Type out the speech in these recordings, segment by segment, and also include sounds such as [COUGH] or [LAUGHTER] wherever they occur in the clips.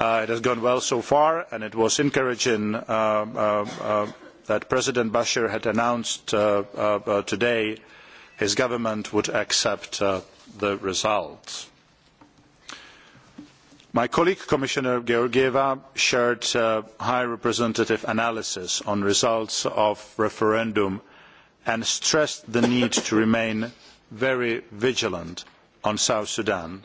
It has gone well so far, and it was encouraging that President Bashir had announced today his government would accept the results. My colleague, Commissioner Georgieva, shared High Representative analysis on the results of the referendum and stressed the need to remain very vigilant on South Sudan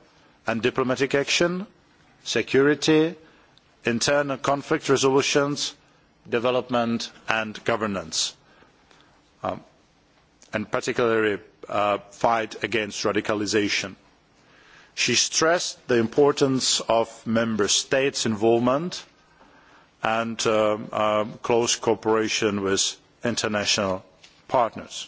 and diplomatic action, security, internal conflict resolutions, development and governance, and particularly fight against radicalisation. She stressed the importance of member states' involvement and close cooperation with international partners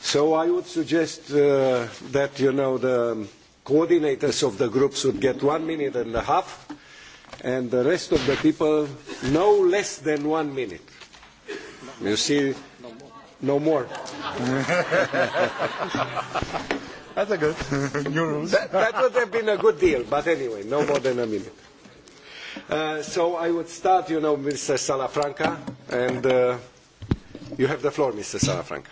So I would suggest that, you know, the coordinators of the groups would get one minute and a half and the rest of the people no less than one minute. You see, no more. That's a good new rules. That would have been a good deal, but anyway, no more than a minute. So I would start, you know, Mr. Salafranca, and you have the floor, Mr. Salafranca.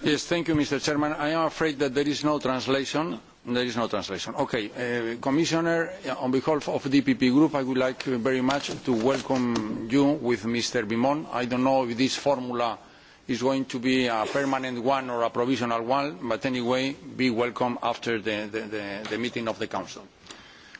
Yes, thank you, Mr. Chairman. I am afraid that there is no translation. There is no translation. Okay, Commissioner, on behalf of the DPP Group, I would like very much to welcome you with Mr. Bimon. I don't know if this formula is going to be a permanent one or a provisional one, but anyway, be welcome after the meeting of the Council.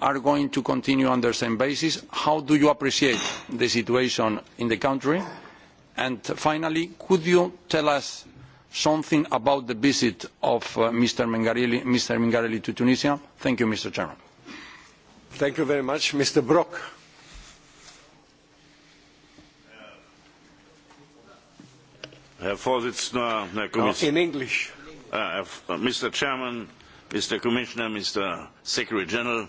are going to continue on the same basis? How do you appreciate the situation in the country? And finally, could you tell us something about the visit of Mr. Mingarelli to Tunisia? Thank you, Mr. Chairman. Thank you very much. Mr. Brok. Herr Vorsitzender, Kommissar. In English. Mr. Chairman, Mr. Commissioner, Mr. Secretary General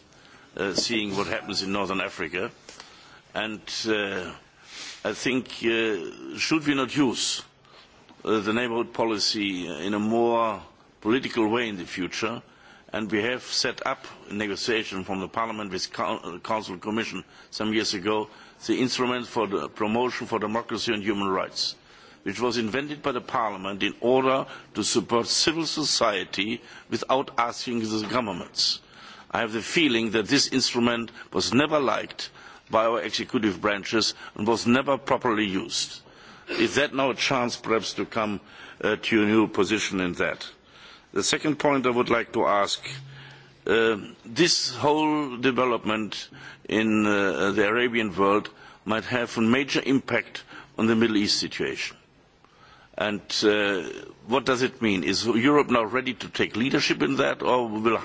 seeing what happens in Northern Africa. And I think, should we not use the neighbourhood policy in a more political way in the future? And we have set up a negotiation from the Parliament with the Council Commission some years ago, the Instrument for the Promotion for Democracy and Human Rights, which was invented by the Parliament in order to support civil society without asking the governments I have the feeling that this instrument was never liked by our executive branches and was never properly used. Is that now a chance perhaps to come to a new position in that? The second point I would like to ask, this whole development in the Arabian world might have a major impact on the Middle East situation. And what does it mean? Is Europe now ready to take leadership in that or will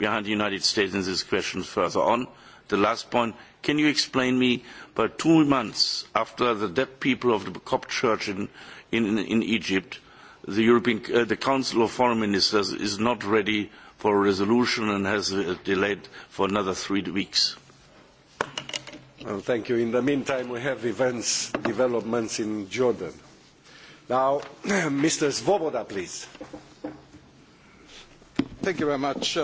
behind the United States in this question further on. The last point, can you explain me, but two months after the dead people of the Copt Church in Egypt, the Council of Foreign Ministers is not ready for a resolution and has delayed for another three weeks. Thank you. In the meantime, we have events, developments in Jordan. Now, Mr. Svoboda, please. Thank you very much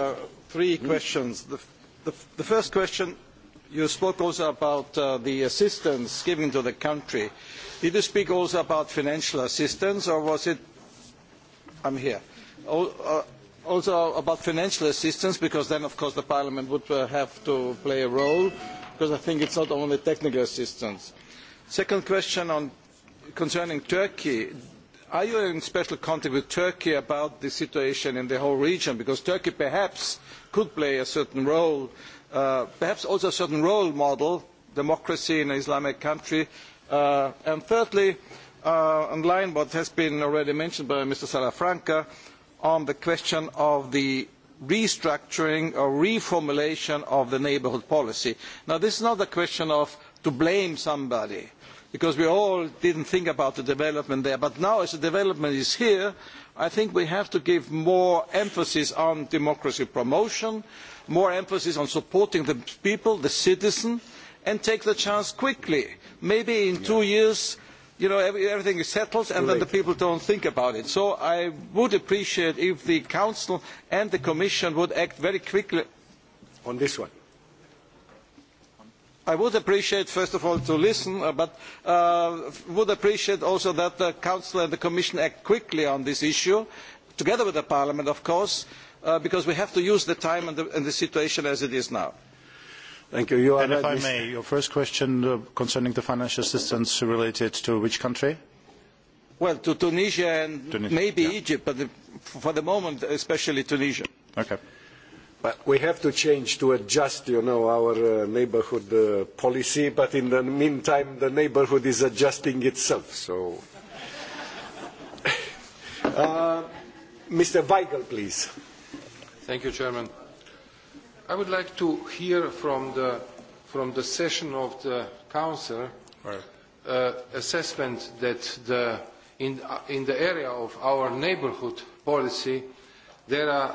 three questions. The first question, you spoke also about the assistance given to the country. Did you speak also about financial assistance, or was it? I'm here. Also about financial assistance, because then, of course, the Parliament would have to play a role, because I think it's not only technical assistance. Second question concerning Turkey Are you in special contact with Turkey about the situation in the whole region? Because Turkey perhaps could play a certain role, perhaps also a certain role model, democracy in an Islamic country. And thirdly, in line what has been already mentioned by Mr. Salafranca, on the question of the restructuring or reformulation of the neighbourhood policy. Now, this is not a question of to blame somebody because we all didn't think about the development there. But now as the development is here, I think we have to give more emphasis on democracy promotion, more emphasis on supporting the people, the citizen, and take the chance quickly. Maybe in two years, you know, everything is settled and then the people don't think about it. So I would appreciate if the Council and the Commission would act very quickly on this one I would appreciate, first of all, to listen, but would appreciate also that the Council and the Commission act quickly on this issue, together with Parliament, of course, because we have to use the time and the situation as it is now. Thank you. if I may, your first question concerning the financial assistance related to which country? Well, to Tunisia and maybe Egypt, but for the moment, especially Tunisia we have to change to adjust, you know, our neighbourhood policy. But in the meantime, the neighbourhood is adjusting itself. So, Mr. Weigel, please. Thank you, Chairman. I would like to hear from the from the session of the Council assessment that the in in the area of our neighbourhood policy there are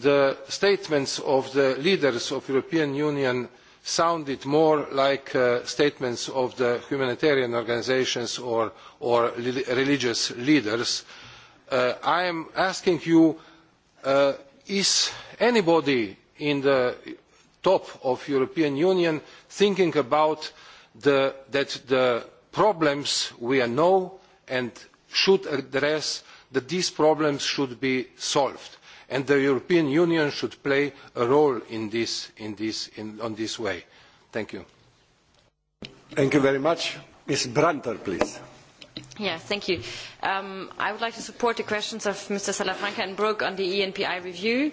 the statements of the leaders of the European Union sounded more like statements of the humanitarian organisations or religious leaders. I am asking you, is anybody in the top of the European Union thinking about that the problems we know and should address, that these problems should be solved? and the European Union should play a role in this in this on this way. Thank you. Thank you very much. Ms Brantner, please. Yeah, thank you. I would like to support the questions of Mr Salafranca and Brok on the ENPI review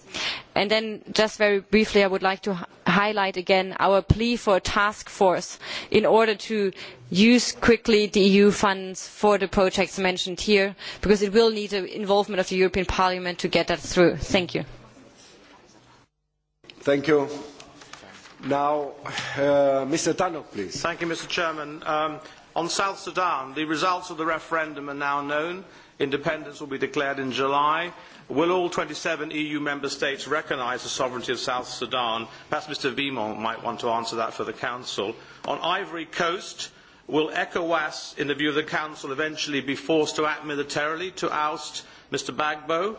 and then just very briefly i would like to highlight again our plea for a task force in order to use quickly the eu funds for the projects mentioned here because it will need the involvement of the european parliament to get that through. thank you. thank you. now mr please. thank you mr president. on south sudan the results of the referendum are now known. independence will be declared in july will all twenty seven eu member states recognise the sovereignty of south sudan? perhaps mr vimont might want to answer that for the council. on ivory coast will ecowas in the view of the council eventually be forced to act militarily to oust mr Bagbo?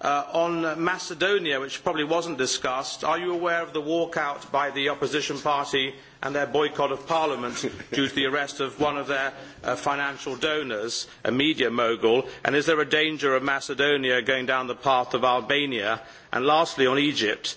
on macedonia which probably was not discussed are you aware of the walkout by the opposition party and their boycott of parliament due to the arrest of one of their financial donors a media mogul and is there a danger of macedonia going down the path of albania? And lastly on egypt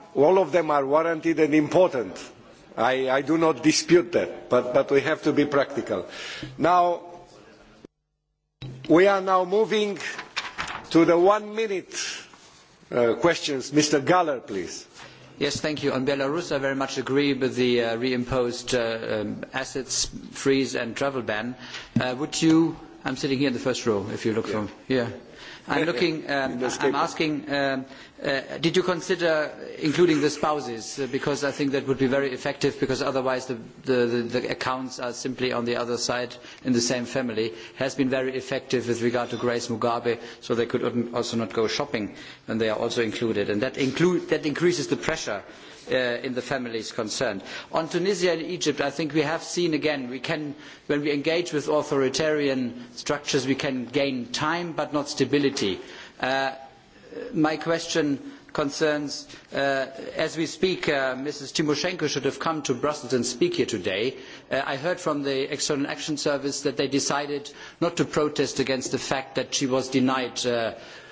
all of them are warranted and important. I do not dispute that, but we have to be practical. Now, we are now moving to the one-minute questions. Mr. Galler, please. Yes, thank you. On Belarus, I very much agree with the reimposed assets freeze and travel ban. Would you? I'm sitting here in the first row. If you look from here I'm looking. asking. Did you consider including the spouses? Because I think that would be very effective. Because otherwise the accounts are simply on the other side in the same family. Has been very effective with regard to Grace Mugabe, so they could also not go shopping, and they are also included. And that increases the pressure in the families concerned. on tunisia and egypt i think we have seen again when we engage with authoritarian structures we can gain time but not stability. my question concerns as we speak mrs tymoshenko should have come to brussels and speak here today. i heard from the external action service that they decided not to protest against the fact that she was denied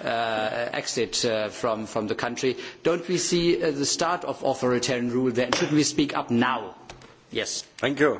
exit from the country. Don't we see the start of authoritarian rule there? Shouldn't we speak up now? Yes. Thank you.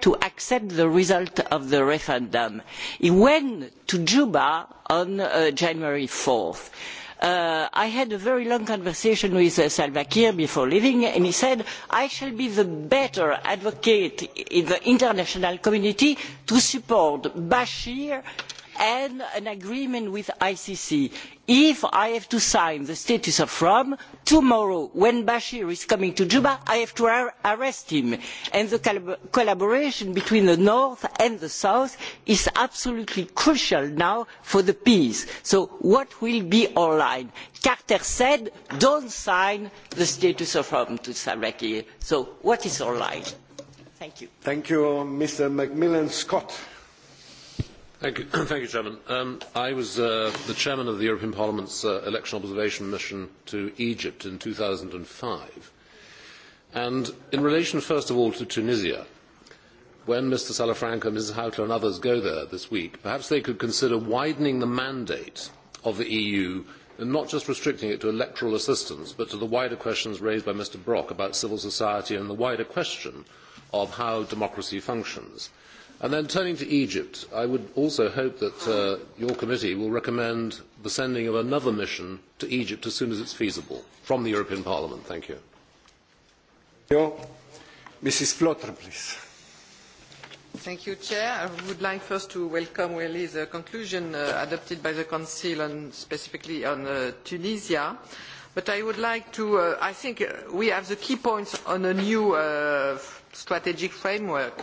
to accept the result of the referendum. He went to Juba on January 4. I had a very long conversation with Salva Kiir before leaving, and he said, "I shall be the better advocate in the international community to support Bashir and an agreement with the icc. if i have to sign the status of rome tomorrow when bashir is coming to juba i have to arrest him and the collaboration between the north and the south is absolutely crucial now for the peace. so what will be our line? carter said do not sign the status of rome to Saraki. so what is our line? thank you. thank you mr MacMillan scott. I was the chairman of the European Parliament's election observation mission to Egypt in 2005. And in relation, first of all, to Tunisia, when Mr. Salafranca, Mrs. Hautler and others go there this week, perhaps they could consider widening the mandate of the EU and not just restricting it to electoral assistance, but to the wider questions raised by Mr. Brok about civil society and the wider question of how democracy functions. And then turning to Egypt, I would also hope that your committee will recommend the sending of another mission to Egypt as soon as it's feasible from the European Parliament. Thank you. Mrs. Flotter, please. Thank you, Chair. I would like first to welcome really the conclusion adopted by the Council and specifically on Tunisia. But I would like to, I think we have the key points on a new strategic framework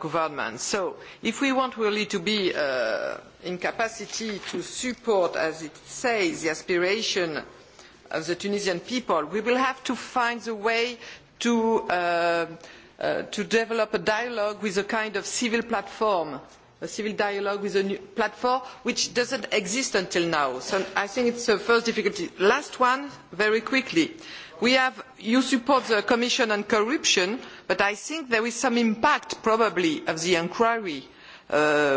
government. So if we want really to be in capacity to support, as it says, the aspiration of the Tunisian people, we will have to find a way to develop a dialogue with a kind of civil platform, a civil dialogue with a platform which doesn't exist until now. So I think it's the first difficulty. Last one, very quickly You support the Commission on corruption, but I think there is some impact probably of the inquiry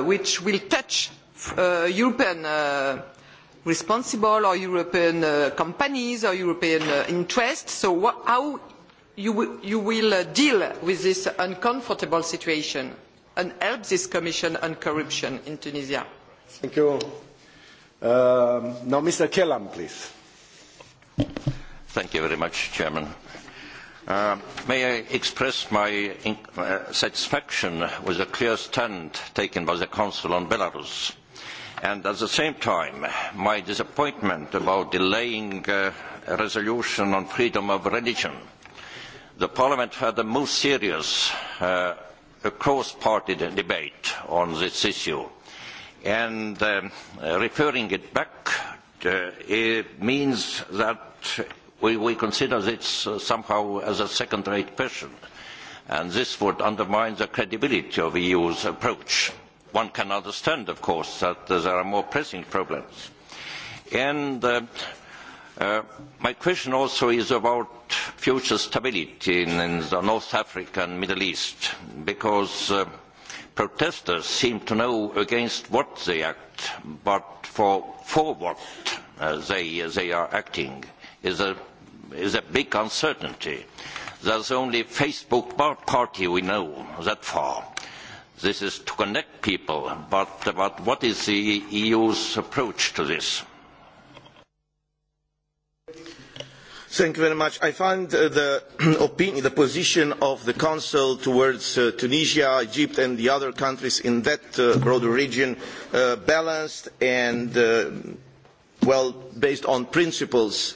which will touch European responsible or European companies or European interests. So how you will deal with this uncomfortable situation and help this Commission on corruption in Tunisia? Thank you. Now, Mr. Kellam, please. Thank you very much, Chairman. May I express my satisfaction with the clear stand taken by the Council on Belarus, and at the same time my disappointment about delaying a resolution on freedom of religion. The Parliament had the most serious cross-party debate on this issue, and referring it back it means that we consider this somehow as a second rate person and this would undermine the credibility of the eu's approach. one can understand of course that there are more pressing problems. my question also is about future stability in the north africa and middle east because protesters seem to know against what they act but for what they are acting is a is a big uncertainty. There's only Facebook party we know that far. This is to connect people, but what is the EU's approach to this? Thank you very much. I find the position of the Council towards Tunisia, Egypt and the other countries in that broader region balanced and well based on principles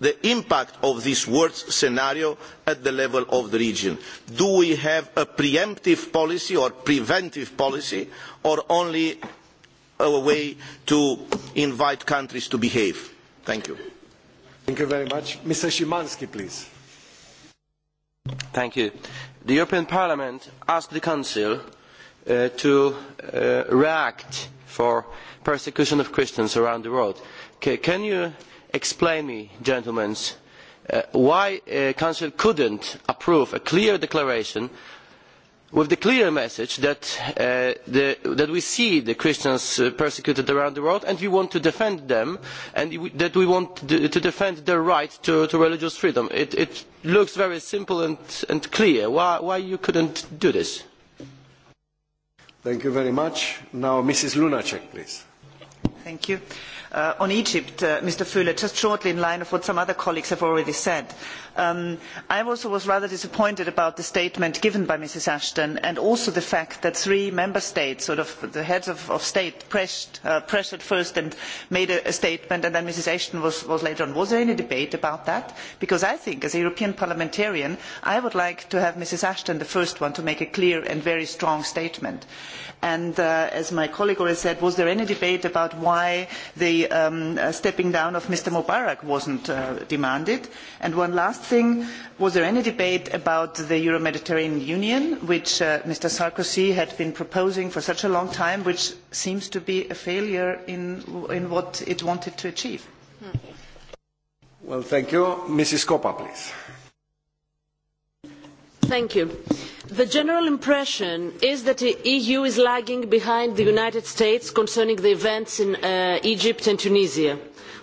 the impact of this worst scenario at the level of the region. Do we have a preemptive policy or preventive policy or only a way to invite countries to behave? Thank you. Thank you very much. Mr. Szymanski, please. Thank you. The European Parliament asked the Council to react for persecution of Christians around the world. Can you explain me gentlemen why the council could not approve a clear declaration with the clear message that we see the christians persecuted around the world and we want to defend them and that we want to defend their right to religious freedom. it looks very simple and clear. why you couldn't do this? thank you very much. now mrs lunacek please. thank you on egypt mr fle just shortly in line with what some other colleagues have already said i also was rather disappointed about the statement given by mrs ashton and also the fact that three member states the heads of state pressured first and made a statement and then mrs ashton was later on. was there any debate about that? because i think as a european parliamentarian i would like to have mrs ashton the first one to make a clear and very strong statement. and as my colleague already said was there any debate about why the stepping down of mr mubarak was not demanded? and one last was there any debate about the euro mediterranean union which mr sarkozy had been proposing for such a long time which seems to be a failure in what it wanted to achieve? well thank you. mrs koppa please. Thank you. The general impression is that the EU is lagging behind the United States concerning the events in Egypt and Tunisia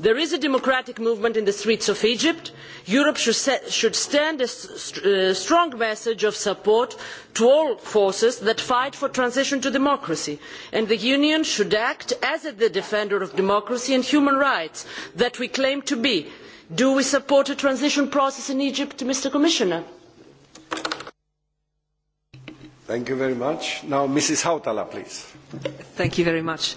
there is a democratic movement in the streets of egypt. europe should send a strong message of support to all forces that fight for transition to democracy and the union should act as the defender of democracy and human rights that we claim to be. do we support a transition process in egypt mr commissioner? thank you very much. now mrs hautala please. thank you very much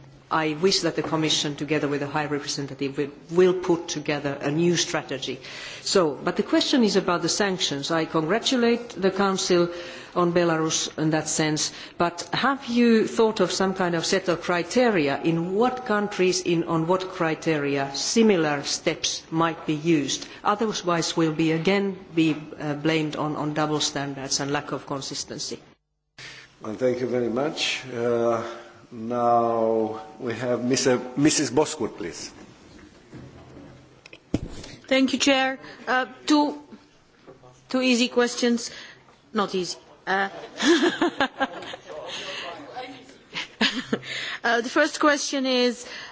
I wish that the Commission, together with the High Representative, will put together a new strategy. But the question is about the sanctions. I congratulate the Council on Belarus in that sense, but have you thought of some kind of set of criteria in what countries, on what criteria similar steps might be used? Otherwise we will again be blamed on double standards and lack of consistency. Thank you very much. Now we have Mrs. Bosworth, please. Thank you, Chair. Two easy questions. Not easy. The first question is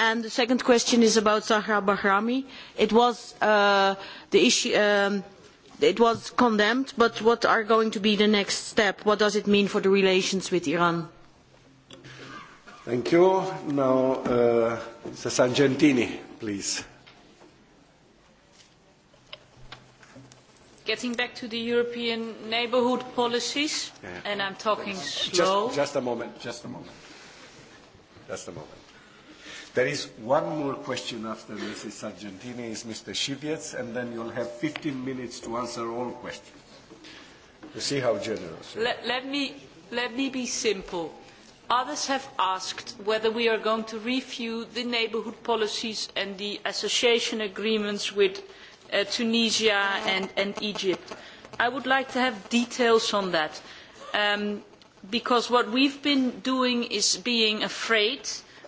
And the second question is about Zahra Bahrami. It was the issue. It was condemned, but what are going to be the next step? What does it mean for the relations with Iran? Thank you. Now, Sargentini, please. Getting back to the European neighbourhood policies, and I'm talking slow. Just a moment. Just a moment. Just a moment. There is one more question after Mrs. Sargentini is Mr. Shivets, and then you'll have 15 minutes to answer all questions. You see how generous. Let me let me be simple. Others have asked whether we are going to review the neighbourhood policies and the association agreements with Tunisia and Egypt. I would like to have details on that, because what we've been doing is being afraid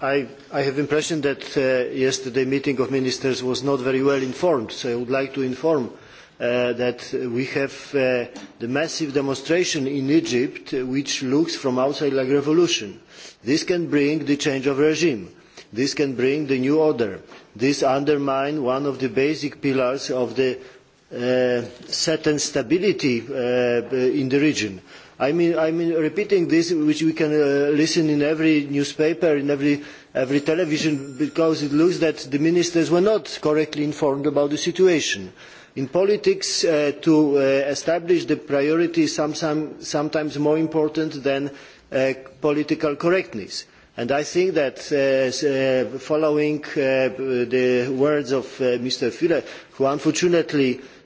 I have the impression that yesterday's meeting of ministers was not very well informed, so I would like to inform that we have the massive demonstration in Egypt which looks from outside like revolution. This can bring the change of regime. This can bring the new order. This undermines one of the basic pillars of the certain stability in the region I mean, I mean, repeating this, which we can listen in every newspaper, in every every television, because it looks that the ministers were not correctly informed about the situation. In politics, to establish the priority is sometimes more important than political correctness. And I think that following the words of Mr. Füle, who unfortunately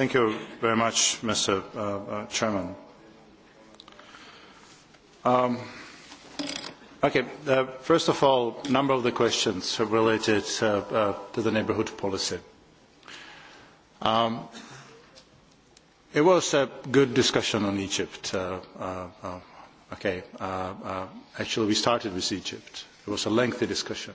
Thank you very much, Mr. Chairman. Okay, first of all, a number of the questions are related to the neighbourhood policy. It was a good discussion on Egypt. Okay, actually we started with Egypt. It was a lengthy discussion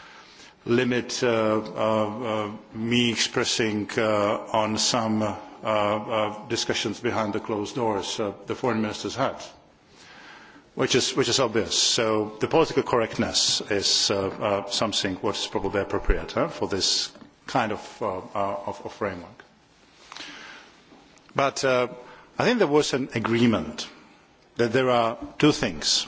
limit me expressing on some discussions behind the closed doors the foreign ministers had, which is obvious. So the political correctness is something what is probably appropriate for this kind of framework. But I think there was an agreement that there are two things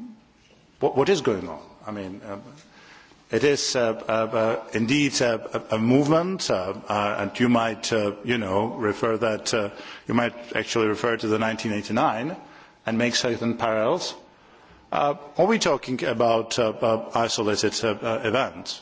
what is going on. I mean, it is indeed a movement, and you might, you know, refer that you might actually refer to the 1989 and make certain parallels. Are we talking about isolated events?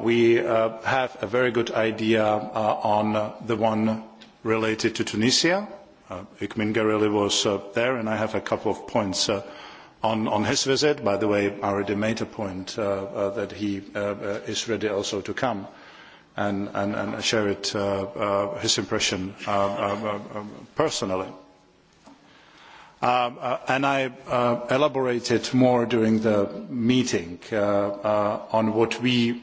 we have a very good idea on the one related to Tunisia. Ikmin Gareli was there, and I have a couple of points on his visit. By the way, I already made a point that he is ready also to come and share his impression personally. And I elaborated more during the meeting on what we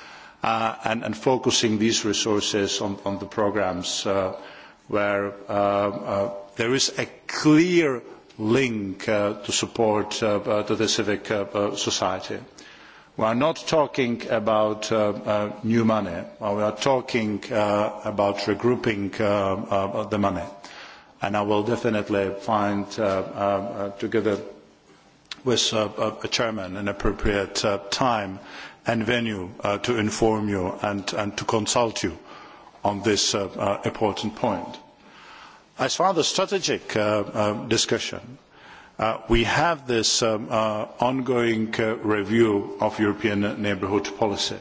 and focusing these resources on the programmes where there is a clear link to support the civic society. We are not talking about new money. We are talking about regrouping the money. And I will definitely find, together with a chairman an appropriate time and venue to inform you and to consult you on this important point. As far as the strategic discussion, we have this ongoing review of European neighbourhood policy.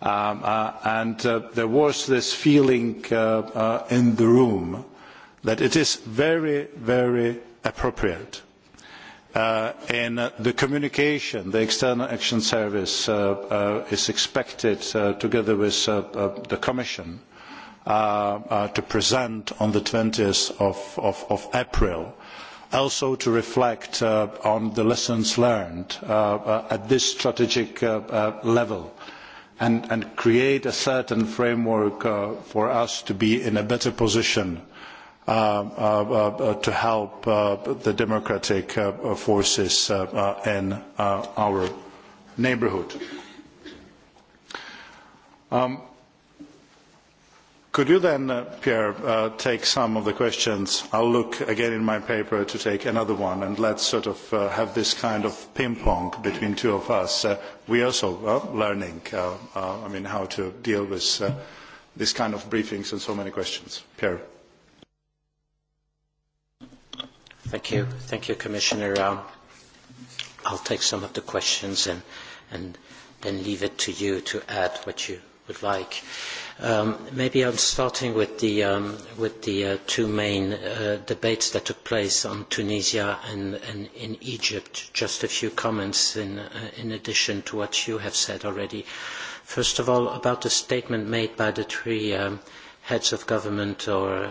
And there was this feeling in the room that it is very, very appropriate in the communication the external action service is expected together with the commission to present on the 20th of april also to reflect on the lessons learned at this strategic level and create a certain framework for us to be in a better position to help the democratic forces in our neighbourhood. Could you then, Pierre, take some of the questions? I'll look again in my paper to take another one, and let's sort of have this kind of ping-pong between two of us. We are also learning, I mean, how to deal with this kind of briefings and so many questions. Pierre. Thank you. Thank you, Commissioner. I'll take some of the questions and, and then leave it to you to add what you would like. Maybe I'm starting with the two main debates that took place on Tunisia and in Egypt. Just a few comments in addition to what you have said already. First of all, about the statement made by the three heads of government or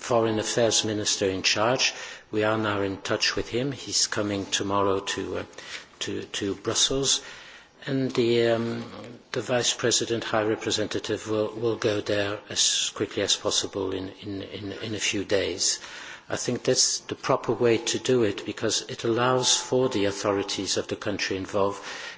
Foreign Affairs Minister in charge. We are now in touch with him. He's coming tomorrow to to Brussels, and the Vice President, High Representative, will go there as quickly as possible in a few days. I think that's the proper way to do it because it allows for the authorities of the country involved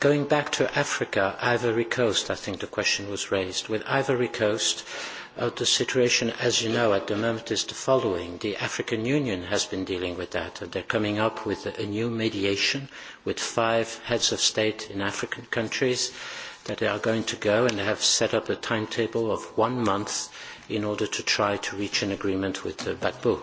Going back to Africa, Ivory Coast, I think the question was raised. With Ivory Coast, the situation, as you know, at the moment is the following. The African Union has been dealing with that. they are coming up with a new mediation with five heads of state in African countries that are going to go and they have set up a timetable of one month in order to try to reach an agreement with Gbagbo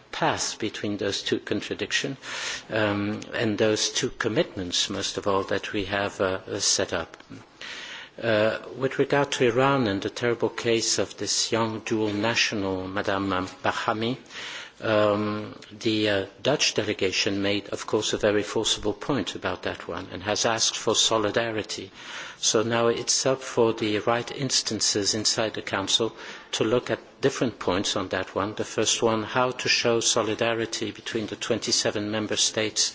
path between those two contradictions and those two commitments, most of all, that we have set up. With regard to Iran and the terrible case of this young dual national, Madame Bahami, the Dutch delegation made, of course, a very forcible point about that one and has asked for solidarity. So now it's up for the right instances inside the Council to look at different points on that one. The first one, how to show solidarity between the 27 member states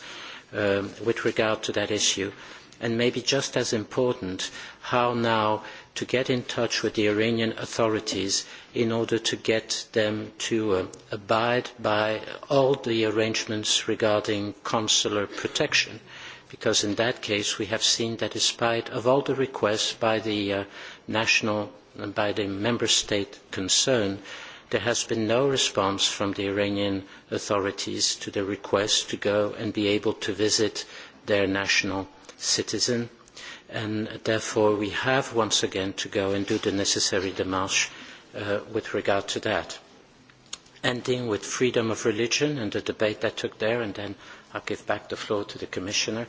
with regard to that issue. And maybe just as important, how now to get in touch with the Iranian authorities in order to get them to abide by all the arrangements regarding consular protection. Because in that case, we have seen that despite of all the requests by the national by the member state concerned, there has been no response from the Iranian authorities to the request to go and be able to visit their national citizen. And therefore, we have once again to go and do the necessary démarche with regard to that. Ending with freedom of religion and the debate that took there, and then I'll give back the floor to the Commissioner.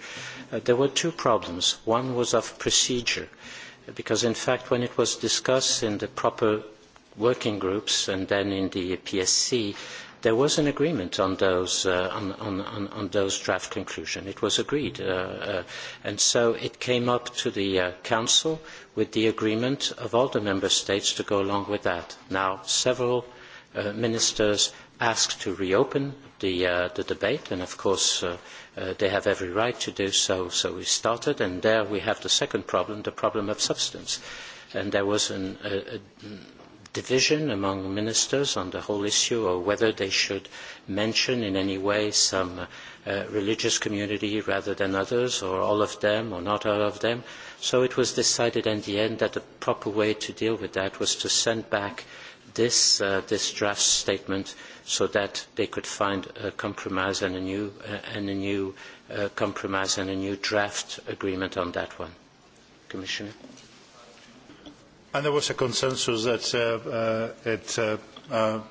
There were two problems. One was of procedure because in fact when it was discussed in the proper working groups and then in the PSC, there was an agreement on those draft conclusions. It was agreed, and so it came up to the Council with the agreement of all the member states to go along with that. Now several ministers asked to reopen the debate, and of course they have every right to do so. So we started, and there we have the second problem, the problem of substance. And there was a division among ministers on the whole issue of whether they should mention in any way some religious community rather than others, or all of them, or not all of them. So it was decided in the end that the proper way to deal with that was to send back this draft statement so that they could find a compromise and a new and a new compromise and a new draft agreement on that one. Commissioner. And there was a consensus that it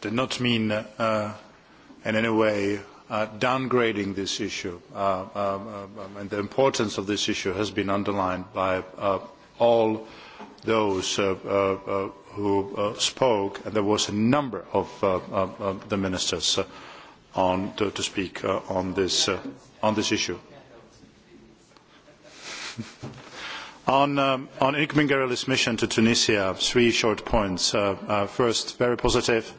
did not mean in any way downgrading this issue. And the importance of this issue has been underlined by all those who spoke, and there was a number of the ministers on to speak on this issue. On Inge mission to Tunisia, three short points. First, very positive,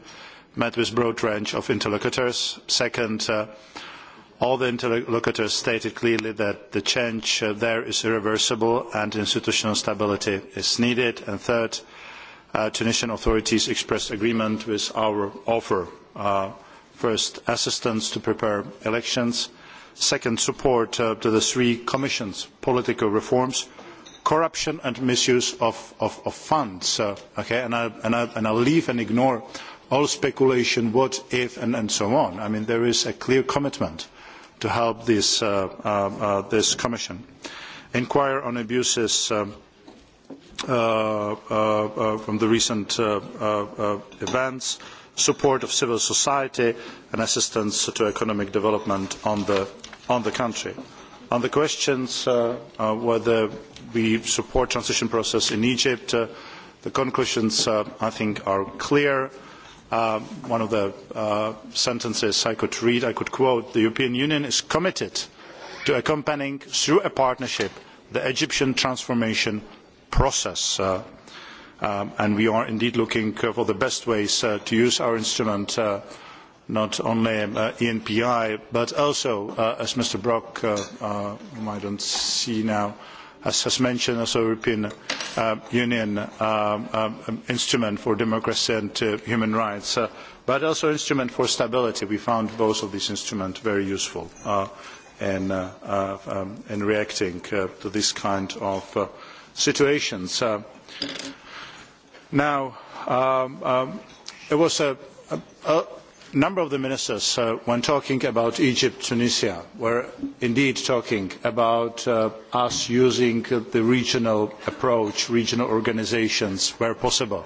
met with broad range of interlocutors. Second, all the interlocutors stated clearly that the change there is irreversible and institutional stability is needed. And third Tunisian authorities expressed agreement with our offer first assistance to prepare elections, second support to the three Commission's political reforms, corruption and misuse of funds. And will leave and ignore all speculation what if and so on. I mean there is a clear commitment to help this Commission. Inquire on abuses from the recent events, support of civil society and assistance to economic development on the country. On the questions whether we support transition process in Egypt, the conclusions I think are clear. One of the sentences I could read, I could quote, the European Union is committed to accompanying through a partnership the Egyptian transformation process and we are indeed looking for the best ways to use our instrument not only enpi but also as mr brok whom i don't see now has mentioned also european union instrument for democracy and human rights but also instrument for stability. we found both of these instruments very useful in reacting to this kind of situations. Now, there was a number of the ministers, when talking about Egypt, Tunisia, were indeed talking about us using the regional approach, regional organisations where possible,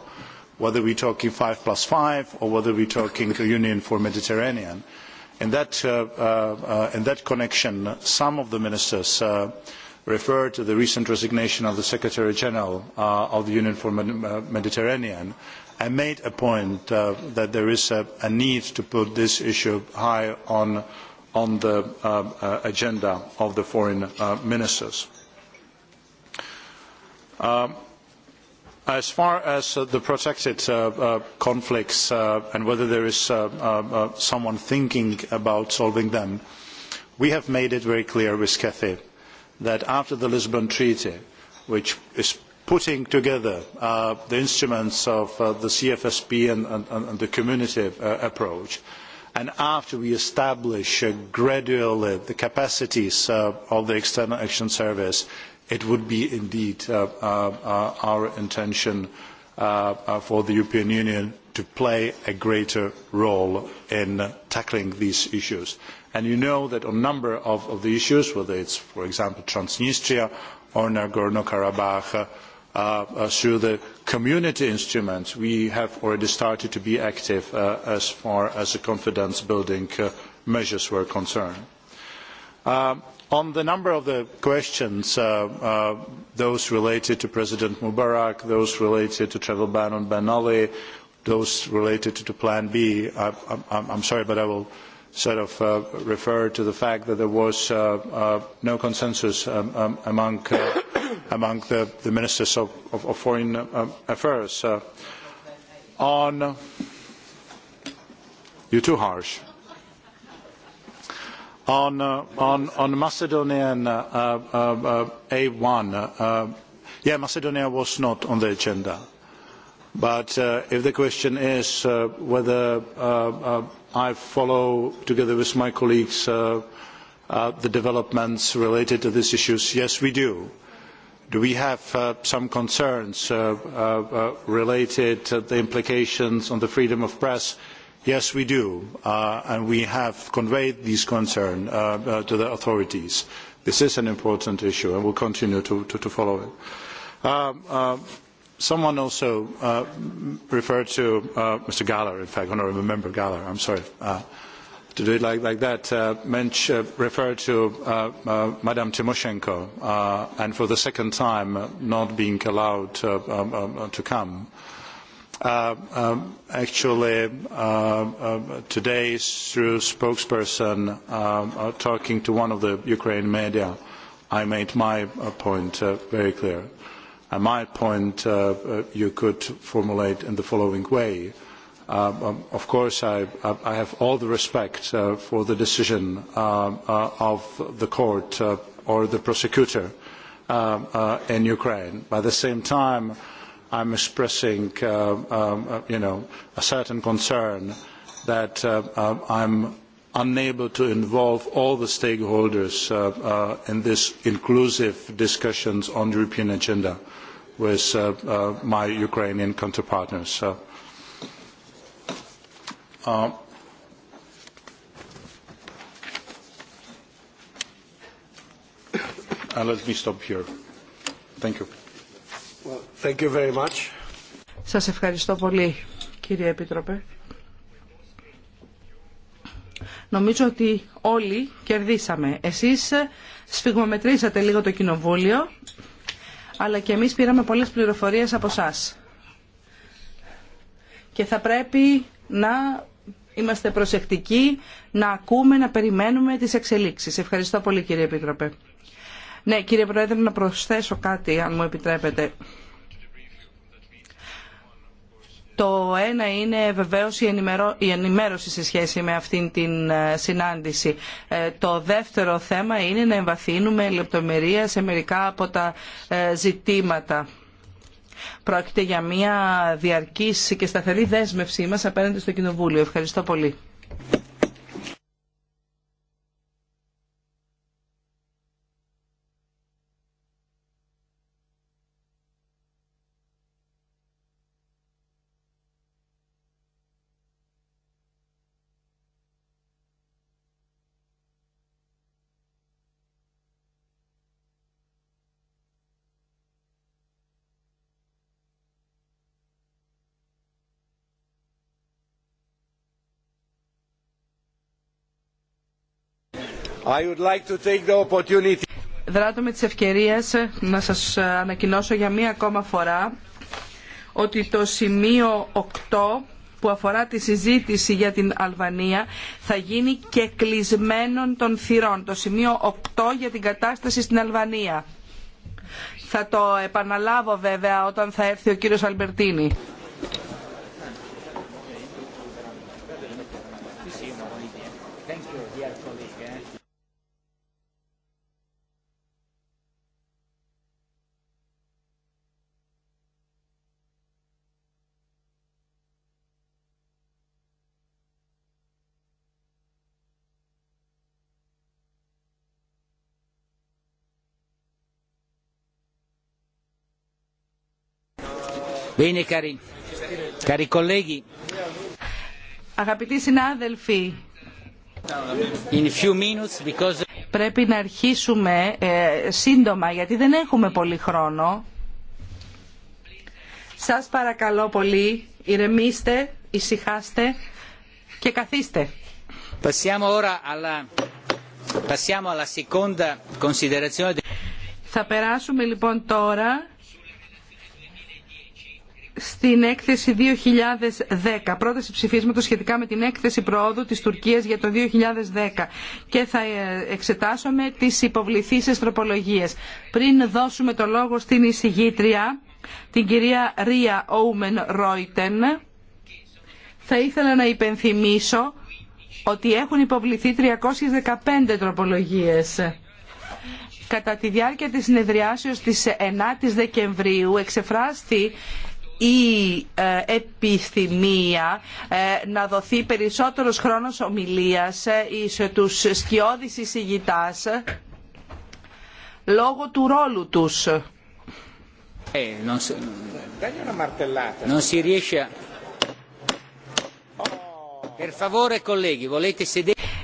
whether we are talking Five plus Five or whether we are talking the Union for Mediterranean. In that connection, some of the ministers referred to the recent resignation of the secretary general of the union for the mediterranean i made a point that there is a need to put this issue high on the agenda of the foreign ministers. as far as the protected conflicts and whether there is someone thinking about solving them we have made it very clear with Cathy that after the Lisbon Treaty, which is putting together the instruments of the CFSP and the community approach, and after we establish gradually the capacities of the External Action Service, it would be indeed our intention for the European Union to play a greater role in tackling these issues and you know that on a number of the issues whether it is for example transnistria or nagorno karabakh through the community instruments we have already started to be active as far as the confidence building measures were concerned. on the number of the questions those related to president mubarak those related to the travel ban on ben ali those related to plan b i am sorry but i will sort of referred to the fact that there was no consensus among the ministers of foreign affairs. on you're too harsh on macedonian a one yeah macedonia was not on the agenda but if the question is whether I follow, together with my colleagues, the developments related to these issues. Yes, we do. Do we have some concerns related to the implications on the freedom of press? Yes, we do, and we have conveyed these concerns to the authorities. This is an important issue, and we will continue to follow it Someone also referred to Mr. Galler, in fact, Honourable Member Galler, I'm sorry to do it like that. referred to Madam Tymoshenko and for the second time not being allowed to come. Actually, today through spokesperson talking to one of the Ukraine media, I made my point very clear My point you could formulate in the following way. Of course, I have all the respect for the decision of the court or the prosecutor in Ukraine. At the same time, I am expressing a certain concern that I am unable to involve all the stakeholders in this inclusive discussions on the European agenda with uh, uh, my Ukrainian counterpartners. Uh, let me stop here. Thank you. Well, thank you very much. Σας ευχαριστώ πολύ, κύριε Επίτροπε. Νομίζω ότι όλοι κερδίσαμε. Εσείς σφιγμομετρήσατε λίγο το κοινοβούλιο αλλά και εμείς πήραμε πολλές πληροφορίες από εσά. Και θα πρέπει να είμαστε προσεκτικοί, να ακούμε, να περιμένουμε τις εξελίξεις. Ευχαριστώ πολύ κύριε Επίτροπε. Ναι, κύριε Πρόεδρε, να προσθέσω κάτι, αν μου επιτρέπετε. Το ένα είναι βεβαίως η ενημέρωση σε σχέση με αυτήν την ε, συνάντηση. Ε, το δεύτερο θέμα είναι να εμβαθύνουμε λεπτομερία σε μερικά από τα ε, ζητήματα. Πρόκειται για μια διαρκής και σταθερή δέσμευσή μας απέναντι στο Κοινοβούλιο. Ευχαριστώ πολύ. με τις ευκαιρίες να σας ανακοινώσω για μία ακόμα φορά ότι το σημείο 8 που αφορά τη συζήτηση για την Αλβανία θα γίνει και κλεισμένον των θυρών. Το σημείο 8 για την κατάσταση στην Αλβανία. Θα το επαναλάβω βέβαια όταν θα έρθει ο κύριος Αλμπερτίνη. Αγαπητοί συνάδελφοι, πρέπει να αρχίσουμε ε, σύντομα γιατί δεν έχουμε πολύ χρόνο. Σας παρακαλώ πολύ, ηρεμήστε, ησυχάστε και καθίστε. Θα περάσουμε λοιπόν τώρα στην έκθεση 2010, πρόταση ψηφίσματος σχετικά με την έκθεση προόδου της Τουρκίας για το 2010 και θα ε, εξετάσουμε τις υποβληθήσεις τροπολογίες. Πριν δώσουμε το λόγο στην εισηγήτρια, την κυρία Ρία Όουμεν Ρόιτεν, θα ήθελα να υπενθυμίσω ότι έχουν υποβληθεί 315 τροπολογίες. Κατά τη διάρκεια της συνεδριάσεως της 9ης Δεκεμβρίου εξεφράστη η ε, επιθυμία ε, να δοθεί περισσότερος χρόνος ομιλίας σε τους σκιώδεις εισηγητάς ε, λόγω του ρόλου τους.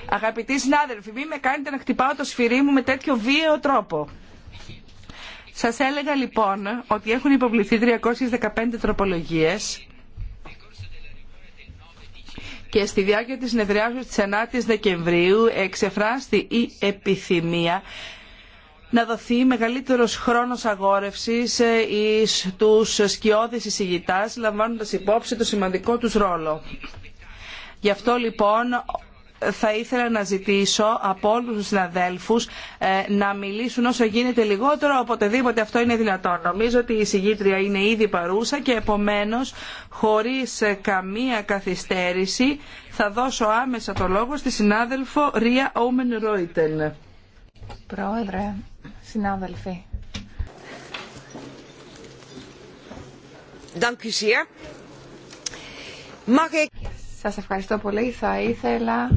Αγαπητοί συνάδελφοι, μην με κάνετε να χτυπάω το σφυρί μου με τέτοιο βίαιο τρόπο. Σα έλεγα λοιπόν ότι έχουν υποβληθεί 315 τροπολογίε. και στη διάρκεια της συνεδριάσεως της 9 η Δεκεμβρίου εξεφράστη η επιθυμία να δοθεί μεγαλύτερος χρόνος αγόρευσης ε, εις τους σκιώδεις εισηγητάς λαμβάνοντας υπόψη το σημαντικό τους ρόλο. Γι' αυτό λοιπόν θα ήθελα να ζητήσω από όλους τους συναδέλφους ε, να μιλήσουν όσο γίνεται λιγότερο οποτεδήποτε αυτό είναι δυνατόν. Νομίζω ότι η συγγήτρια είναι ήδη παρούσα και επομένως χωρίς ε, καμία καθυστέρηση θα δώσω άμεσα το λόγο στη συνάδελφο Ρία Όμεν Ρόιτεν. Πρόεδρε, συνάδελφοι. Σας ευχαριστώ πολύ. Θα ήθελα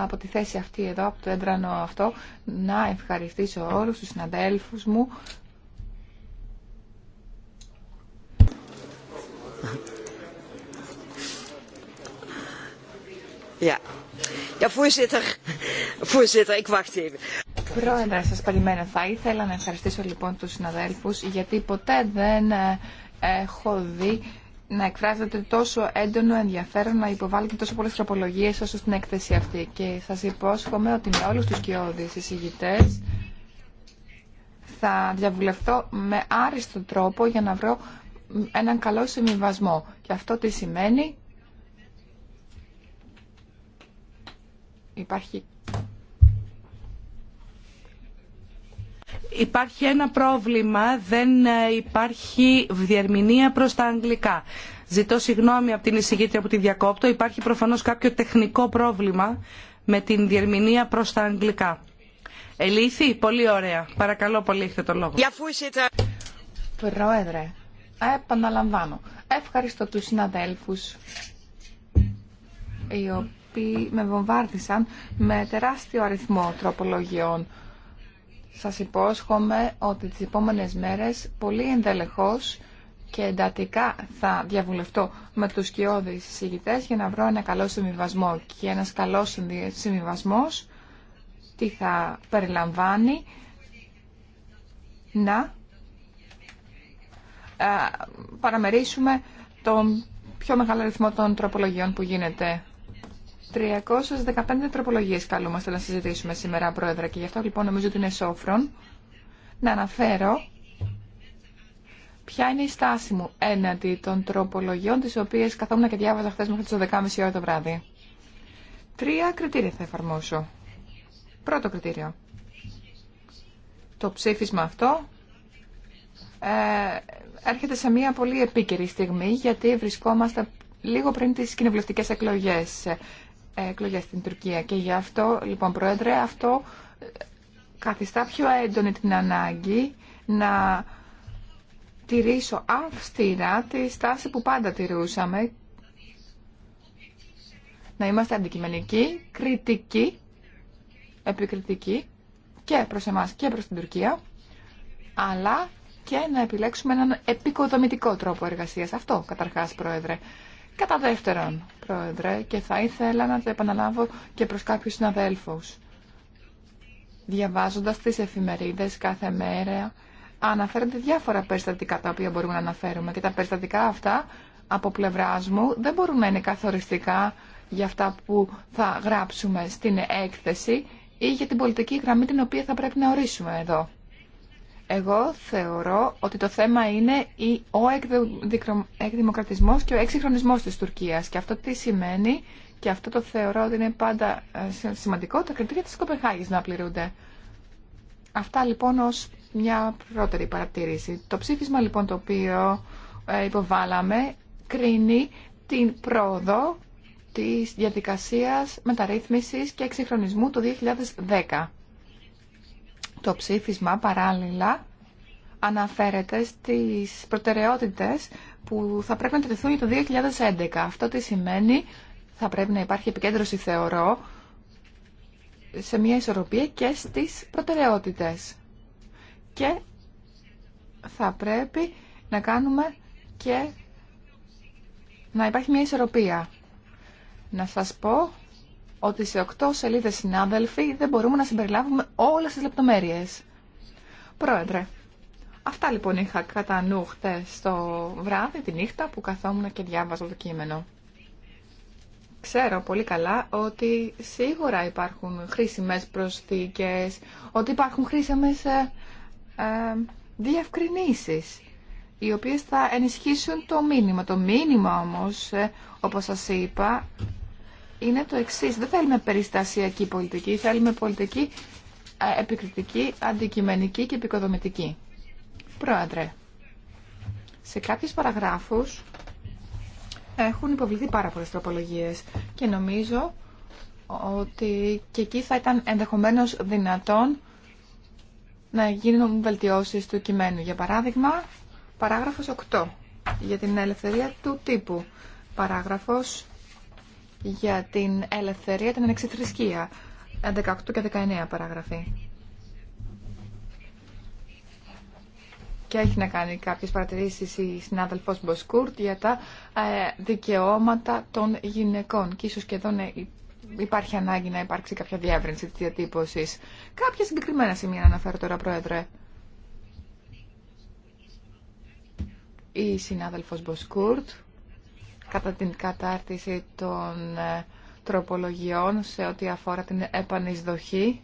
από τη θέση αυτή εδώ, από το έντρανο αυτό, να ευχαριστήσω όλους τους συναδέλφους μου. Πρόεδρε, σας περιμένω. Θα ήθελα να ευχαριστήσω λοιπόν τους συναδέλφους, γιατί ποτέ δεν ε, έχω δει να εκφράζεται τόσο έντονο ενδιαφέρον να υποβάλλετε τόσο πολλές τροπολογίες όσο στην έκθεση αυτή. Και σας υπόσχομαι ότι με όλους τους κοιόδης εισηγητές θα διαβουλευτώ με άριστο τρόπο για να βρω έναν καλό συμβιβασμό. Και αυτό τι σημαίνει. Υπάρχει Υπάρχει ένα πρόβλημα, δεν ε, υπάρχει διερμηνία προς τα αγγλικά. Ζητώ συγγνώμη από την εισηγήτρια που τη διακόπτω. Υπάρχει προφανώς κάποιο τεχνικό πρόβλημα με την διερμηνία προς τα αγγλικά. Ελήθη, πολύ ωραία. Παρακαλώ πολύ, έχετε το λόγο. Πρόεδρε, επαναλαμβάνω. Ευχαριστώ τους συναδέλφους οι οποίοι με βομβάρδισαν με τεράστιο αριθμό τροπολογιών σας υπόσχομαι ότι τις επόμενες μέρες πολύ ενδελεχώς και εντατικά θα διαβουλευτώ με τους σκιώδεις συζητητές για να βρω ένα καλό συμβιβασμό. Και ένας καλός συμβιβασμός τι θα περιλαμβάνει να παραμερίσουμε τον πιο μεγάλο ρυθμό των τροπολογιών που γίνεται. 315 τροπολογίε καλούμαστε να συζητήσουμε σήμερα, Πρόεδρε, και γι' αυτό λοιπόν νομίζω ότι είναι σόφρον να αναφέρω ποια είναι η στάση μου έναντι των τροπολογιών, τις οποίες καθόμουν και διάβαζα χθε μέχρι τι 12.30 ώρα το βράδυ. Τρία κριτήρια θα εφαρμόσω. Πρώτο κριτήριο. Το ψήφισμα αυτό ε, έρχεται σε μια πολύ επίκαιρη στιγμή, γιατί βρισκόμαστε λίγο πριν τις κοινοβουλευτικές εκλογές εκλογέ στην Τουρκία. Και γι' αυτό, λοιπόν, Πρόεδρε, αυτό ε, καθιστά πιο έντονη την ανάγκη να τηρήσω αυστηρά τη στάση που πάντα τηρούσαμε. Να είμαστε αντικειμενικοί, κριτικοί, επικριτικοί και προς εμάς και προς την Τουρκία, αλλά και να επιλέξουμε έναν επικοδομητικό τρόπο εργασίας. Αυτό, καταρχάς, Πρόεδρε. Κατά δεύτερον, Πρόεδρε, και θα ήθελα να το επαναλάβω και προς κάποιους συναδέλφους. Διαβάζοντας τις εφημερίδες κάθε μέρα, αναφέρονται διάφορα περιστατικά τα οποία μπορούμε να αναφέρουμε και τα περιστατικά αυτά από πλευρά μου δεν μπορούμε να είναι καθοριστικά για αυτά που θα γράψουμε στην έκθεση ή για την πολιτική γραμμή την οποία θα πρέπει να ορίσουμε εδώ. Εγώ θεωρώ ότι το θέμα είναι ο εκδημοκρατισμός και ο εξυγχρονισμός της Τουρκίας. Και αυτό τι σημαίνει, και αυτό το θεωρώ ότι είναι πάντα ε, σημαντικό, τα κριτήρια της Κοπεχάγης να πληρούνται. Αυτά λοιπόν ως μια πρώτερη παρατήρηση. Το ψήφισμα λοιπόν το οποίο ε, υποβάλαμε κρίνει την πρόοδο της διαδικασίας μεταρρύθμισης και εξυγχρονισμού το 2010. Το ψήφισμα παράλληλα αναφέρεται στις προτεραιότητες που θα πρέπει να τεθούν για το 2011. Αυτό τι σημαίνει, θα πρέπει να υπάρχει επικέντρωση θεωρώ, σε μια ισορροπία και στις προτεραιότητες. Και θα πρέπει να κάνουμε και να υπάρχει μια ισορροπία. Να σας πω ότι σε 8 σελίδες συνάδελφοι δεν μπορούμε να συμπεριλάβουμε όλες τις λεπτομέρειες. Πρόεδρε, αυτά λοιπόν είχα κατά νου χτες το βράδυ, τη νύχτα που καθόμουν και διάβαζα το κείμενο. Ξέρω πολύ καλά ότι σίγουρα υπάρχουν χρήσιμες προσθήκες, ότι υπάρχουν χρήσιμες ε, ε οι οποίες θα ενισχύσουν το μήνυμα. Το μήνυμα όμως, ε, όπως σας είπα, είναι το εξή. Δεν θέλουμε περιστασιακή πολιτική, θέλουμε πολιτική επικριτική, αντικειμενική και επικοδομητική. Πρόεδρε, σε κάποιους παραγράφους έχουν υποβληθεί πάρα πολλέ τροπολογίε. και νομίζω ότι και εκεί θα ήταν ενδεχομένω δυνατόν να γίνουν βελτιώσεις του κειμένου. Για παράδειγμα, παράγραφος 8 για την ελευθερία του τύπου. Παράγραφος για την ελευθερία, την ανεξιθρησκεία. 18 και 19 παράγραφοι. Και έχει να κάνει κάποιες παρατηρήσεις η συνάδελφος Μποσκούρτ για τα ε, δικαιώματα των γυναικών. Και ίσως και εδώ υπάρχει ανάγκη να υπάρξει κάποια διεύρυνση της διατύπωσης. Κάποια συγκεκριμένα σημεία να αναφέρω τώρα, Πρόεδρε. Η συνάδελφος Μποσκούρτ κατά την κατάρτιση των ε, τροπολογιών σε ό,τι αφορά την επανεισδοχή.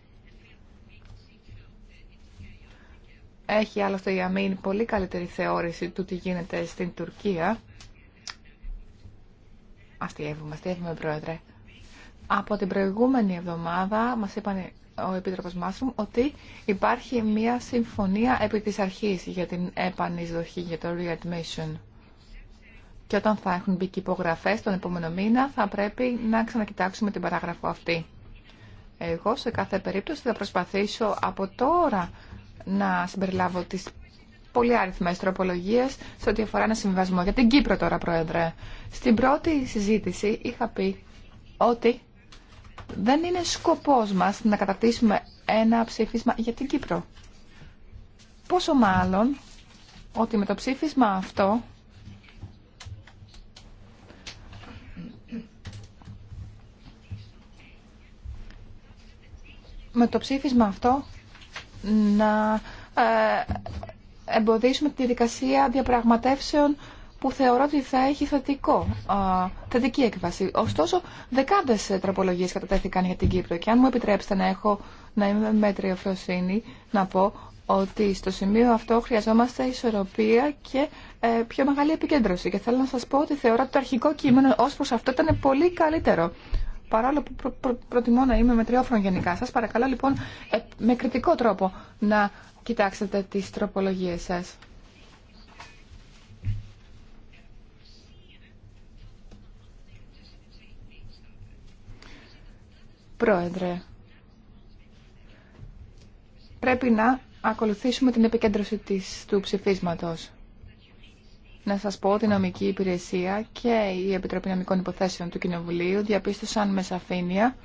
Έχει άλλωστε η ΑΜΗΝ πολύ καλύτερη θεώρηση του τι γίνεται στην Τουρκία. Αστειεύουμε, αστειεύουμε, Πρόεδρε. Από την προηγούμενη εβδομάδα μας είπαν ο Επίτροπος Μάσουμ ότι υπάρχει μια συμφωνία επί της αρχής για την επανεισδοχή, για το readmission. Και όταν θα έχουν μπει και υπογραφέ τον επόμενο μήνα, θα πρέπει να ξανακοιτάξουμε την παράγραφο αυτή. Εγώ σε κάθε περίπτωση θα προσπαθήσω από τώρα να συμπεριλάβω τις πολύ αριθμές τροπολογίες σε ό,τι αφορά ένα συμβιβασμό. Για την Κύπρο τώρα, Πρόεδρε. Στην πρώτη συζήτηση είχα πει ότι δεν είναι σκοπός μας να κατακτήσουμε ένα ψήφισμα για την Κύπρο. Πόσο μάλλον ότι με το ψήφισμα αυτό με το ψήφισμα αυτό να ε, εμποδίσουμε τη διαδικασία διαπραγματεύσεων που θεωρώ ότι θα έχει θετικό, ε, θετική έκβαση. Ωστόσο, δεκάδες ε, τροπολογίε κατατέθηκαν για την Κύπρο και αν μου επιτρέψετε να έχω να είμαι μέτρη οφροσύνη, να πω ότι στο σημείο αυτό χρειαζόμαστε ισορροπία και πιο μεγάλη επικέντρωση. Και θέλω να σας πω ότι θεωρώ ότι το αρχικό κείμενο ως προς αυτό ήταν πολύ καλύτερο παρόλο που προτιμώ να είμαι τριόφρον γενικά. Σας παρακαλώ λοιπόν ε, με κριτικό τρόπο να κοιτάξετε τις τροπολογίες σας. Πρόεδρε, πρέπει να ακολουθήσουμε την επικέντρωση της, του ψηφίσματος να σας πω ότι η νομική υπηρεσία και η Επιτροπή Νομικών Υποθέσεων του Κοινοβουλίου διαπίστωσαν με σαφήνεια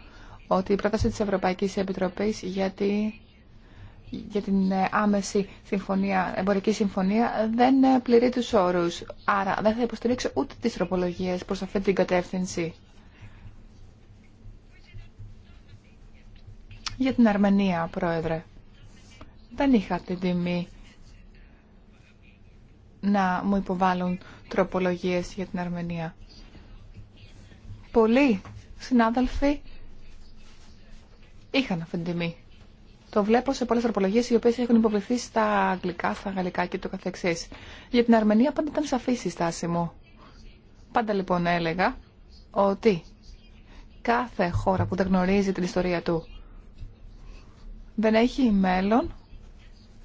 ότι η πρόταση της Ευρωπαϊκής Επιτροπής για, για την άμεση συμφωνία, εμπορική συμφωνία δεν πληρεί τους όρους. Άρα δεν θα υποστηρίξω ούτε τις τροπολογίες προς αυτή την κατεύθυνση. Για την Αρμενία, Πρόεδρε. Δεν είχα την τιμή να μου υποβάλουν τροπολογίες για την Αρμενία. Πολλοί συνάδελφοι είχαν αυτή την τιμή. Το βλέπω σε πολλές τροπολογίες οι οποίες έχουν υποβληθεί στα αγγλικά, στα γαλλικά και το καθεξής. Για την Αρμενία πάντα ήταν σαφής η στάση μου. Πάντα λοιπόν έλεγα ότι κάθε χώρα που δεν γνωρίζει την ιστορία του δεν έχει μέλλον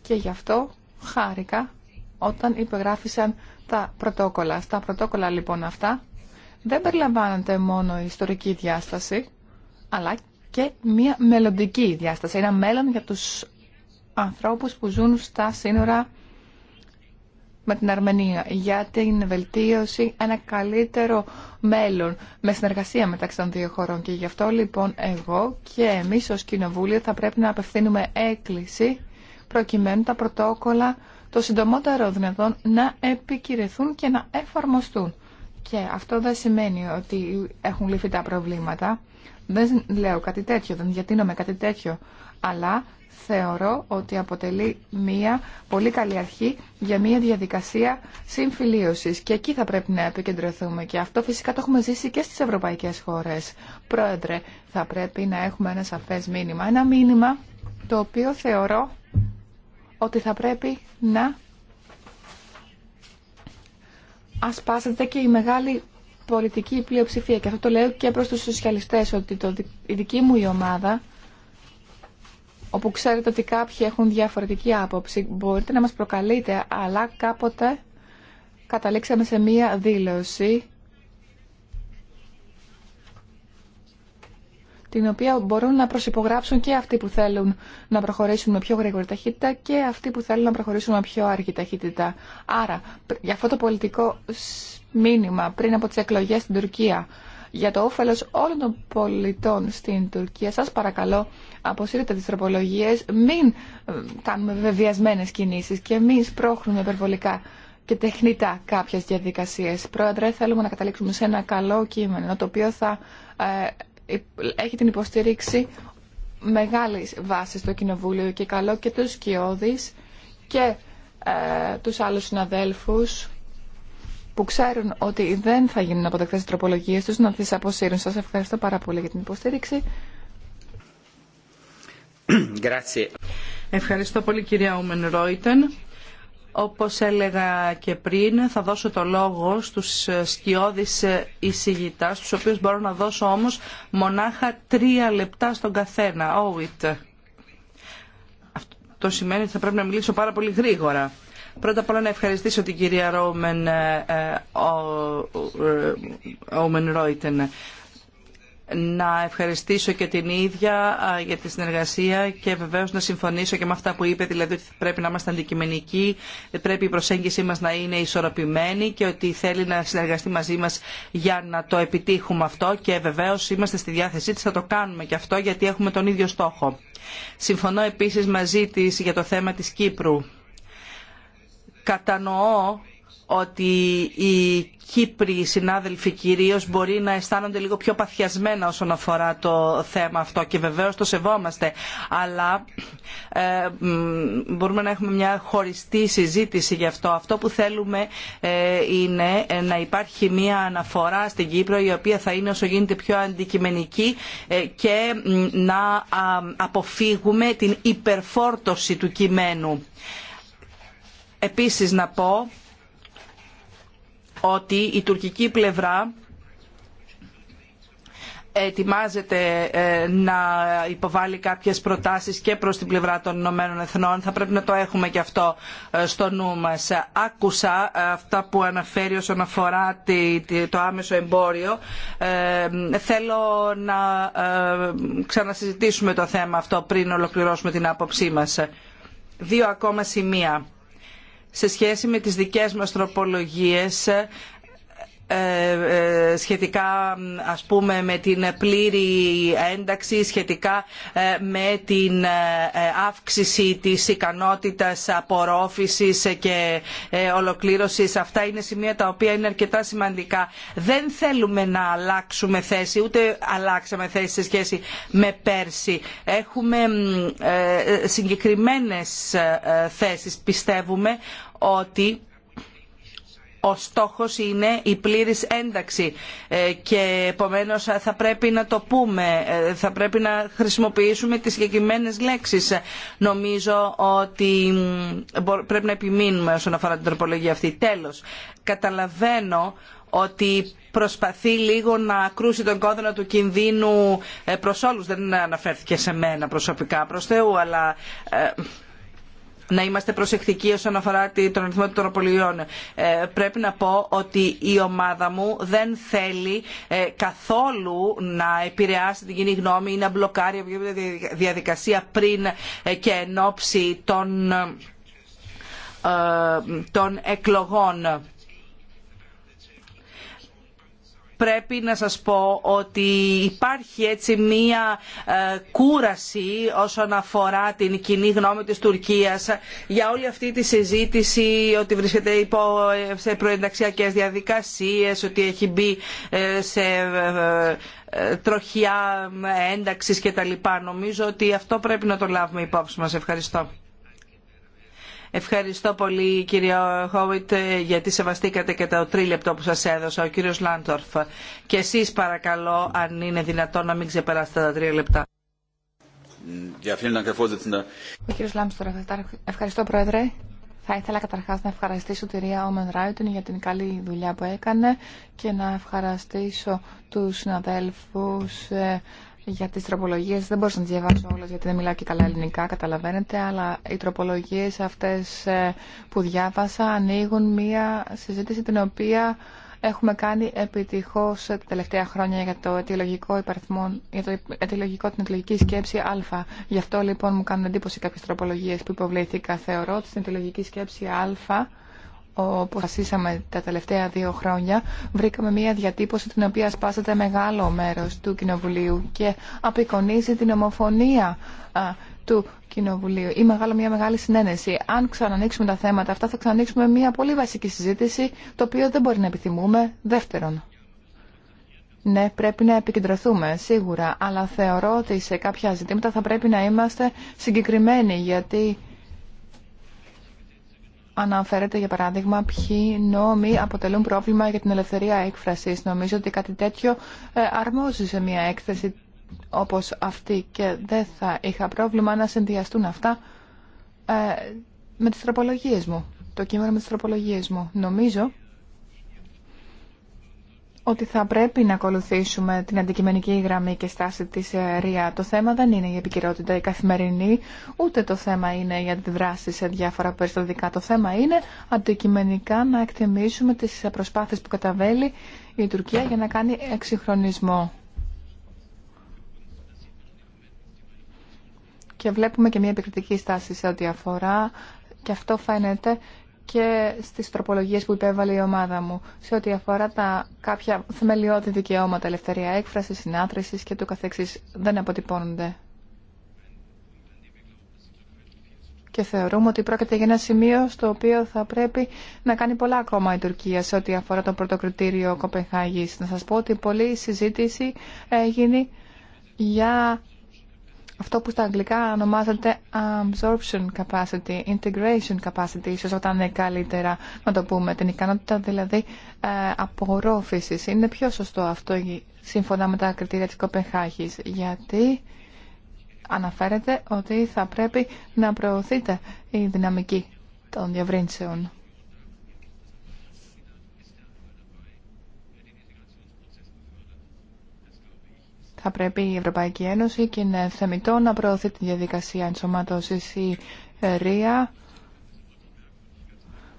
και γι' αυτό χάρηκα όταν υπεγράφησαν τα πρωτόκολλα. Στα πρωτόκολλα λοιπόν αυτά δεν περιλαμβάνεται μόνο η ιστορική διάσταση, αλλά και μια μελλοντική διάσταση. Ένα μέλλον για τους ανθρώπους που ζουν στα σύνορα με την Αρμενία για την βελτίωση ένα καλύτερο μέλλον με συνεργασία μεταξύ των δύο χωρών. Και γι' αυτό λοιπόν εγώ και εμείς ως Κοινοβούλιο θα πρέπει να απευθύνουμε έκκληση προκειμένου τα πρωτόκολλα το συντομότερο δυνατόν να επικυρεθούν και να εφαρμοστούν. Και αυτό δεν σημαίνει ότι έχουν λυθεί τα προβλήματα. Δεν λέω κάτι τέτοιο, δεν διατείνομαι κάτι τέτοιο. Αλλά θεωρώ ότι αποτελεί μια πολύ καλή αρχή για μια διαδικασία συμφιλίωσης και εκεί θα πρέπει να επικεντρωθούμε και αυτό φυσικά το έχουμε ζήσει και στις ευρωπαϊκές χώρες. Πρόεδρε, θα πρέπει να έχουμε ένα σαφές μήνυμα, ένα μήνυμα το οποίο θεωρώ ότι θα πρέπει να ασπάσετε και η μεγάλη πολιτική πλειοψηφία. Και αυτό το λέω και προς τους σοσιαλιστές, ότι το, η δική μου η ομάδα, όπου ξέρετε ότι κάποιοι έχουν διαφορετική άποψη, μπορείτε να μας προκαλείτε, αλλά κάποτε καταλήξαμε σε μία δήλωση την οποία μπορούν να προσυπογράψουν και αυτοί που θέλουν να προχωρήσουν με πιο γρήγορη ταχύτητα και αυτοί που θέλουν να προχωρήσουν με πιο αργή ταχύτητα. Άρα, για αυτό το πολιτικό μήνυμα πριν από τις εκλογές στην Τουρκία, για το όφελος όλων των πολιτών στην Τουρκία, σας παρακαλώ, αποσύρετε τις τροπολογίες, μην ε, κάνουμε βεβαιασμένε κινήσεις και μην σπρώχνουμε υπερβολικά και τεχνητά κάποιες διαδικασίες. Πρόεδρε, θέλουμε να καταλήξουμε σε ένα καλό κείμενο, το οποίο θα ε, έχει την υποστήριξη μεγάλης βάσης στο Κοινοβούλιο και καλό και τους Κιώδης και ε, τους άλλους συναδέλφους που ξέρουν ότι δεν θα γίνουν αποδεκτές οι τροπολογίες τους να τις αποσύρουν. Σας ευχαριστώ πάρα πολύ για την υποστήριξη. Ευχαριστώ πολύ κυρία Ουμεν Ρόιτεν. Όπως έλεγα και πριν, θα δώσω το λόγο στους σκιώδεις εισηγητά, στους οποίους μπορώ να δώσω όμως μονάχα τρία λεπτά στον καθένα. Oh, Αυτό σημαίνει ότι θα πρέπει να μιλήσω πάρα πολύ γρήγορα. Πρώτα απ' όλα να ευχαριστήσω την κυρία Ρόμεν ε, ε, ε, Ρόιτεν να ευχαριστήσω και την ίδια για τη συνεργασία και βεβαίως να συμφωνήσω και με αυτά που είπε, δηλαδή ότι πρέπει να είμαστε αντικειμενικοί, πρέπει η προσέγγιση μας να είναι ισορροπημένη και ότι θέλει να συνεργαστεί μαζί μας για να το επιτύχουμε αυτό και βεβαίως είμαστε στη διάθεσή της, να το κάνουμε και αυτό γιατί έχουμε τον ίδιο στόχο. Συμφωνώ επίσης μαζί της για το θέμα της Κύπρου. Κατανοώ ότι οι Κύπροι συνάδελφοι κυρίως μπορεί να αισθάνονται λίγο πιο παθιασμένα όσον αφορά το θέμα αυτό και βεβαίως το σεβόμαστε. Αλλά ε, μπορούμε να έχουμε μια χωριστή συζήτηση γι' αυτό. Αυτό που θέλουμε ε, είναι να υπάρχει μια αναφορά στην Κύπρο η οποία θα είναι όσο γίνεται πιο αντικειμενική ε, και να αποφύγουμε την υπερφόρτωση του κειμένου. Επίσης να πω ότι η τουρκική πλευρά ετοιμάζεται ε, να υποβάλει κάποιες προτάσεις και προς την πλευρά των Ηνωμένων Εθνών. Θα πρέπει να το έχουμε και αυτό ε, στο νου μας. Άκουσα ε, αυτά που αναφέρει όσον αφορά το άμεσο εμπόριο. Θέλω να ξανασυζητήσουμε το θέμα αυτό πριν ολοκληρώσουμε την άποψή μας. Δύο ακόμα σημεία σε σχέση με τις δικές μας τροπολογίες ε, ε, σχετικά ας πούμε με την πλήρη ένταξη, σχετικά ε, με την αύξηση της ικανότητας απορρόφησης και ολοκλήρωσης. Αυτά είναι σημεία τα οποία είναι αρκετά σημαντικά. Δεν θέλουμε να αλλάξουμε θέση, ούτε αλλάξαμε θέση σε σχέση με πέρσι. Έχουμε συγκεκριμένες θέσεις. Πιστεύουμε ότι ο στόχος είναι η πλήρης ένταξη ε, και επομένως ε, θα πρέπει να το πούμε, ε, θα πρέπει να χρησιμοποιήσουμε τις συγκεκριμένε λέξεις. Νομίζω ότι πρέπει να επιμείνουμε όσον αφορά την τροπολογία αυτή. Τέλος, καταλαβαίνω ότι προσπαθεί λίγο να κρούσει τον κόδωνα του κινδύνου προς όλους. Δεν αναφέρθηκε σε μένα προσωπικά προς Θεού, αλλά να είμαστε προσεκτικοί όσον αφορά τον αριθμό των τροπολογιών. Ε, πρέπει να πω ότι η ομάδα μου δεν θέλει ε, καθόλου να επηρεάσει την κοινή γνώμη ή να μπλοκάρει οποιαδήποτε διαδικασία πριν ε, και εν ώψη των, των εκλογών πρέπει να σας πω ότι υπάρχει έτσι μία ε, κούραση όσον αφορά την κοινή γνώμη της Τουρκίας για όλη αυτή τη συζήτηση ότι βρίσκεται υπό, ε, σε προενταξιακές διαδικασίες, ότι έχει μπει ε, σε τροχιά ένταξης κτλ. Νομίζω ότι αυτό πρέπει να το λάβουμε υπόψη μας. Ευχαριστώ. Ευχαριστώ πολύ κύριε Χόουιτ γιατί σεβαστήκατε και το τρίλεπτο που σας έδωσα ο κύριος Λάντορφ. Και εσείς παρακαλώ αν είναι δυνατόν να μην ξεπεράσετε τα τρία λεπτά. κύριος ευχαριστώ πρόεδρε. Θα ήθελα καταρχάς να ευχαριστήσω τη Ρία Όμεν Ράιτον για την καλή δουλειά που έκανε και να ευχαριστήσω τους συναδέλφους ε, για τις τροπολογίες δεν μπορούσα να τις διαβάσω όλες γιατί δεν μιλάω και καλά ελληνικά, καταλαβαίνετε, αλλά οι τροπολογίες αυτές ε, που διάβασα ανοίγουν μία συζήτηση την οποία έχουμε κάνει επιτυχώς ε, τα τελευταία χρόνια για το αιτιολογικό υπαριθμό, για το αιτιολογικό, την αιτιολογική σκέψη α. Γι' αυτό λοιπόν μου κάνουν εντύπωση κάποιες τροπολογίες που υποβλήθηκα. Θεωρώ ότι στην αιτιολογική σκέψη α όπως ασύσαμε τα τελευταία δύο χρόνια, βρήκαμε μια διατύπωση την οποία σπάσατε μεγάλο μέρος του Κοινοβουλίου και απεικονίζει την ομοφωνία του Κοινοβουλίου ή μεγάλο, μια μεγάλη συνένεση. Αν ξανανοίξουμε τα θέματα αυτά θα ξανανοίξουμε μια πολύ βασική συζήτηση το οποίο δεν μπορεί να επιθυμούμε δεύτερον. Ναι, πρέπει να επικεντρωθούμε σίγουρα, αλλά θεωρώ ότι σε κάποια ζητήματα θα πρέπει να είμαστε συγκεκριμένοι γιατί αναφέρεται, για παράδειγμα, ποιοι νόμοι αποτελούν πρόβλημα για την ελευθερία έκφρασης. Νομίζω ότι κάτι τέτοιο ε, αρμόζει σε μια έκθεση όπως αυτή και δεν θα είχα πρόβλημα να συνδυαστούν αυτά ε, με τις τροπολογίες μου. Το κείμενο με τις τροπολογίες μου. Νομίζω ότι θα πρέπει να ακολουθήσουμε την αντικειμενική γραμμή και στάση της ε, ΡΙΑ. Το θέμα δεν είναι η επικαιρότητα η καθημερινή, ούτε το θέμα είναι η αντιδράση σε διάφορα περιστατικά. Το θέμα είναι αντικειμενικά να εκτιμήσουμε τις προσπάθειες που καταβέλει η Τουρκία για να κάνει εξυγχρονισμό. Και βλέπουμε και μια επικριτική στάση σε ό,τι αφορά και αυτό φαίνεται και στις τροπολογίες που υπέβαλε η ομάδα μου σε ό,τι αφορά τα κάποια θεμελιώδη δικαιώματα, ελευθερία έκφραση, συνάθρησης και του καθεξής δεν αποτυπώνονται. Και θεωρούμε ότι πρόκειται για ένα σημείο στο οποίο θα πρέπει να κάνει πολλά ακόμα η Τουρκία σε ό,τι αφορά το πρωτοκριτήριο κοπενχάγης. Να σας πω ότι πολλή συζήτηση έγινε για αυτό που στα αγγλικά ονομάζεται absorption capacity, integration capacity, ίσως όταν είναι καλύτερα να το πούμε, την ικανότητα δηλαδή ε, απορρόφησης. Είναι πιο σωστό αυτό σύμφωνα με τα κριτήρια της Κοπενχάγης, γιατί αναφέρεται ότι θα πρέπει να προωθείται η δυναμική των διαβρύνσεων. Θα πρέπει η Ευρωπαϊκή Ένωση και είναι θεμητό να προωθεί τη διαδικασία ενσωματώσης η ε, ΡΙΑ.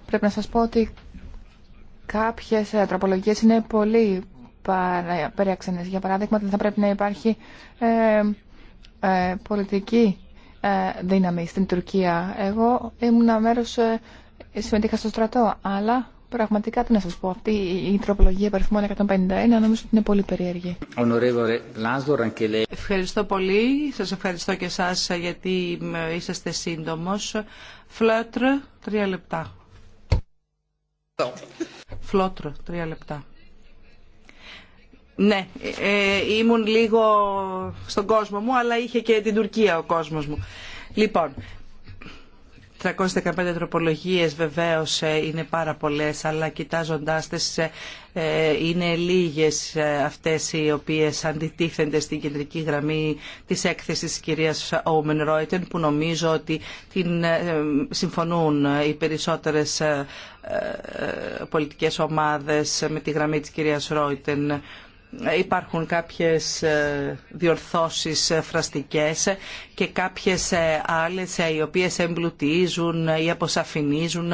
Πρέπει να σας πω ότι κάποιες ε, τροπολογίες είναι πολύ περιαξενές. Για παράδειγμα, δεν θα πρέπει να υπάρχει ε, ε πολιτική δύναμη στην Τουρκία. Εγώ ήμουν μέρος, συμμετείχα στο στρατό, αλλά Πραγματικά τι να σας πω, αυτή η τροπολογία παριθμών 151 νομίζω ότι είναι πολύ περίεργη. Ευχαριστώ πολύ, σας ευχαριστώ και εσάς ε, γιατί είσαστε σύντομος. Φλότρ, τρία λεπτά. Φλότρ, τρία λεπτά. Ναι, ε, ε, ήμουν λίγο στον κόσμο μου, αλλά είχε και την Τουρκία ο κόσμος μου. Λοιπόν, 315 τροπολογίε βεβαίω ε, είναι πάρα πολλέ, αλλά κοιτάζοντά τι ε, ε, είναι λίγες αυτές οι οποίες αντιτίθενται στην κεντρική γραμμή της έκθεσης τη κυρίας Όμεν Ρόιτεν, που νομίζω ότι την συμφωνούν οι περισσότερε πολιτικές ομάδες με τη γραμμή της κυρίας Ρόιτεν υπάρχουν κάποιες ε, διορθώσεις ε, φραστικές και κάποιες ε, άλλες οι οποίες εμπλουτίζουν ή αποσαφηνίζουν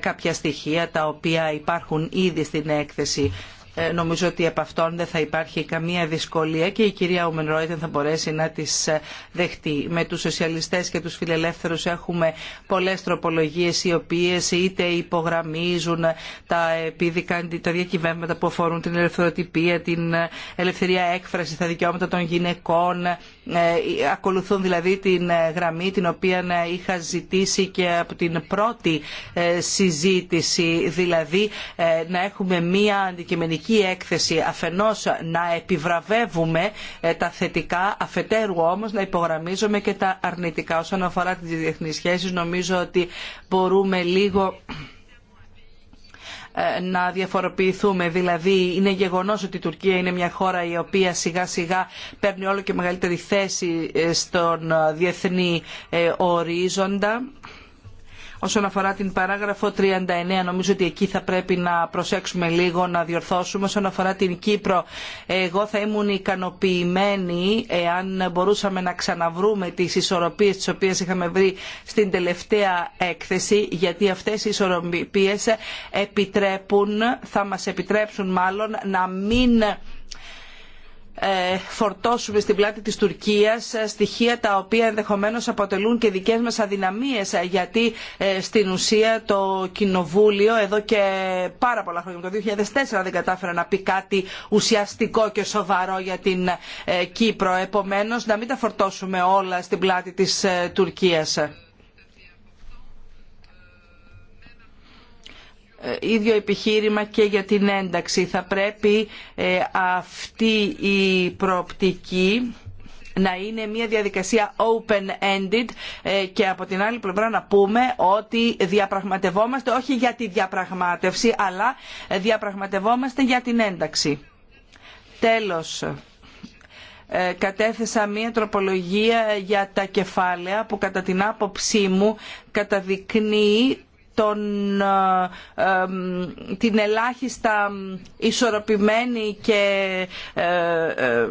κάποια στοιχεία τα οποία υπάρχουν ήδη στην έκθεση. Ε, νομίζω ότι από αυτόν δεν θα υπάρχει καμία δυσκολία και η κυρία δεν θα μπορέσει να τις ε, δεχτεί. Με τους σοσιαλιστές και τους φιλελεύθερους έχουμε πολλές τροπολογίες οι οποίες είτε υπογραμμίζουν τα, διακυβέρματα τα διακυβεύματα που αφορούν την ελευθεροτυπία, την ε, ελευθερία έκφραση, τα δικαιώματα των γυναικών, ακολουθούν δηλαδή την γραμμή την οποία είχα ζητήσει και από την πρώτη συζήτηση, δηλαδή να έχουμε μία αντικειμενική θετική έκθεση αφενός να επιβραβεύουμε ε, τα θετικά αφετέρου όμως να υπογραμμίζουμε και τα αρνητικά. Όσον αφορά τις διεθνείς σχέσεις νομίζω ότι μπορούμε λίγο ε, να διαφοροποιηθούμε. Δηλαδή είναι γεγονός ότι η Τουρκία είναι μια χώρα η οποία σιγά σιγά παίρνει όλο και μεγαλύτερη θέση ε, στον διεθνή ορίζοντα Όσον αφορά την παράγραφο 39, νομίζω ότι εκεί θα πρέπει να προσέξουμε λίγο, να διορθώσουμε. Όσον αφορά την Κύπρο, εγώ θα ήμουν ικανοποιημένη εάν μπορούσαμε να ξαναβρούμε τις ισορροπίες τις οποίες είχαμε βρει στην τελευταία έκθεση, γιατί αυτές οι ισορροπίες επιτρέπουν, θα μας επιτρέψουν μάλλον να μην ε, φορτώσουμε στην πλάτη της Τουρκίας ε, στοιχεία τα οποία ενδεχομένως αποτελούν και δικές μας αδυναμίες ε, γιατί στην ουσία το Κοινοβούλιο εδώ και πάρα πολλά χρόνια, το 2004 δεν κατάφερε να πει κάτι ουσιαστικό και σοβαρό για την Κύπρο. Επομένως να μην τα φορτώσουμε όλα στην πλάτη της Τουρκίας. Ε, ίδιο επιχείρημα και για την ένταξη. Θα πρέπει ε, αυτή η προοπτική να είναι μια διαδικασία open-ended ε, και από την άλλη πλευρά να πούμε ότι διαπραγματευόμαστε όχι για τη διαπραγμάτευση αλλά διαπραγματευόμαστε για την ένταξη. Τέλος, κατέθεσα μια τροπολογία για τα κεφάλαια που κατά την άποψή μου καταδεικνύει τον, ε, ε, την ελάχιστα ισορροπημένη και ε,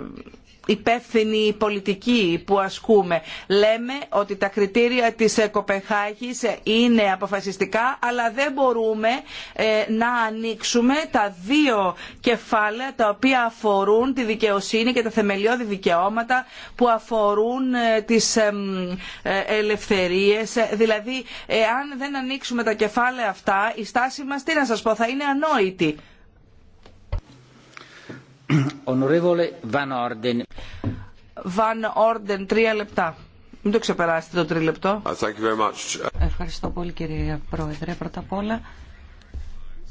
υπεύθυνη πολιτική που ασκούμε. Λέμε ότι τα κριτήρια της Κοπεχάγης είναι αποφασιστικά, αλλά δεν μπορούμε ε, να ανοίξουμε τα δύο κεφάλαια τα οποία αφορούν τη δικαιοσύνη και τα θεμελιώδη δικαιώματα που αφορούν ε, τις ε, ελευθερίες. Δηλαδή, εάν δεν ανοίξουμε τα κεφάλαια αυτά, η στάση μας, τι να σας πω, θα είναι ανόητη τρία λεπτά. Μην το ξεπεράσετε το uh, Ευχαριστώ πολύ κύριε Πρόεδρε. Πρώτα απ' όλα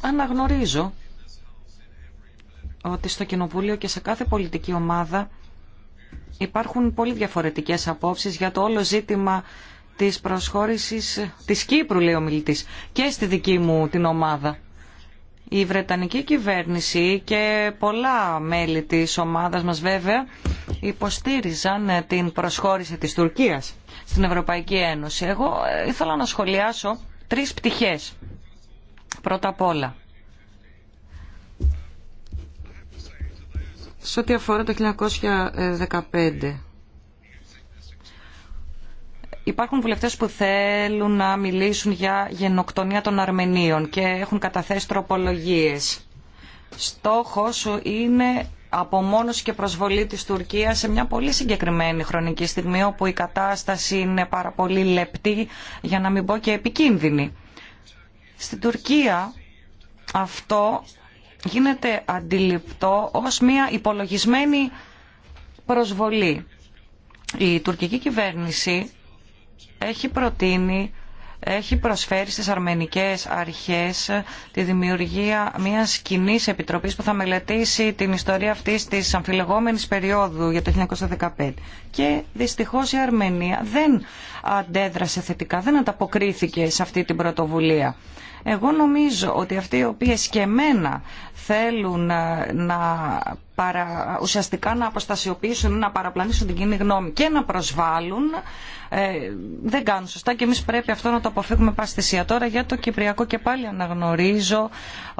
αναγνωρίζω ότι στο Κοινοβούλιο και σε κάθε πολιτική ομάδα υπάρχουν πολύ διαφορετικές απόψεις για το όλο ζήτημα της προσχώρησης της Κύπρου, λέει ο μιλητής, και στη δική μου την ομάδα. Η Βρετανική κυβέρνηση και πολλά μέλη της ομάδας μας βέβαια υποστήριζαν ε, την προσχώρηση της Τουρκίας στην Ευρωπαϊκή Ένωση. Εγώ ε, ήθελα να σχολιάσω τρεις πτυχές. Πρώτα απ' όλα. Σε ό,τι αφορά το 1915 Υπάρχουν βουλευτές που θέλουν να μιλήσουν για γενοκτονία των Αρμενίων και έχουν καταθέσει τροπολογίες. Στόχος σου είναι απομόνωση και προσβολή της Τουρκίας σε μια πολύ συγκεκριμένη χρονική στιγμή όπου η κατάσταση είναι πάρα πολύ λεπτή για να μην πω και επικίνδυνη. Στην Τουρκία αυτό γίνεται αντιληπτό ως μια υπολογισμένη προσβολή. Η τουρκική κυβέρνηση έχει προτείνει έχει προσφέρει στις αρμενικές αρχές τη δημιουργία μιας κοινή επιτροπής που θα μελετήσει την ιστορία αυτής της αμφιλεγόμενης περίοδου για το 1915. Και δυστυχώς η Αρμενία δεν αντέδρασε θετικά, δεν ανταποκρίθηκε σε αυτή την πρωτοβουλία. Εγώ νομίζω ότι αυτοί οι οποίοι και θέλουν να παρα, ουσιαστικά να αποστασιοποιήσουν ή να παραπλανήσουν την κοινή γνώμη και να προσβάλλουν ε, δεν κάνουν σωστά και εμείς πρέπει αυτό να το αποφύγουμε πάση Τώρα για το Κυπριακό και πάλι αναγνωρίζω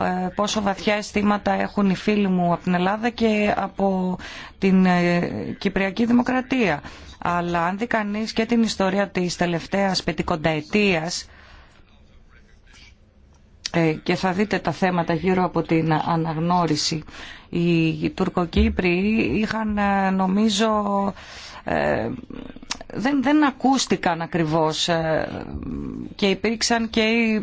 ε, πόσο βαθιά αισθήματα έχουν οι φίλοι μου από την Ελλάδα και από την ε, Κυπριακή Δημοκρατία. Αλλά αν δει κανείς και την ιστορία της τελευταίας πεντηκονταετίας ε, και θα δείτε τα θέματα γύρω από την αναγνώριση. Οι Τουρκοκύπροι είχαν ε, νομίζω ε, δεν, δεν ακούστηκαν ακριβώς και υπήρξαν και οι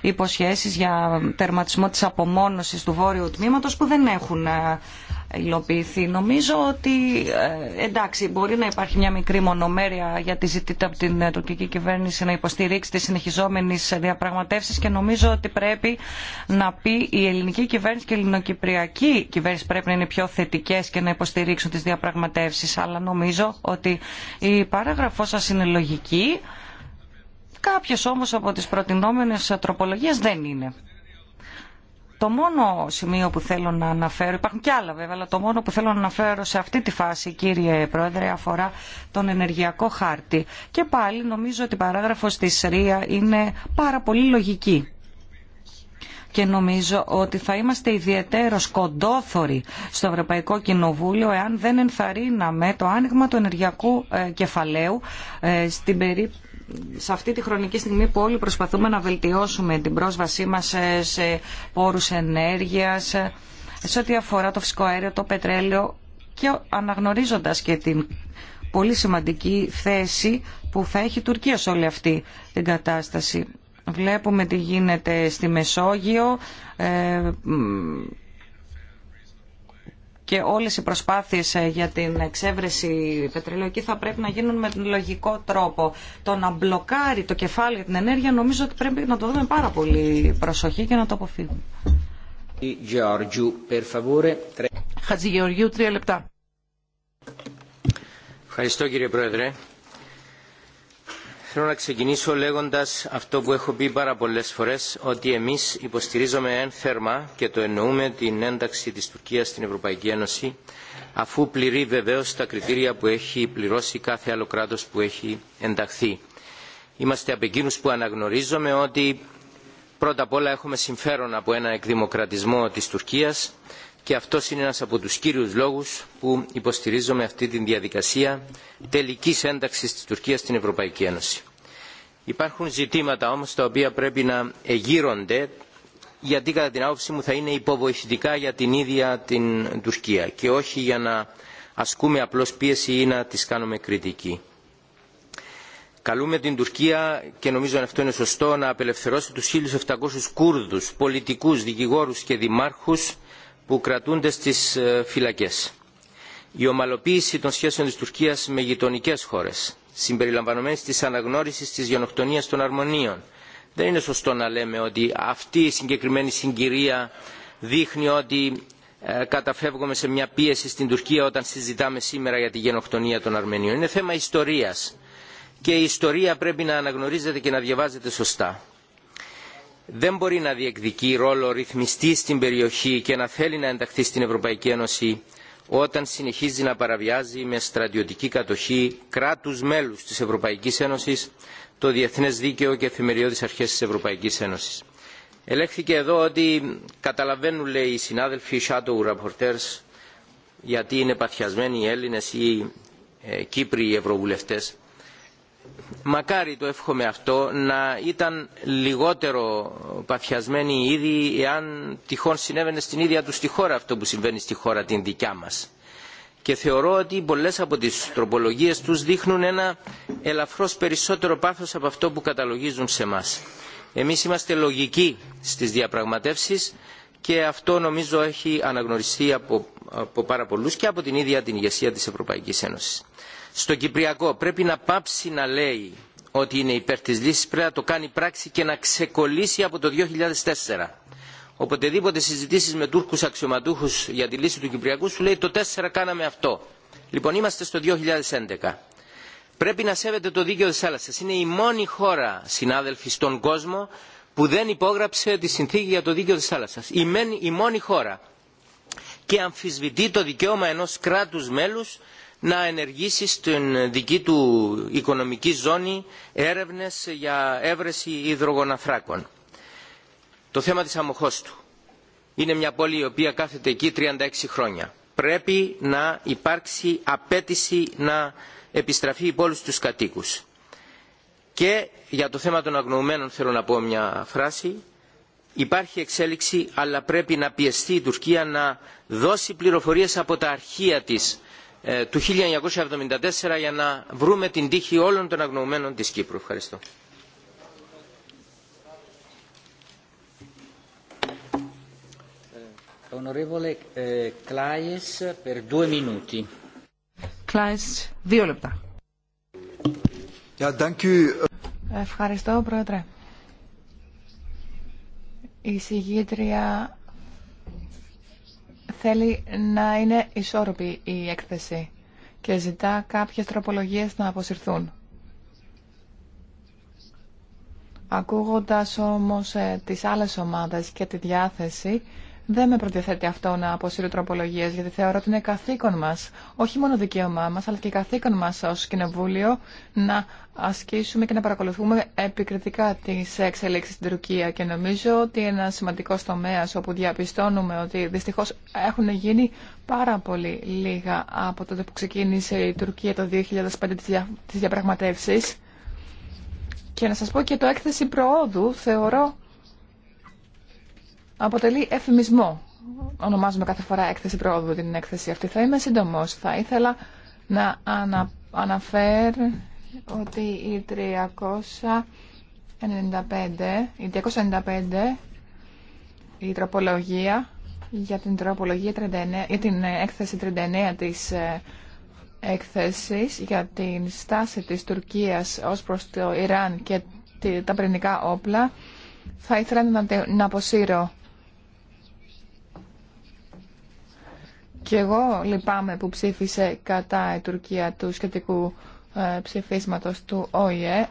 υποσχέσεις για τερματισμό της απομόνωσης του βόρειου τμήματος που δεν έχουν υλοποιηθεί. Νομίζω ότι ε, εντάξει μπορεί να υπάρχει μια μικρή μονομέρεια γιατί ζητείται από την ε, τουρκική κυβέρνηση να υποστηρίξει τι συνεχιζόμενε διαπραγματεύσει και νομίζω ότι πρέπει να πει η ελληνική κυβέρνηση και η ελληνοκυπριακή κυβέρνηση πρέπει να είναι πιο θετικέ και να υποστηρίξουν τι διαπραγματεύσει. Αλλά νομίζω ότι η παράγραφό σα είναι λογική. Κάποιες όμως από τις προτινόμενες ε, τροπολογίες δεν είναι. Το μόνο σημείο που θέλω να αναφέρω, υπάρχουν και άλλα βέβαια, αλλά το μόνο που θέλω να αναφέρω σε αυτή τη φάση, κύριε Πρόεδρε, αφορά τον ενεργειακό χάρτη. Και πάλι νομίζω ότι η παράγραφος της ΡΙΑ είναι πάρα πολύ λογική και νομίζω ότι θα είμαστε ιδιαίτερο κοντόθωροι στο Ευρωπαϊκό Κοινοβούλιο εάν δεν ενθαρρύναμε το άνοιγμα του ενεργειακού ε, κεφαλαίου ε, στην περίπτωση σε αυτή τη χρονική στιγμή που όλοι προσπαθούμε να βελτιώσουμε την πρόσβασή μας σε πόρους ενέργειας, σε ό,τι αφορά το φυσικό αέριο, το πετρέλαιο και αναγνωρίζοντας και την πολύ σημαντική θέση που θα έχει η Τουρκία σε όλη αυτή την κατάσταση. Βλέπουμε τι γίνεται στη Μεσόγειο, ε, και όλες οι προσπάθειες ε, για την εξέβρεση πετρελαιοκή θα πρέπει να γίνουν με τον λογικό τρόπο. Το να μπλοκάρει το κεφάλι για την ενέργεια νομίζω ότι πρέπει να το δούμε πάρα πολύ προσοχή και να το αποφύγουμε. Χατζηγεωργίου, τρία λεπτά. Ευχαριστώ κύριε Πρόεδρε. Θέλω να ξεκινήσω λέγοντας αυτό που έχω πει πάρα πολλές φορές, ότι εμείς υποστηρίζουμε εν θερμά και το εννοούμε την ένταξη της Τουρκίας στην Ευρωπαϊκή Ένωση, αφού πληρεί βεβαίως τα κριτήρια που έχει πληρώσει κάθε άλλο κράτος που έχει ενταχθεί. Είμαστε από εκείνου που αναγνωρίζουμε ότι πρώτα απ' όλα έχουμε συμφέρον από ένα εκδημοκρατισμό της Τουρκίας, και αυτό είναι ένας από τους κύριους λόγους που υποστηρίζουμε αυτή τη διαδικασία τελικής ένταξης της Τουρκίας στην Ευρωπαϊκή Ένωση. Υπάρχουν ζητήματα όμως τα οποία πρέπει να εγείρονται γιατί κατά την άποψή μου θα είναι υποβοηθητικά για την ίδια την Τουρκία και όχι για να ασκούμε απλώς πίεση ή να τις κάνουμε κριτική. Καλούμε την Τουρκία και νομίζω αυτό είναι σωστό να απελευθερώσει τους 1.700 Κούρδους, πολιτικούς, δικηγόρους και δημάρχους που κρατούνται στις ε, φυλακές. Η ομαλοποίηση των σχέσεων της Τουρκίας με γειτονικέ χώρες, συμπεριλαμβανομένης της αναγνώρισης της γενοκτονίας των Αρμονίων. Δεν είναι σωστό να λέμε ότι αυτή η συγκεκριμένη συγκυρία δείχνει ότι ε, καταφεύγουμε σε μια πίεση στην Τουρκία όταν συζητάμε σήμερα για τη γενοκτονία των Αρμενίων. Είναι θέμα ιστορίας και η ιστορία πρέπει να αναγνωρίζεται και να διαβάζεται σωστά δεν μπορεί να διεκδικεί ρόλο ρυθμιστή στην περιοχή και να θέλει να ενταχθεί στην Ευρωπαϊκή Ένωση όταν συνεχίζει να παραβιάζει με στρατιωτική κατοχή κράτους μέλους της Ευρωπαϊκής Ένωσης το διεθνές δίκαιο και εφημεριώδεις αρχές της Ευρωπαϊκής Ένωσης. Ελέγχθηκε εδώ ότι καταλαβαίνουν οι συνάδελφοι shadow γιατί είναι παθιασμένοι οι Έλληνες ή ε, Κύπροι Ευρωβουλευτές μακάρι το εύχομαι αυτό να ήταν λιγότερο παθιασμένοι ήδη εάν τυχόν συνέβαινε στην ίδια τους τη χώρα αυτό που συμβαίνει στη χώρα την δικιά μας. Και θεωρώ ότι πολλές από τις τροπολογίες τους δείχνουν ένα ελαφρώς περισσότερο πάθος από αυτό που καταλογίζουν σε μας. Εμείς είμαστε λογικοί στις διαπραγματεύσεις και αυτό νομίζω έχει αναγνωριστεί από, από πάρα πολλούς και από την ίδια την ηγεσία της Ευρωπαϊκής Ένωσης στο Κυπριακό πρέπει να πάψει να λέει ότι είναι υπέρ της λύσης, πρέπει να το κάνει πράξη και να ξεκολλήσει από το 2004. Οποτεδήποτε συζητήσεις με Τούρκους αξιωματούχους για τη λύση του Κυπριακού σου λέει το 4 κάναμε αυτό. Λοιπόν είμαστε στο 2011. Πρέπει να σέβεται το δίκαιο της θάλασσας. Είναι η μόνη χώρα, συνάδελφοι, στον κόσμο που δεν υπόγραψε τη συνθήκη για το δίκαιο της θάλασσας. Η, η μόνη χώρα. Και αμφισβητεί το δικαίωμα ενός κράτους μέλους να ενεργήσει στην δική του οικονομική ζώνη έρευνες για έβρεση υδρογοναθράκων. Το θέμα της Αμοχώστου είναι μια πόλη η οποία κάθεται εκεί 36 χρόνια. Πρέπει να υπάρξει απέτηση να επιστραφεί η πόλη στους κατοίκους. Και για το θέμα των αγνοωμένων θέλω να πω μια φράση. Υπάρχει εξέλιξη αλλά πρέπει να πιεστεί η Τουρκία να δώσει πληροφορίες από τα αρχεία της ε, του 1974 για να βρούμε την τύχη όλων των αγνοωμένων της Κύπρου. Ευχαριστώ. Ε, ε, δύο λεπτά. Ευχαριστώ, Πρόεδρε. Η συγγήτρια θέλει να είναι ισόρροπη η έκθεση και ζητά κάποιες τροπολογίες να αποσυρθούν. Ακούγοντας όμως ε, τις άλλες ομάδες και τη διάθεση δεν με προδιαθέτει αυτό να αποσύρω τροπολογίε, γιατί θεωρώ ότι είναι καθήκον μα, όχι μόνο δικαίωμά μα, αλλά και καθήκον μα ω Κοινοβούλιο να ασκήσουμε και να παρακολουθούμε επικριτικά τι εξελίξει στην Τουρκία. Και νομίζω ότι ένα σημαντικό τομέα όπου διαπιστώνουμε ότι δυστυχώ έχουν γίνει πάρα πολύ λίγα από τότε που ξεκίνησε η Τουρκία το 2005 τι διαπραγματεύσει. Και να σα πω και το έκθεση προόδου θεωρώ αποτελεί εφημισμό. Ονομάζουμε κάθε φορά έκθεση πρόοδου την έκθεση αυτή. Θα είμαι σύντομο. Θα ήθελα να ανα, αναφέρω ότι η 395, η 295, η τροπολογία για την τροπολογία 39, για την ε, έκθεση 39 της ε, έκθεσης για την στάση της Τουρκίας ως προς το Ιράν και τα πρινικά όπλα θα ήθελα να, να αποσύρω Και εγώ λυπάμαι που ψήφισε κατά η Τουρκία του σχετικού ε, ψηφίσματος του ΟΗΕ.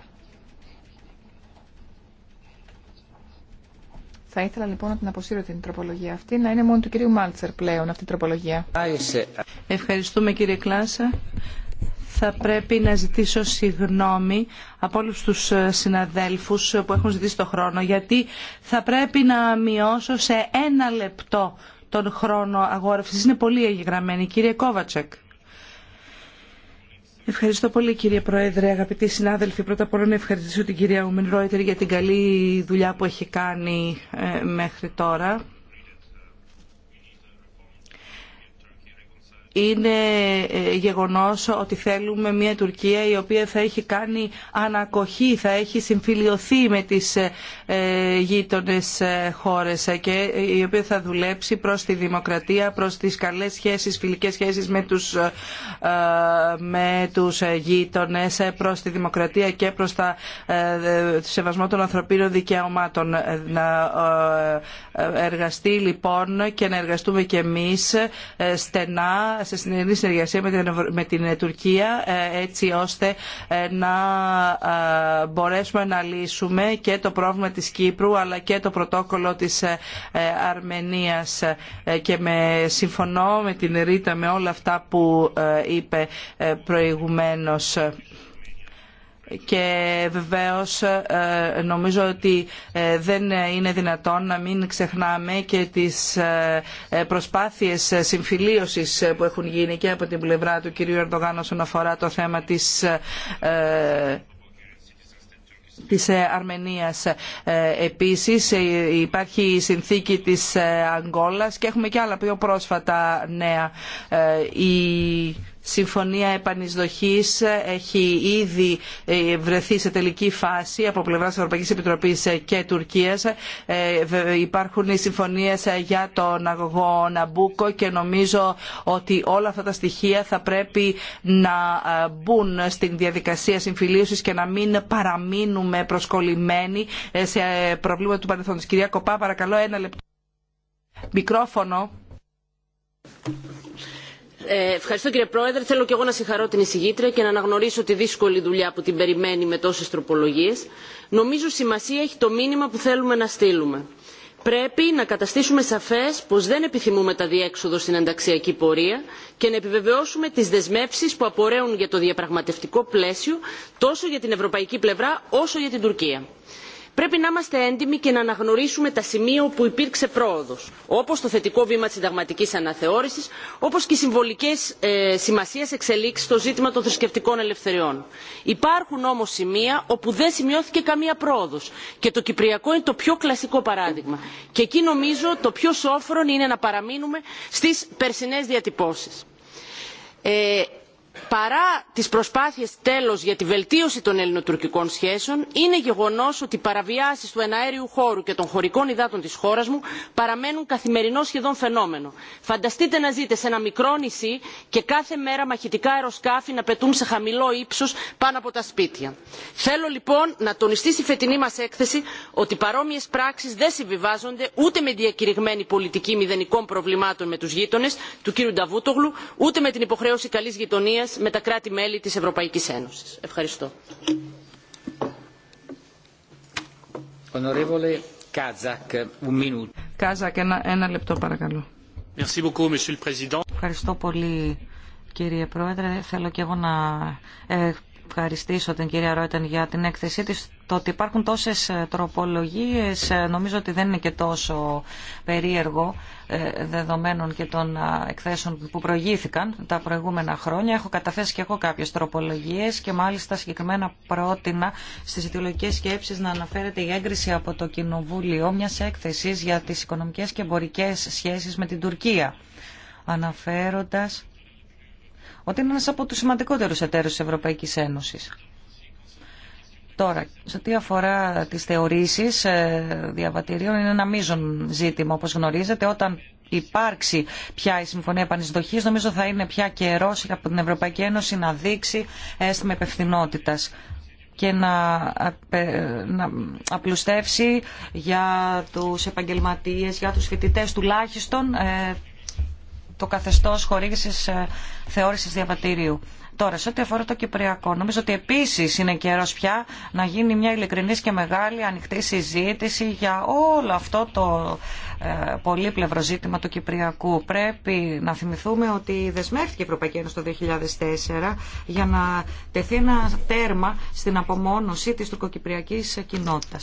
Θα ήθελα λοιπόν να την αποσύρω την τροπολογία αυτή, να είναι μόνο του κυρίου Μάλτσερ πλέον αυτή η τροπολογία. Ευχαριστούμε κύριε Κλάσα. Θα πρέπει να ζητήσω συγγνώμη από όλους τους ε, συναδέλφους που έχουν ζητήσει το χρόνο, γιατί θα πρέπει να μειώσω σε ένα λεπτό τον χρόνο αγόρευσης είναι πολύ εγγεγραμμένη. Κύριε Κόβατσεκ. Ευχαριστώ πολύ κύριε Πρόεδρε, αγαπητοί συνάδελφοι. Πρώτα απ' όλα να ευχαριστήσω την κυρία Ουμεν για την καλή δουλειά που έχει κάνει ε, μέχρι τώρα είναι ε, γεγονός ότι θέλουμε μια Τουρκία η οποία θα έχει κάνει ανακοχή, θα έχει συμφιλειωθεί με τις ε, ε, γείτονες χώρες και η οποία θα δουλέψει προς τη δημοκρατία, προς τις καλές σχέσεις, φιλικές σχέσεις με τους, με τους γείτονες, προς τη δημοκρατία και προς τα σεβασμό των ανθρωπίνων δικαιωμάτων. Να εργαστεί λοιπόν και να εργαστούμε και εμείς στενά σε συνεργή συνεργασία με την ε, Τουρκία ε, έτσι ώστε ε, να μπορέσουμε να λύσουμε και το πρόβλημα της Κύπρου αλλά και το πρωτόκολλο της Αρμενίας και με συμφωνώ με την Ρίτα με όλα αυτά που είπε προηγουμένως και βεβαίως ε, νομίζω ότι ε, δεν είναι δυνατόν να μην ξεχνάμε και τις ε, προσπάθειες συμφιλίωσης που έχουν γίνει και από την πλευρά του κυρίου Ερντογάν όσον αφορά το θέμα της της Αρμενίας. Επίσης υπάρχει η συνθήκη της Αγγόλας και έχουμε και άλλα πιο πρόσφατα νέα. Η συμφωνία επανεισδοχής έχει ήδη ε, βρεθεί σε τελική φάση από πλευράς της Ευρωπαϊκής Επιτροπής ε, και Τουρκίας. Ε, υπάρχουν οι συμφωνίες για τον αγωγό Ναμπούκο και νομίζω ότι όλα αυτά τα στοιχεία θα πρέπει να μπουν στην διαδικασία συμφιλίωσης και να μην παραμείνουμε προσκολλημένοι σε προβλήματα του παρελθόντος. Κυρία Κοπά, παρακαλώ ένα λεπτό. Μικρόφωνο. Ε, ευχαριστώ κύριε Πρόεδρε. Θέλω και εγώ να συγχαρώ την εισηγήτρια και να αναγνωρίσω τη δύσκολη δουλειά που την περιμένει με τόσες τροπολογίες. Νομίζω σημασία έχει το μήνυμα που θέλουμε να στείλουμε. Πρέπει να καταστήσουμε σαφές πως δεν επιθυμούμε τα διέξοδο στην ενταξιακή πορεία και να επιβεβαιώσουμε τις δεσμεύσεις που απορρέουν για το διαπραγματευτικό πλαίσιο τόσο για την ευρωπαϊκή πλευρά όσο για την Τουρκία πρέπει να είμαστε έντιμοι και να αναγνωρίσουμε τα σημεία όπου υπήρξε πρόοδο, όπως το θετικό βήμα τη συνταγματική αναθεώρησης όπως και οι συμβολικές ε, σημασίες εξελίξει εξελίξεις στο ζήτημα των θρησκευτικών ελευθεριών. υπάρχουν όμως σημεία όπου δεν σημειώθηκε καμία πρόοδο και το κυπριακό είναι το πιο κλασικό παράδειγμα και εκεί νομίζω το πιο σόφρον είναι να παραμείνουμε στι περσινέ διατυπώσει. Ε, παρά τις προσπάθειες τέλος για τη βελτίωση των ελληνοτουρκικών σχέσεων είναι γεγονός ότι οι παραβιάσεις του εναέριου χώρου και των χωρικών υδάτων της χώρας μου παραμένουν καθημερινό σχεδόν φαινόμενο. φανταστείτε να ζείτε σε ένα μικρό νησί και κάθε μέρα μαχητικά αεροσκάφη να πετούν σε χαμηλό ύψος πάνω από τα σπίτια. θέλω λοιπόν να τονιστεί στη φετινή μας έκθεση ότι παρόμοιες πράξεις δεν συμβιβάζονται ούτε με διακηρυγμένη πολιτική μηδενικών προβλημάτων με τους γείτονες του κ. νταβούτογλου ούτε με την υποχρέωση καλής γειτονίας με τα κράτη-μέλη της Ευρωπαϊκής Ένωσης. Ευχαριστώ. Κάζακ, ένα, λεπτό παρακαλώ. Ευχαριστώ πολύ κύριε Πρόεδρε. Θέλω και εγώ να ευχαριστήσω την κυρία Ρόιτεν για την έκθεσή της το ότι υπάρχουν τόσες ε, τροπολογίες ε, νομίζω ότι δεν είναι και τόσο περίεργο ε, δεδομένων και των εκθέσεων που προηγήθηκαν τα προηγούμενα χρόνια. Έχω καταθέσει και εγώ κάποιες τροπολογίες και μάλιστα συγκεκριμένα πρότεινα στις αιτιολογικές σκέψεις να αναφέρεται η έγκριση από το Κοινοβούλιο μιας έκθεσης για τις οικονομικές και εμπορικές σχέσεις με την Τουρκία αναφέροντας ότι είναι ένας από τους σημαντικότερους εταίρους της Ευρωπαϊκής Ένωσης. Τώρα, σε ό,τι αφορά τις θεωρήσεις ε, διαβατηρίων, είναι ένα μείζον ζήτημα, όπως γνωρίζετε. Όταν υπάρξει πια η Συμφωνία Επανεισδοχή, νομίζω θα είναι πια καιρό από την Ευρωπαϊκή Ένωση να δείξει αίσθημα υπευθυνότητα και να, να απλουστεύσει για τους επαγγελματίες, για τους φοιτητές τουλάχιστον ε, το καθεστώς χορήγησης ε, θεώρησης διαβατηρίου. Τώρα, σε ό,τι αφορά το Κυπριακό, νομίζω ότι επίση είναι καιρό πια να γίνει μια ειλικρινή και μεγάλη ανοιχτή συζήτηση για όλο αυτό το ε, πολύπλευρο ζήτημα του Κυπριακού. Πρέπει να θυμηθούμε ότι δεσμεύτηκε η Ευρωπαϊκή Ένωση το 2004 για να τεθεί ένα τέρμα στην απομόνωση τη τουρκοκυπριακή κοινότητα.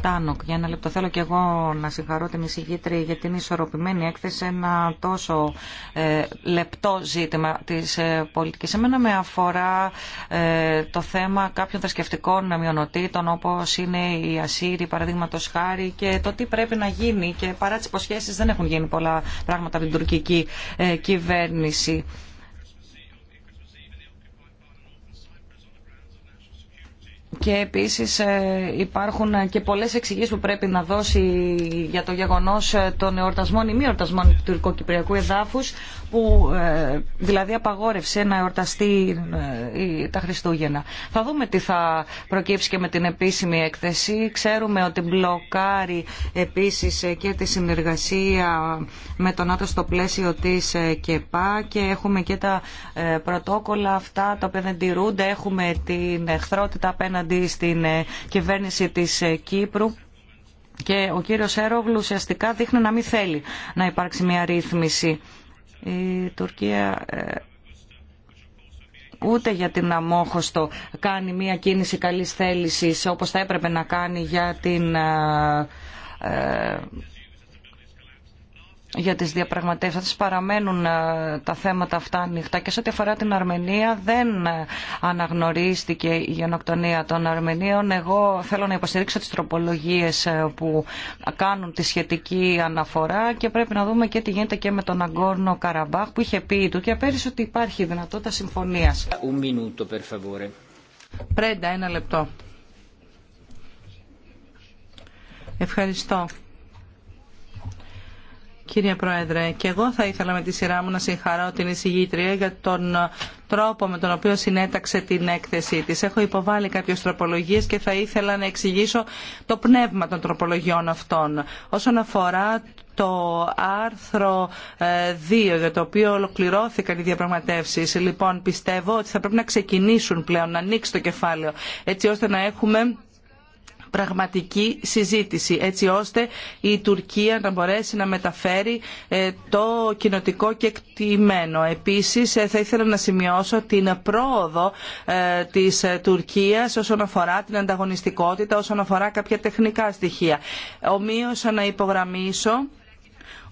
Τάνοκ, για ένα λεπτό θέλω και εγώ να συγχαρώ την εισηγήτρια για την ισορροπημένη έκθεση ένα τόσο ε, λεπτό ζήτημα της ε, πολιτικής. Εμένα με αφορά ε, το θέμα κάποιων θρησκευτικών μειονοτήτων όπως είναι η Ασσύριοι, παραδείγματος χάρη και το τι πρέπει να γίνει και παρά τις υποσχέσεις δεν έχουν γίνει πολλά πράγματα από την τουρκική ε, κυβέρνηση. Και επίσης ε, υπάρχουν ε, και πολλές εξηγήσεις που πρέπει να δώσει για το γεγονός ε, των εορτασμών ή μη εορτασμών του τουρκοκυπριακού εδάφους που ε, δηλαδή απαγόρευσε να εορταστεί ε, τα Χριστούγεννα. Θα δούμε τι θα προκύψει και με την επίσημη έκθεση. Ξέρουμε ότι μπλοκάρει επίσης ε, και τη συνεργασία με τον άτομο στο πλαίσιο της ΚΕΠΑ και έχουμε και τα πρωτόκολλα αυτά τα οποία δεν τηρούνται. Έχουμε την εχθρότητα απέναντι στην κυβέρνηση της Κύπρου και ο κύριος Έρογλου ουσιαστικά δείχνει να μην θέλει να υπάρξει μια ρύθμιση η Τουρκία ε, ούτε για την αμόχωστο κάνει μία κίνηση καλής θέλησης όπως θα έπρεπε να κάνει για την ε, ε, για τις διαπραγματεύσεις. Παραμένουν ε, τα θέματα αυτά ανοιχτά και σε ό,τι αφορά την Αρμενία δεν ε, αναγνωρίστηκε η γενοκτονία των Αρμενίων. Εγώ θέλω να υποστηρίξω τις τροπολογίες ε, που κάνουν τη σχετική αναφορά και πρέπει να δούμε και τι γίνεται και με τον Αγκόρνο Καραμπάχ που είχε πει του και πέρυσι ότι υπάρχει δυνατότητα συμφωνίας. Πρέντα, ένα λεπτό. Ευχαριστώ. Κύριε Πρόεδρε, και εγώ θα ήθελα με τη σειρά μου να συγχαρώ την εισηγήτρια για τον τρόπο με τον οποίο συνέταξε την έκθεσή της. Έχω υποβάλει κάποιες τροπολογίες και θα ήθελα να εξηγήσω το πνεύμα των τροπολογιών αυτών. Όσον αφορά το άρθρο 2 ε, για το οποίο ολοκληρώθηκαν οι διαπραγματεύσεις, λοιπόν πιστεύω ότι θα πρέπει να ξεκινήσουν πλέον, να ανοίξει το κεφάλαιο, έτσι ώστε να έχουμε πραγματική συζήτηση έτσι ώστε η Τουρκία να μπορέσει να μεταφέρει ε, το κοινοτικό κεκτημένο. Επίσης ε, θα ήθελα να σημειώσω την πρόοδο ε, της Τουρκίας όσον αφορά την ανταγωνιστικότητα, όσον αφορά κάποια τεχνικά στοιχεία. Ομοίως να υπογραμμίσω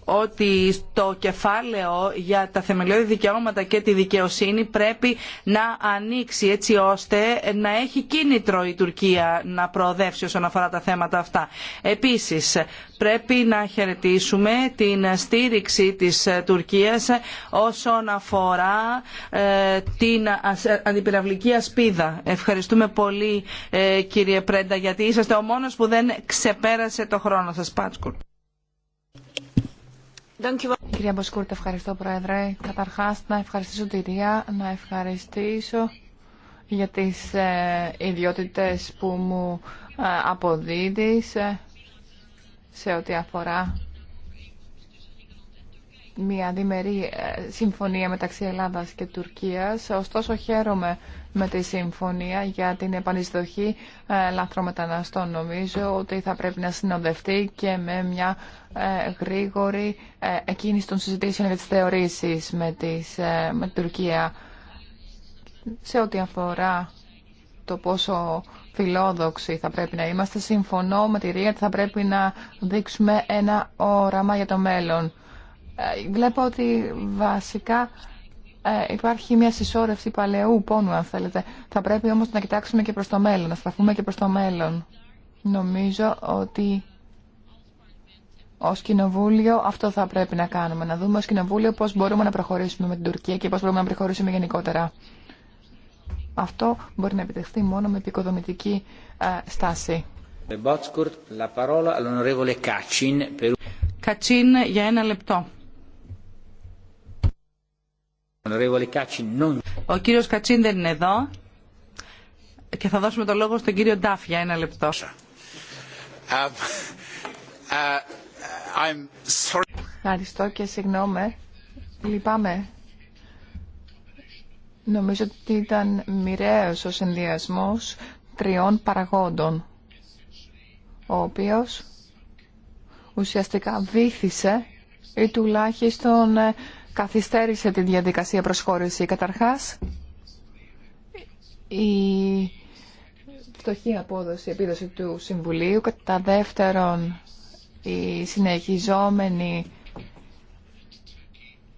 ότι το κεφάλαιο για τα θεμελιώδη δικαιώματα και τη δικαιοσύνη πρέπει να ανοίξει έτσι ώστε να έχει κίνητρο η Τουρκία να προοδεύσει όσον αφορά τα θέματα αυτά. Επίσης πρέπει να χαιρετήσουμε την στήριξη της Τουρκίας όσον αφορά ε, την ε, αντιπυραυλική ασπίδα. Ευχαριστούμε πολύ ε, κύριε Πρέντα γιατί είσαστε ο μόνος που δεν ξεπέρασε το χρόνο σας Πάτσκουρ. Κυρία Μποσκούρτη, ευχαριστώ Πρόεδρε. Καταρχάς να ευχαριστήσω τη Ρία, να ευχαριστήσω για τις ε, ιδιότητες που μου ε, αποδίδεις ε, σε ό,τι αφορά μια διμερή ε, συμφωνία μεταξύ Ελλάδας και Τουρκίας. Ωστόσο χαίρομαι με τη συμφωνία για την επανεισδοχή ε, λαθρομεταναστών. Νομίζω ότι θα πρέπει να συνοδευτεί και με μια ε, γρήγορη εκκίνηση των συζητήσεων για τις θεωρήσεις με, τις, με την Τουρκία σε ό,τι αφορά το πόσο φιλόδοξοι θα πρέπει να είμαστε. Συμφωνώ με τη Ρία ότι θα πρέπει να δείξουμε ένα όραμα για το μέλλον. Ε, βλέπω ότι βασικά ε, υπάρχει μια συσσόρευση παλαιού πόνου, αν θέλετε. Θα πρέπει όμως να κοιτάξουμε και προς το μέλλον, να στραφούμε και προς το μέλλον. Νομίζω ότι ως κοινοβούλιο αυτό θα πρέπει να κάνουμε. Να δούμε ως κοινοβούλιο πως μπορούμε να προχωρήσουμε με την Τουρκία και πως μπορούμε να προχωρήσουμε γενικότερα. Αυτό μπορεί να επιτευχθεί μόνο με επικοδομητική ε, στάση. Κατσίν για ένα λεπτό. Ο κύριος Κατσίν δεν είναι εδώ και θα δώσουμε το λόγο στον κύριο Ντάφ για ένα λεπτό. Um, uh, Ευχαριστώ και συγγνώμη. Λυπάμαι. Νομίζω ότι ήταν μοιραίος ο συνδυασμός τριών παραγόντων, ο οποίος ουσιαστικά βήθησε ή τουλάχιστον ε, καθυστέρησε τη διαδικασία προσχώρηση. Καταρχάς, η φτωχή απόδοση, επίδοση του Συμβουλίου. Κατά δεύτερον, η συνεχιζόμενη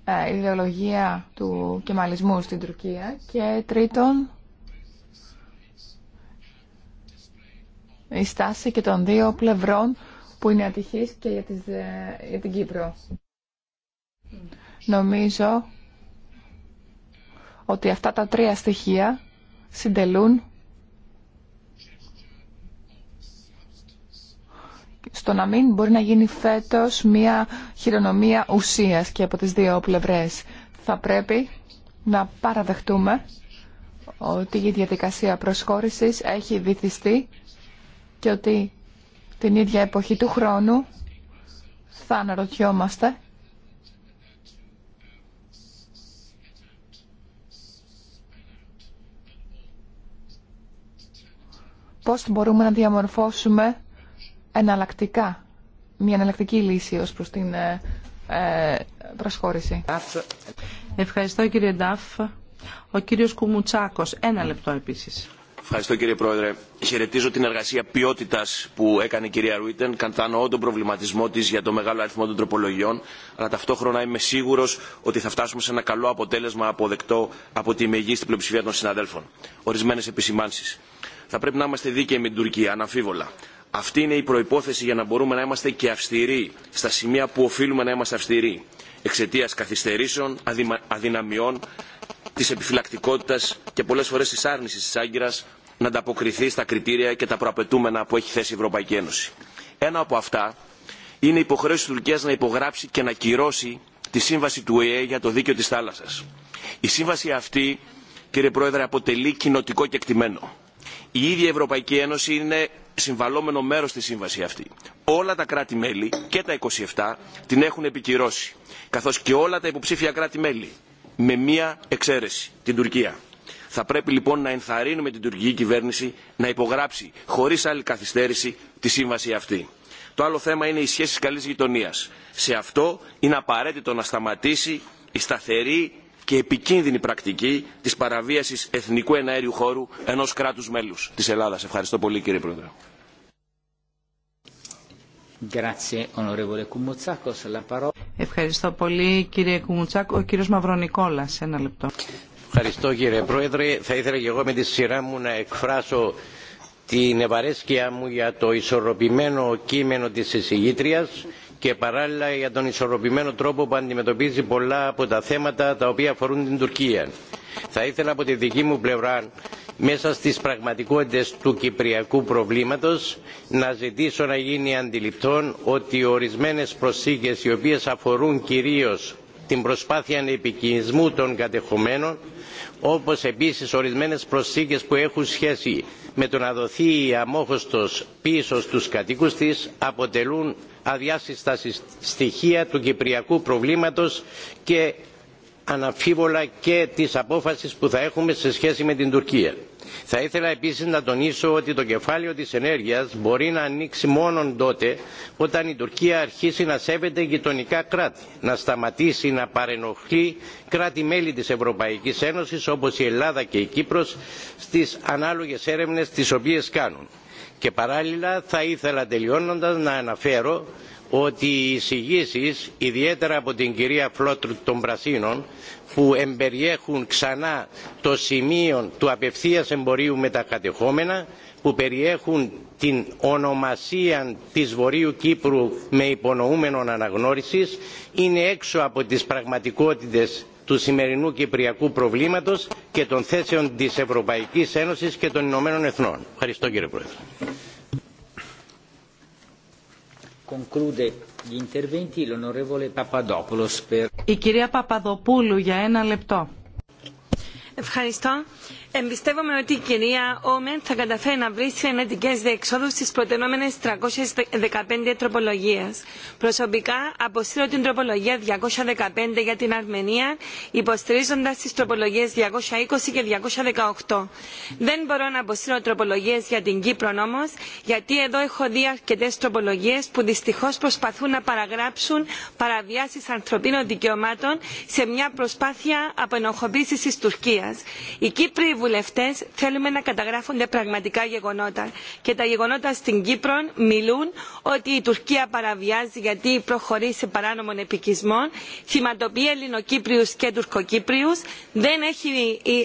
ε, ιδεολογία του κεμαλισμού στην Τουρκία. Και τρίτον, η στάση και των δύο πλευρών που είναι ατυχής και ε, για, την Κύπρο. Νομίζω ότι αυτά τα τρία στοιχεία συντελούν στο να μην μπορεί να γίνει φέτος μια χειρονομία ουσίας και από τις δύο πλευρές. Θα πρέπει να παραδεχτούμε ότι η διαδικασία προσχώρησης έχει βυθιστεί και ότι την ίδια εποχή του χρόνου θα αναρωτιόμαστε πώς μπορούμε να διαμορφώσουμε εναλλακτικά, μια εναλλακτική λύση ως προς την ε, ε προσχώρηση. Ευχαριστώ κύριε Ντάφ. Ο κύριος Κουμουτσάκος. Ένα λεπτό επίσης. Ευχαριστώ κύριε Πρόεδρε. Χαιρετίζω την εργασία ποιότητα που έκανε η κυρία Ρούιτεν. Κατανοώ τον προβληματισμό τη για το μεγάλο αριθμό των τροπολογιών, αλλά ταυτόχρονα είμαι σίγουρο ότι θα φτάσουμε σε ένα καλό αποτέλεσμα αποδεκτό από τη μεγίστη πλειοψηφία των συναδέλφων. Ορισμένε επισημάνσει θα πρέπει να είμαστε δίκαιοι με την Τουρκία, αναφίβολα. Αυτή είναι η προπόθεση για να μπορούμε να είμαστε και αυστηροί στα σημεία που οφείλουμε να είμαστε αυστηροί εξαιτία καθυστερήσεων, αδυναμιών, τη επιφυλακτικότητα και πολλέ φορέ τη άρνηση τη Άγκυρα να ανταποκριθεί στα κριτήρια και τα προαπαιτούμενα που έχει θέσει η Ευρωπαϊκή Ένωση. Ένα από αυτά είναι η υποχρέωση τη Τουρκία να υπογράψει και να κυρώσει τη σύμβαση του ΟΗΕ για το δίκαιο τη θάλασσα. Η σύμβαση αυτή, κύριε Πρόεδρε, αποτελεί κοινοτικό κεκτημένο η ίδια η Ευρωπαϊκή Ένωση είναι συμβαλόμενο μέρος στη σύμβαση αυτή. Όλα τα κράτη-μέλη και τα 27 την έχουν επικυρώσει, καθώς και όλα τα υποψήφια κράτη-μέλη, με μία εξαίρεση, την Τουρκία. Θα πρέπει λοιπόν να ενθαρρύνουμε την τουρκική κυβέρνηση να υπογράψει χωρίς άλλη καθυστέρηση τη σύμβαση αυτή. Το άλλο θέμα είναι οι σχέσεις καλής γειτονίας. Σε αυτό είναι απαραίτητο να σταματήσει η σταθερή και επικίνδυνη πρακτική της παραβίασης εθνικού εναέριου χώρου ενός κράτους μέλους της Ελλάδας. Ευχαριστώ πολύ κύριε Πρόεδρε. Ευχαριστώ πολύ κύριε Κουμουτσάκο. Ο κύριος Μαυρονικόλας, ένα λεπτό. Ευχαριστώ κύριε Πρόεδρε. Θα ήθελα και εγώ με τη σειρά μου να εκφράσω την ευαρέσκεια μου για το ισορροπημένο κείμενο της εισηγήτριας και παράλληλα για τον ισορροπημένο τρόπο που αντιμετωπίζει πολλά από τα θέματα τα οποία αφορούν την Τουρκία. Θα ήθελα από τη δική μου πλευρά μέσα στις πραγματικότητες του κυπριακού προβλήματος να ζητήσω να γίνει αντιληπτόν ότι ορισμένες προσθήκε οι οποίες αφορούν κυρίως την προσπάθεια επικοινισμού των κατεχομένων όπως επίσης ορισμένες προσθήκες που έχουν σχέση με το να δοθεί η αμόχωστος πίσω στους κατοίκους της αποτελούν αδιάσυστα στοιχεία του κυπριακού προβλήματος και αναφίβολα και της απόφασης που θα έχουμε σε σχέση με την Τουρκία. Θα ήθελα επίσης να τονίσω ότι το κεφάλαιο της ενέργειας μπορεί να ανοίξει μόνον τότε όταν η Τουρκία αρχίσει να σέβεται γειτονικά κράτη, να σταματήσει να παρενοχλεί κράτη-μέλη της Ευρωπαϊκής Ένωσης όπως η Ελλάδα και η Κύπρος στις ανάλογες έρευνες τις οποίες κάνουν. Και παράλληλα θα ήθελα τελειώνοντας να αναφέρω ότι οι εισηγήσει ιδιαίτερα από την κυρία Φλότρου των Πρασίνων που εμπεριέχουν ξανά το σημείο του απευθείας εμπορίου με τα κατεχόμενα που περιέχουν την ονομασία της Βορείου Κύπρου με υπονοούμενο αναγνώριση, είναι έξω από τις πραγματικότητες του σημερινού κυπριακού προβλήματος και των θέσεων της Ευρωπαϊκής Ένωσης και των Ηνωμένων Εθνών. Ευχαριστώ κύριε Πρόεδρε. Η κυρία Παπαδοπούλου για ένα λεπτό. Ευχαριστώ. Εμπιστεύομαι ότι η κυρία Όμεν θα καταφέρει να βρει συνενετικέ διεξόδου στι προτενόμενε 315 τροπολογίε. Προσωπικά αποσύρω την τροπολογία 215 για την Αρμενία, υποστηρίζοντα τι τροπολογίε 220 και 218. Δεν μπορώ να αποσύρω τροπολογίε για την Κύπρο όμω, γιατί εδώ έχω δει αρκετέ τροπολογίε που δυστυχώ προσπαθούν να παραγράψουν παραβιάσει ανθρωπίνων δικαιωμάτων σε μια προσπάθεια απενοχοποίηση τη Τουρκία βουλευτέ θέλουμε να καταγράφονται πραγματικά γεγονότα και τα γεγονότα στην κύπρο μιλούν ότι η τουρκία παραβιάζει γιατί προχωρεί σε παράνομον επικισμών, θυματοποιεί ελληνοκύπριου και τουρκοκύπριου δεν έχει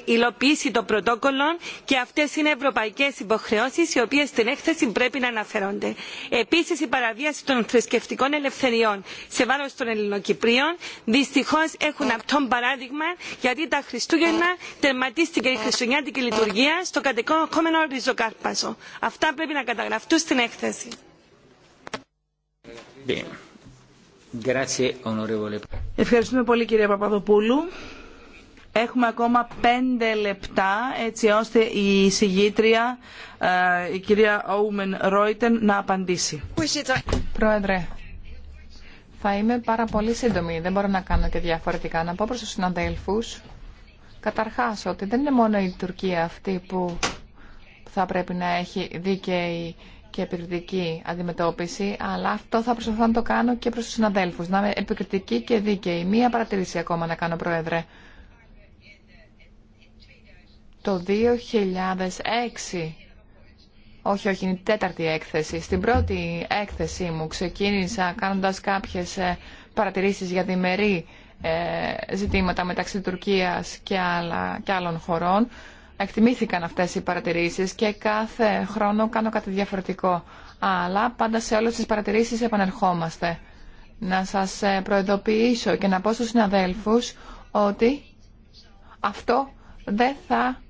υλοποιήσει το πρωτόκολλο και αυτέ είναι ευρωπαϊκέ υποχρεώσει οι οποίε στην έκθεση πρέπει να αναφέρονται. επίση η παραβίαση των θρησκευτικών ελευθεριών σε βάρο των ελληνοκυπρίων δυστυχώ έχουν αυτόν παράδειγμα γιατί τα χριστούγεννα τερματίστηκε η χριστουγεννιάτικη λειτουργία στο κατεχόμενο ριζοκάρπασο. Αυτά πρέπει να καταγραφτούν στην έκθεση. Ευχαριστούμε πολύ κύριε Παπαδοπούλου. Έχουμε ακόμα πέντε λεπτά έτσι ώστε η συγγήτρια, ε, η κυρία Όουμεν Ρόιτεν, να απαντήσει. Πρόεδρε, θα είμαι πάρα πολύ σύντομη. Δεν μπορώ να κάνω και διαφορετικά. Να πω προς τους συναδέλφους Καταρχάς ότι δεν είναι μόνο η Τουρκία αυτή που θα πρέπει να έχει δίκαιη και επικριτική αντιμετώπιση, αλλά αυτό θα προσπαθώ να το κάνω και προς τους συναδέλφους, να είμαι επικριτική και δίκαιη. Μία παρατηρήση ακόμα να κάνω, Πρόεδρε. Το 2006, όχι, όχι, είναι η τέταρτη έκθεση. Στην πρώτη έκθεση μου ξεκίνησα κάνοντας κάποιες ε, παρατηρήσεις για διμερή ε, ζητήματα μεταξύ Τουρκίας και, άλλων χωρών. Εκτιμήθηκαν αυτές οι παρατηρήσεις και κάθε χρόνο κάνω κάτι διαφορετικό. Αλλά πάντα σε όλες τις παρατηρήσεις επανερχόμαστε. Να σας ε, προειδοποιήσω και να πω στους συναδέλφους ότι αυτό δεν θα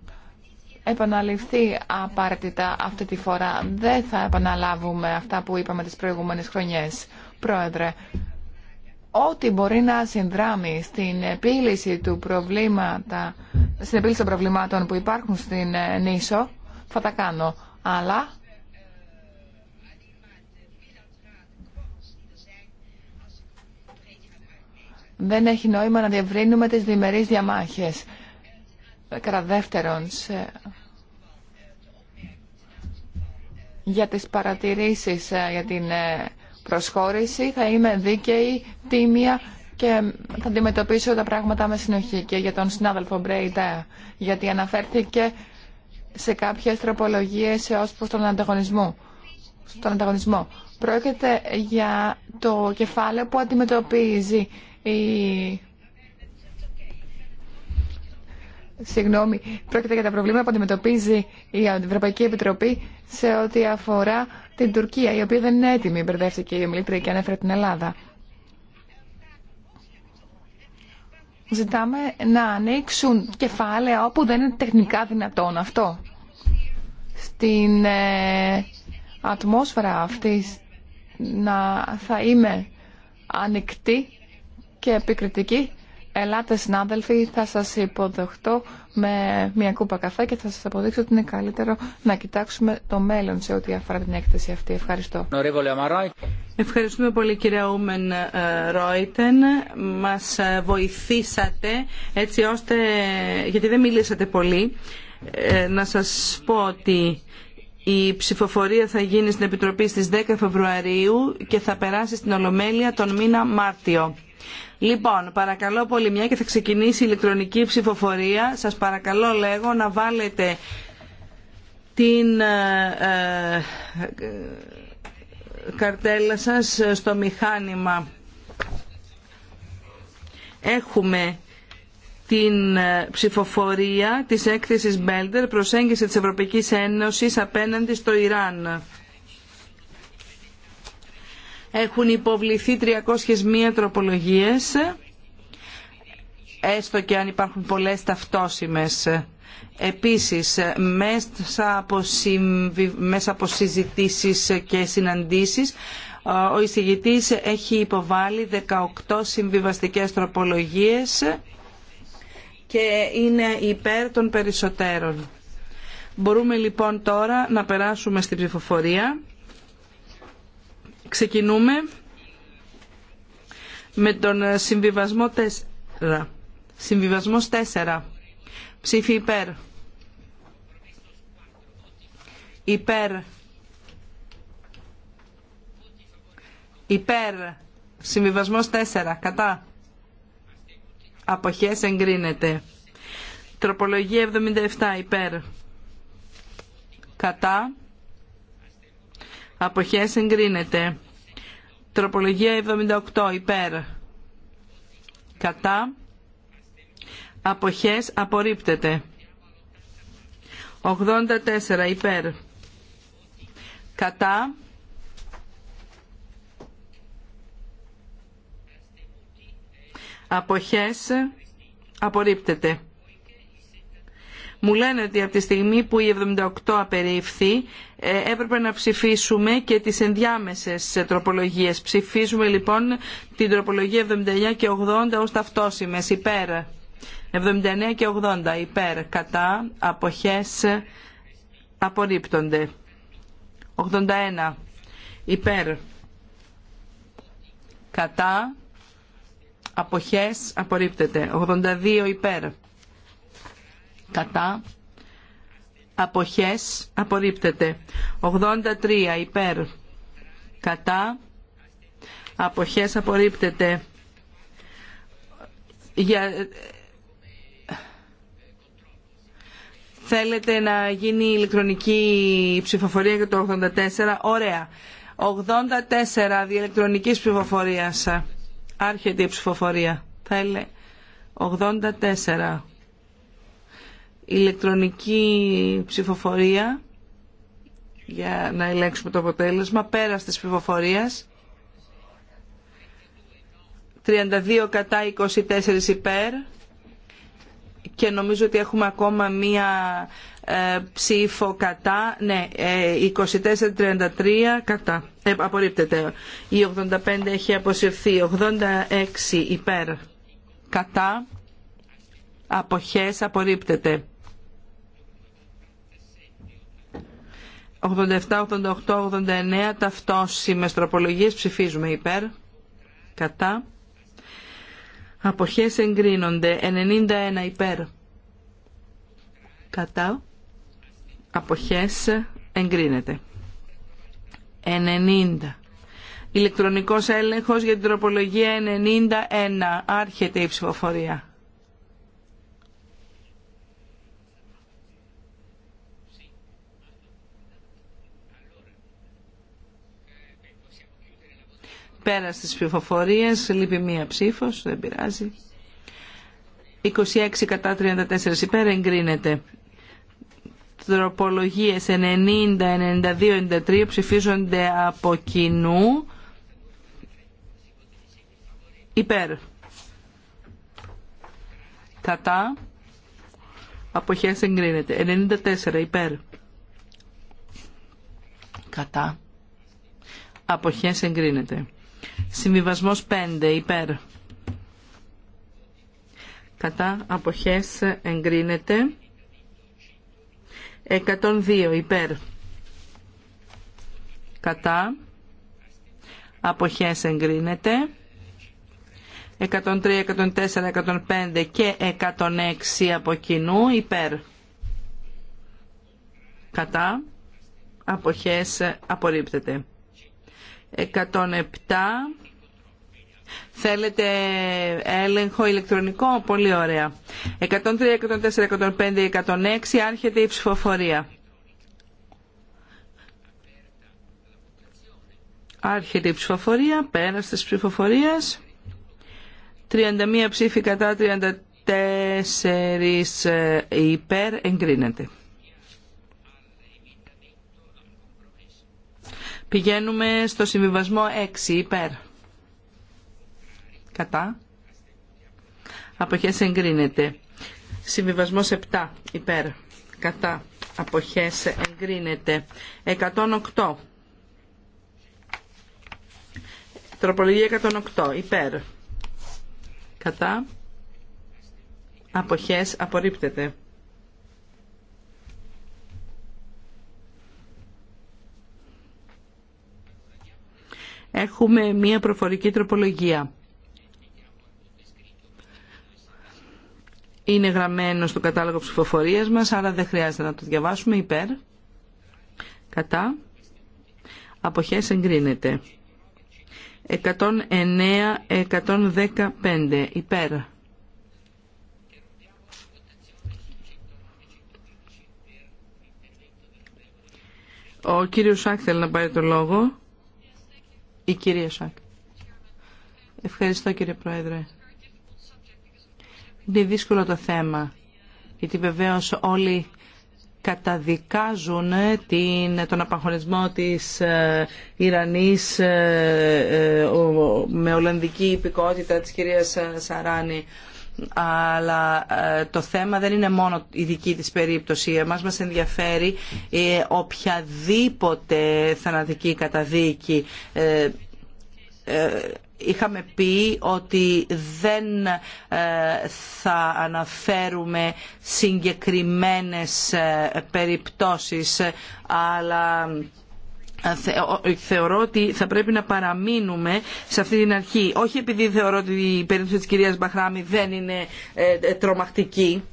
επαναληφθεί απαραίτητα αυτή τη φορά. Δεν θα επαναλάβουμε αυτά που είπαμε τις προηγούμενες χρονιές. Πρόεδρε, ό,τι μπορεί να συνδράμει στην επίλυση, του προβλήματα, στην επίλυση των προβλημάτων που υπάρχουν στην ε, νήσο, θα τα κάνω. Αλλά δεν έχει νόημα να διευρύνουμε τις διμερείς διαμάχες. Κατά δεύτερον, σε... για τις παρατηρήσεις ε, για την ε, προσχώρηση, θα είμαι δίκαιη, τίμια και θα αντιμετωπίσω τα πράγματα με συνοχή. Και για τον συνάδελφο Μπρέιντα, γιατί αναφέρθηκε σε κάποιες τροπολογίες ως προς τον ανταγωνισμό. Στον ανταγωνισμό. Πρόκειται για το κεφάλαιο που αντιμετωπίζει η... Συγγνώμη, πρόκειται για τα προβλήματα που αντιμετωπίζει η Ευρωπαϊκή Επιτροπή σε ό,τι αφορά την Τουρκία, η οποία δεν είναι έτοιμη, μπερδεύτηκε η ομιλήτρια και ανέφερε την Ελλάδα. Ζητάμε να ανοίξουν κεφάλαια όπου δεν είναι τεχνικά δυνατόν αυτό. Στην ε, ατμόσφαιρα αυτή να θα είμαι ανοιχτή και επικριτική Ελάτε συνάδελφοι, θα σας υποδοχτώ με μια κούπα καφέ και θα σας αποδείξω ότι είναι καλύτερο να κοιτάξουμε το μέλλον σε ό,τι αφορά την έκθεση αυτή. Ευχαριστώ. Ευχαριστούμε πολύ Ούμεν ε, Ρόιτεν. Μας ε, βοηθήσατε έτσι ώστε, γιατί δεν μιλήσατε πολύ, ε, να σας πω ότι η ψηφοφορία θα γίνει στην Επιτροπή στις 10 Φεβρουαρίου και θα περάσει στην Ολομέλεια τον μήνα Μάρτιο. Λοιπόν, παρακαλώ πολύ μια και θα ξεκινήσει η ηλεκτρονική ψηφοφορία. Σας παρακαλώ λέγω να βάλετε την ε, ε, καρτέλα σας στο μηχάνημα. Έχουμε την ε, ψηφοφορία της έκθεσης Μπέλτερ προσέγγιση της Ευρωπαϊκής Ένωσης απέναντι στο Ιράν. Έχουν υποβληθεί 301 τροπολογίες, έστω και αν υπάρχουν πολλές ταυτόσιμες. Επίσης, μέσα από, συμβι... μέσα από συζητήσεις και συναντήσεις, ο εισηγητής έχει υποβάλει 18 συμβιβαστικές τροπολογίες και είναι υπέρ των περισσότερων. Μπορούμε λοιπόν τώρα να περάσουμε στην ψηφοφορία. Ξεκινούμε με τον ε, συμβιβασμό 4. Συμβιβασμός 4. Ψήφι υπέρ. Υπέρ. Υπέρ. Συμβιβασμός 4. Κατά. Αποχές εγκρίνεται. Τροπολογία 77 υπέρ. Κατά αποχές εγκρίνεται. Τροπολογία 78 υπέρ κατά αποχές απορρίπτεται. 84 υπέρ κατά αποχές απορρίπτεται. Μου λένε ότι από τη στιγμή που η 78 απερίφθη ε, έπρεπε να ψηφίσουμε και τις ενδιάμεσες τροπολογίες. Ψηφίζουμε λοιπόν την τροπολογία 79 και 80 ως ταυτόσημες υπέρ. 79 και 80 υπέρ κατά αποχές απορρίπτονται. 81 υπέρ κατά αποχές απορρίπτεται. 82 υπέρ κατά αποχές απορρίπτεται 83 υπέρ κατά αποχές απορρίπτεται για... Θέλετε να γίνει ηλεκτρονική ψηφοφορία για το 84. Ωραία. 84 διελεκτρονικής ψηφοφορίας. Άρχεται η ψηφοφορία. θέλε 84 ηλεκτρονική ψηφοφορία για να ελέγξουμε το αποτέλεσμα πέρα της ψηφοφορίας 32 κατά 24 υπέρ και νομίζω ότι έχουμε ακόμα μία ε, ψήφο κατά, ναι, 24-33 ε, κατά, ε, απορρίπτεται. Η 85 έχει αποσυρθεί, 86 υπέρ κατά, αποχές απορρίπτεται. 87, 88, 89 ταυτόσιμε τροπολογίε. ψηφίζουμε υπέρ, κατά. αποχέ εγκρίνονται 91 υπέρ, κατά. Αποχές εγκρίνεται. 90. Ηλεκτρονικός έλεγχος για την τροπολογία 91. Άρχεται η ψηφοφορία. Πέρα τις ψηφοφορίες, λείπει μία ψήφος, δεν πειράζει. 26 κατά 34 υπέρ εγκρίνεται. Τροπολογίες 90, 92, 93 ψηφίζονται από κοινού. Υπέρ. Κατά. Αποχές εγκρίνεται. 94 υπέρ. Κατά. Αποχές εγκρίνεται. Συμβιβασμός 5 υπέρ. Κατά αποχές εγκρίνεται. 102 υπέρ. Κατά αποχές εγκρίνεται. 103, 104, 105 και 106 από κοινού υπέρ. Κατά αποχές απορρίπτεται. 107 Θέλετε έλεγχο ηλεκτρονικό, πολύ ωραία. 103, 104, 105, 106, άρχεται η ψηφοφορία. Άρχεται η ψηφοφορία, πέρας της ψηφοφορίας. 31 ψήφοι κατά, 34 ε, υπέρ, εγκρίνεται. Πηγαίνουμε στο συμβιβασμό 6 υπέρ. Κατά. Αποχές εγκρίνεται. Συμβιβασμός 7 υπέρ. Κατά. Αποχές εγκρίνεται. 108. Τροπολογία 108 υπέρ. Κατά. Αποχές απορρίπτεται. έχουμε μία προφορική τροπολογία. Είναι γραμμένο στο κατάλογο ψηφοφορίας μας, άρα δεν χρειάζεται να το διαβάσουμε υπέρ. Κατά. Αποχές εγκρίνεται. 109-115 υπέρ. Ο κύριος Σάκ θέλει να πάρει το λόγο. Η κυρία Σάκ. Ευχαριστώ κύριε Πρόεδρε. Είναι δύσκολο το θέμα, γιατί βεβαίως όλοι καταδικάζουν ε, την, τον απαγχωνισμό της ε, Ιρανής ε, με Ολλανδική υπηκότητα της κυρίας Σαράνη αλλά ε, το θέμα δεν είναι μόνο η δική της περίπτωση. Εμάς μας ενδιαφέρει ε, οποιαδήποτε θανατική καταδίκη ε, είχαμε πει ότι δεν θα αναφέρουμε συγκεκριμένες περιπτώσεις αλλά θεωρώ ότι θα πρέπει να παραμείνουμε σε αυτή την αρχή. Όχι επειδή θεωρώ ότι η περίπτωση της κυρίας Μπαχράμη δεν είναι ε, ε, τρομακτική.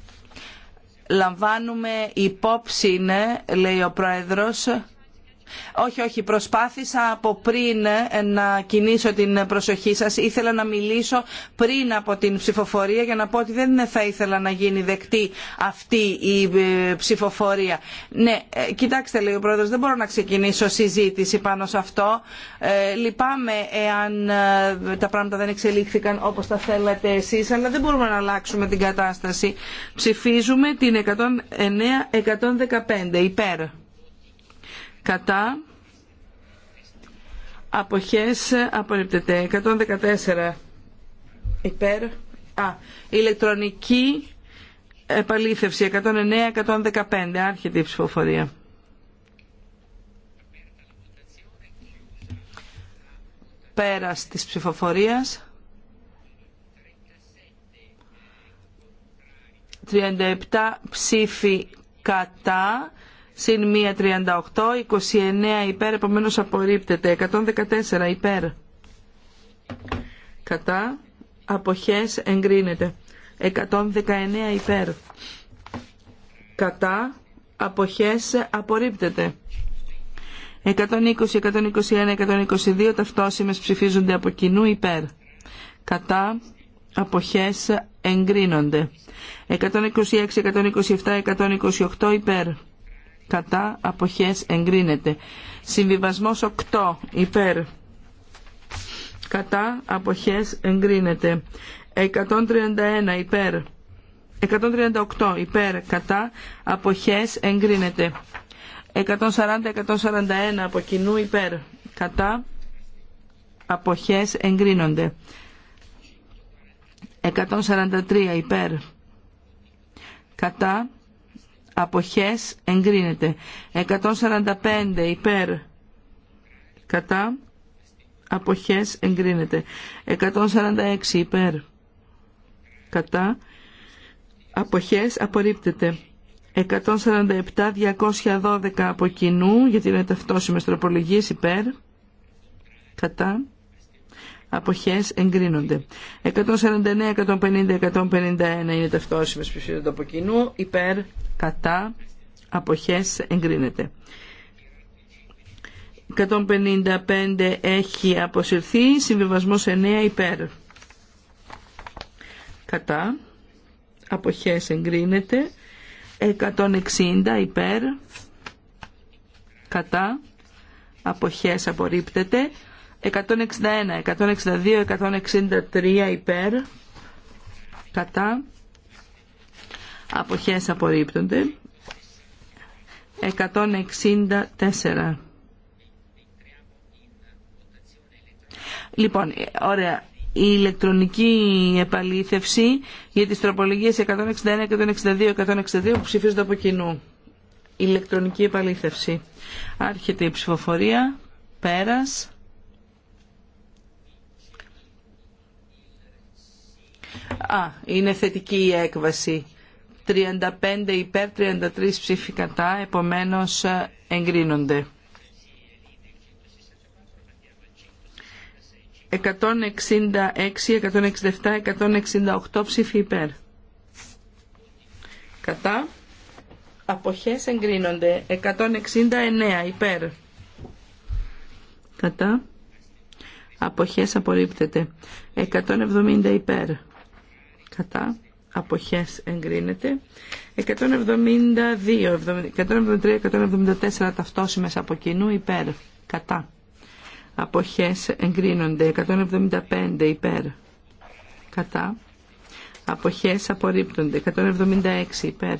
Λαμβάνουμε υπόψη, ναι, λέει ο Πρόεδρος, όχι, όχι, προσπάθησα από πριν να κινήσω την προσοχή σας. Ήθελα να μιλήσω πριν από την ψηφοφορία για να πω ότι δεν θα ήθελα να γίνει δεκτή αυτή η ε, ψηφοφορία. Ναι, ε, κοιτάξτε λέει ο Πρόεδρος, δεν μπορώ να ξεκινήσω συζήτηση πάνω σε αυτό. Ε, λυπάμαι εάν τα πράγματα δεν εξελίχθηκαν όπως τα θέλατε εσείς, αλλά δεν μπορούμε να αλλάξουμε την κατάσταση. Ψηφίζουμε την 109-115 υπέρ κατά αποχές απορρίπτεται 114 υπέρ α, ηλεκτρονική επαλήθευση 109-115 άρχεται η ψηφοφορία πέρας της ψηφοφορίας 37 ψήφοι κατά συν 1 38, 29 υπέρ, επομένω απορρίπτεται, 114 υπέρ. Κατά, αποχές εγκρίνεται, 119 υπέρ. Κατά, αποχές απορρίπτεται. 120, 121, 122 ταυτόσημες ψηφίζονται από κοινού υπέρ. Κατά, αποχές εγκρίνονται. 126, 127, 128 υπέρ κατά αποχές εγκρίνεται. Συμβιβασμός 8 υπέρ κατά αποχές εγκρίνεται. 131 υπέρ 138 υπέρ κατά αποχές εγκρίνεται. 140-141 από κοινού υπέρ κατά αποχές εγκρίνονται. 143 υπέρ κατά αποχές εγκρίνεται 145 υπέρ κατά αποχές εγκρίνεται 146 υπέρ κατά αποχές απορρίπτεται 147-212 από κοινού γιατί ταυτόσιμε ταυτόσιμες τροπολογίες υπέρ κατά αποχές εγκρίνονται 149-150-151 είναι ταυτόσιμες ψηφίζονται από κοινού υπέρ κατά αποχές εγκρίνεται. 155 έχει αποσυρθεί, συμβιβασμός 9 υπέρ. Κατά, αποχές εγκρίνεται, 160 υπέρ, κατά, αποχές απορρίπτεται, 161, 162, 163 υπέρ, κατά, αποχές απορρίπτονται 164 Λοιπόν, ωραία, η ηλεκτρονική επαλήθευση για τις τροπολογίες 161, 162, 162 που ψηφίζονται από κοινού. Η Ηλεκτρονική επαλήθευση. Άρχεται η ψηφοφορία. Πέρας. Α, είναι θετική η έκβαση. 35 υπέρ 33 ψήφοι κατά, επομένως ε, εγκρίνονται. 166, 167, 168 ψήφοι υπέρ. Κατά. Αποχές εγκρίνονται. 169 υπέρ. Κατά. Αποχές απορρίπτεται. 170 υπέρ. Κατά αποχές εγκρίνεται. 172, 173, 174 ταυτόσιμες από κοινού υπέρ, κατά. Αποχές εγκρίνονται. 175 υπέρ, κατά. Αποχές απορρίπτονται. 176 υπέρ,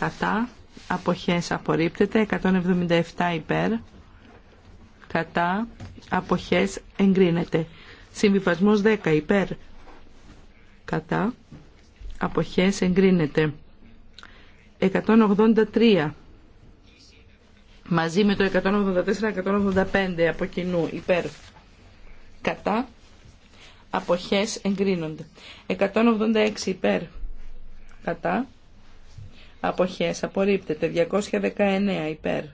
κατά. Αποχές απορρίπτεται. 177 υπέρ, κατά. Αποχές εγκρίνεται. Συμβιβασμός 10 υπέρ, κατά αποχές εγκρίνεται 183 μαζί με το 184-185 από κοινού υπέρ κατά αποχές εγκρίνονται 186 υπέρ κατά αποχές απορρίπτεται 219 υπέρ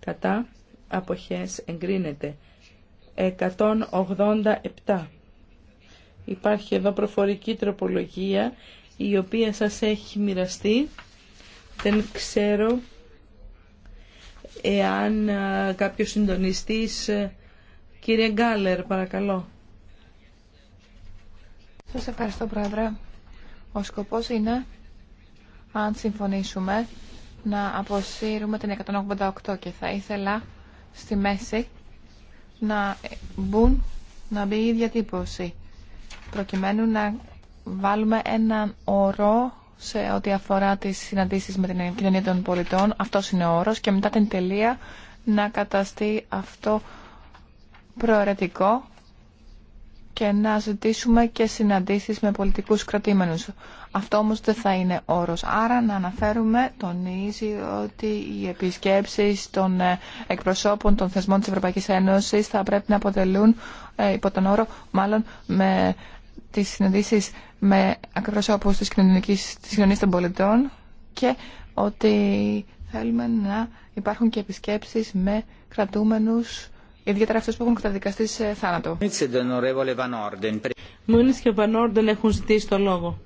κατά αποχές εγκρίνεται 187 Υπάρχει εδώ προφορική τροπολογία η οποία σας έχει μοιραστεί. Δεν ξέρω εάν κάποιος συντονιστής... Κύριε Γκάλερ, παρακαλώ. Σας ευχαριστώ, Πρόεδρε. Ο σκοπός είναι, αν συμφωνήσουμε, να αποσύρουμε την 188 και θα ήθελα στη μέση να μπουν, να μπει η διατύπωση προκειμένου να βάλουμε έναν όρο σε ό,τι αφορά τις συναντήσεις με την κοινωνία των πολιτών. Αυτός είναι ο όρος και μετά την τελεία να καταστεί αυτό προαιρετικό και να ζητήσουμε και συναντήσεις με πολιτικούς κρατήμενους. Αυτό όμως δεν θα είναι όρος. Άρα να αναφέρουμε, τονίζει ότι οι επισκέψεις των ε, εκπροσώπων των θεσμών της Ευρωπαϊκής Ένωσης θα πρέπει να αποτελούν ε, υπό τον όρο μάλλον με τι συναντήσει με εκπροσώπου τη κοινωνική των πολιτών και ότι θέλουμε να υπάρχουν και επισκέψει με κρατούμενου. ιδιαίτερα αυτού που έχουν καταδικαστεί σε θάνατο. Μόνο και Βανόρντεν έχουν ζητήσει το λόγο.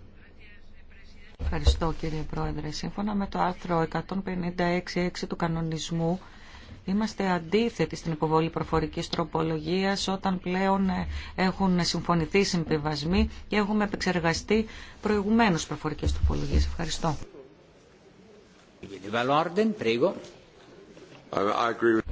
Ευχαριστώ κύριε Πρόεδρε. Σύμφωνα με το άρθρο 156.6 του κανονισμού Είμαστε αντίθετοι στην υποβολή προφορικής τροπολογίας όταν πλέον ε, έχουν συμφωνηθεί συμβιβασμοί και έχουμε επεξεργαστεί προηγουμένως προφορικές τροπολογίες. Ευχαριστώ.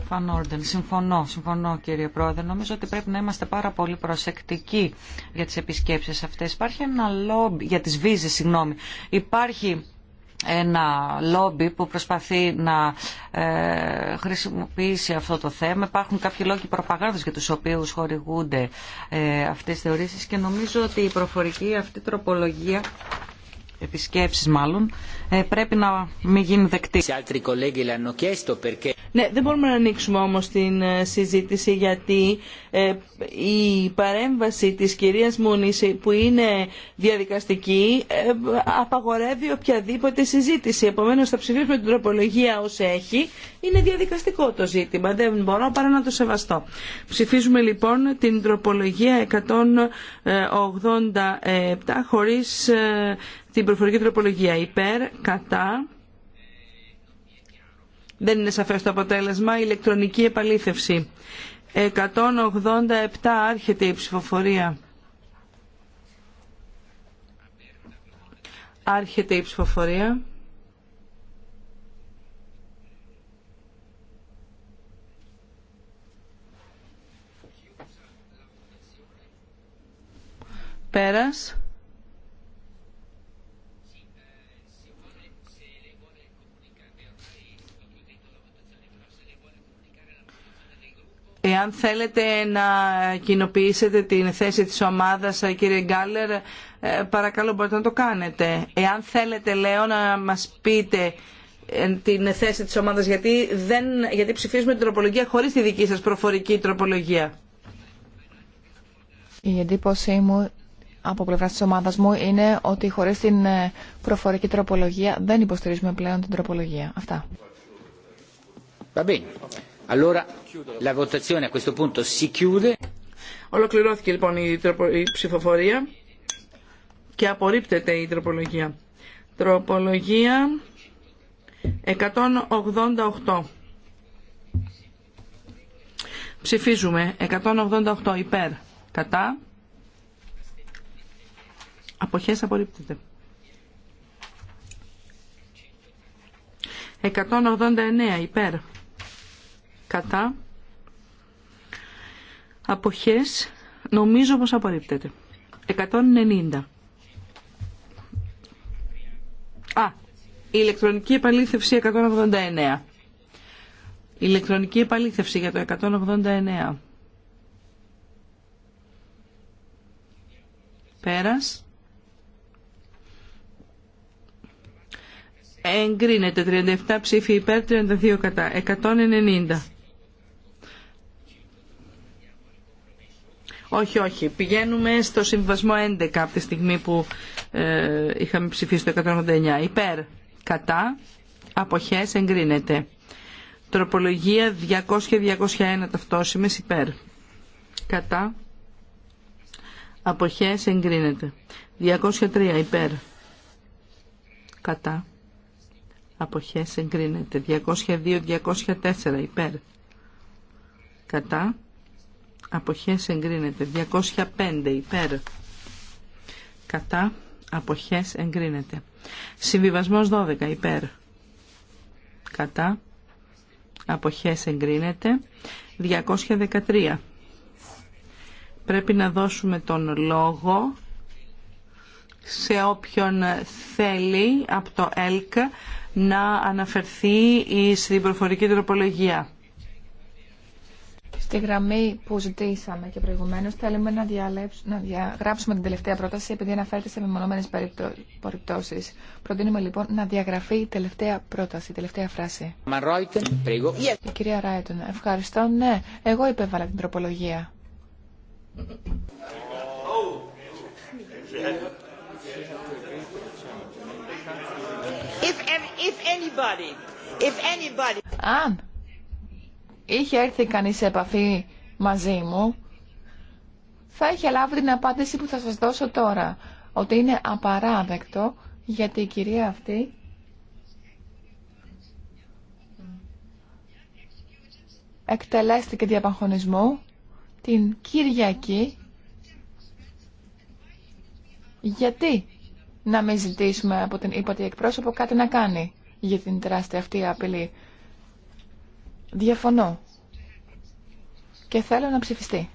Φαν συμφωνώ, συμφωνώ κύριε Πρόεδρε. Νομίζω ότι πρέπει να είμαστε πάρα πολύ προσεκτικοί για τις επισκέψεις αυτές. Υπάρχει ένα λόμπι, για τις βίζες, συγγνώμη. Υπάρχει ένα λόμπι που προσπαθεί να ε, χρησιμοποιήσει αυτό το θέμα. Υπάρχουν κάποιοι λόγοι προπαγάνδας για τους οποίους χορηγούνται ε, αυτές τις θεωρήσεις και νομίζω ότι η προφορική αυτή τροπολογία, επισκέψεις μάλλον, ε, πρέπει να μην γίνει δεκτή. Ναι, δεν μπορούμε να ανοίξουμε όμω την ε, συζήτηση γιατί ε, η παρέμβαση τη κυρία Μούνη που είναι διαδικαστική απαγορεύει οποιαδήποτε συζήτηση. Επομένω, θα ψηφίσουμε την τροπολογία ω έχει. Είναι διαδικαστικό το ζήτημα. Δεν μπορώ παρά να το σεβαστώ. Ψηφίζουμε λοιπόν την τροπολογία 187 χωρίς την προφορική τροπολογία υπέρ κατά, δεν είναι σαφές το αποτέλεσμα, ηλεκτρονική επαλήθευση. 187 άρχεται η ψηφοφορία. Άρχεται η ψηφοφορία. Πέρας. Εάν θέλετε να κοινοποιήσετε την θέση της ομάδας, κύριε Γκάλερ, ε, παρακαλώ μπορείτε να το κάνετε. Εάν θέλετε, λέω, να μας πείτε ε, την θέση της ομάδας, γιατί, δεν, γιατί ψηφίζουμε την τροπολογία χωρίς τη δική σας προφορική τροπολογία. Η εντύπωσή μου από πλευρά της ομάδας μου είναι ότι χωρίς την ε, προφορική τροπολογία δεν υποστηρίζουμε πλέον την τροπολογία. Αυτά. Ολοκληρώθηκε λοιπόν η, η ψηφοφορία και απορρίπτεται η τροπολογία. Τροπολογία 188. Ψηφίζουμε 188 υπέρ. Κατά. Αποχές απορρίπτεται. 189 υπέρ κατά αποχές νομίζω πως απορρίπτεται 190 Α, η ηλεκτρονική επαλήθευση 189 η ηλεκτρονική επαλήθευση για το 189 πέρας εγκρίνεται 37 ψήφοι υπέρ 32 κατά 190 Όχι, όχι. Πηγαίνουμε στο συμβασμό 11 από τη στιγμή που ε, είχαμε ψηφίσει το 189. Υπέρ, κατά, αποχές, εγκρίνεται. Τροπολογία 200 201 ταυτόσημες υπέρ. Κατά, αποχές, εγκρίνεται. 203 υπέρ. Κατά, αποχές, εγκρίνεται. 202-204 υπέρ. Κατά, αποχές εγκρίνεται 205 υπέρ κατά αποχές εγκρίνεται συμβιβασμός 12 υπέρ κατά αποχές εγκρίνεται 213 πρέπει να δώσουμε τον λόγο σε όποιον θέλει από το ΕΛΚ να αναφερθεί στην προφορική τροπολογία. Στη γραμμή που ζητήσαμε και προηγουμένω θέλουμε να, να διαγράψουμε την τελευταία πρόταση επειδή αναφέρεται σε μεμονωμένε περιπτώσει, Προτείνουμε λοιπόν να διαγραφεί η τελευταία πρόταση, η τελευταία φράση. Η κυρία Ράιτον, ευχαριστώ. Ναι, εγώ υπέβαλα την τροπολογία. If, if anybody, if anybody... Αν είχε έρθει κανείς σε επαφή μαζί μου, θα είχε λάβει την απάντηση που θα σας δώσω τώρα, ότι είναι απαράδεκτο γιατί η κυρία αυτή εκτελέστηκε διαπαγχωνισμού την Κυριακή. Γιατί να μην ζητήσουμε από την υπότιτλη εκπρόσωπο κάτι να κάνει για την τεράστια αυτή απειλή. Διαφωνώ. Και θέλω να ψηφιστεί.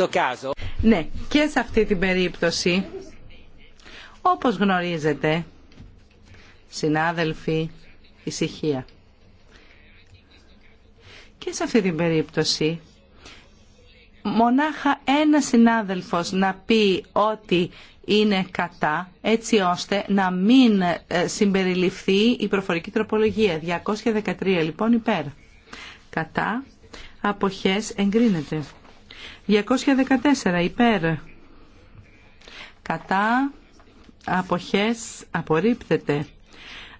[LAUGHS] Ναι, και σε αυτή την περίπτωση, όπως γνωρίζετε, συνάδελφοι, ησυχία. Και σε αυτή την περίπτωση, μονάχα ένα συνάδελφος να πει ότι είναι κατά έτσι ώστε να μην ε, συμπεριληφθεί η προφορική τροπολογία. 213 λοιπόν υπέρ. Κατά. Αποχές εγκρίνεται. 214 υπέρ. Κατά. Αποχές απορρίπτεται.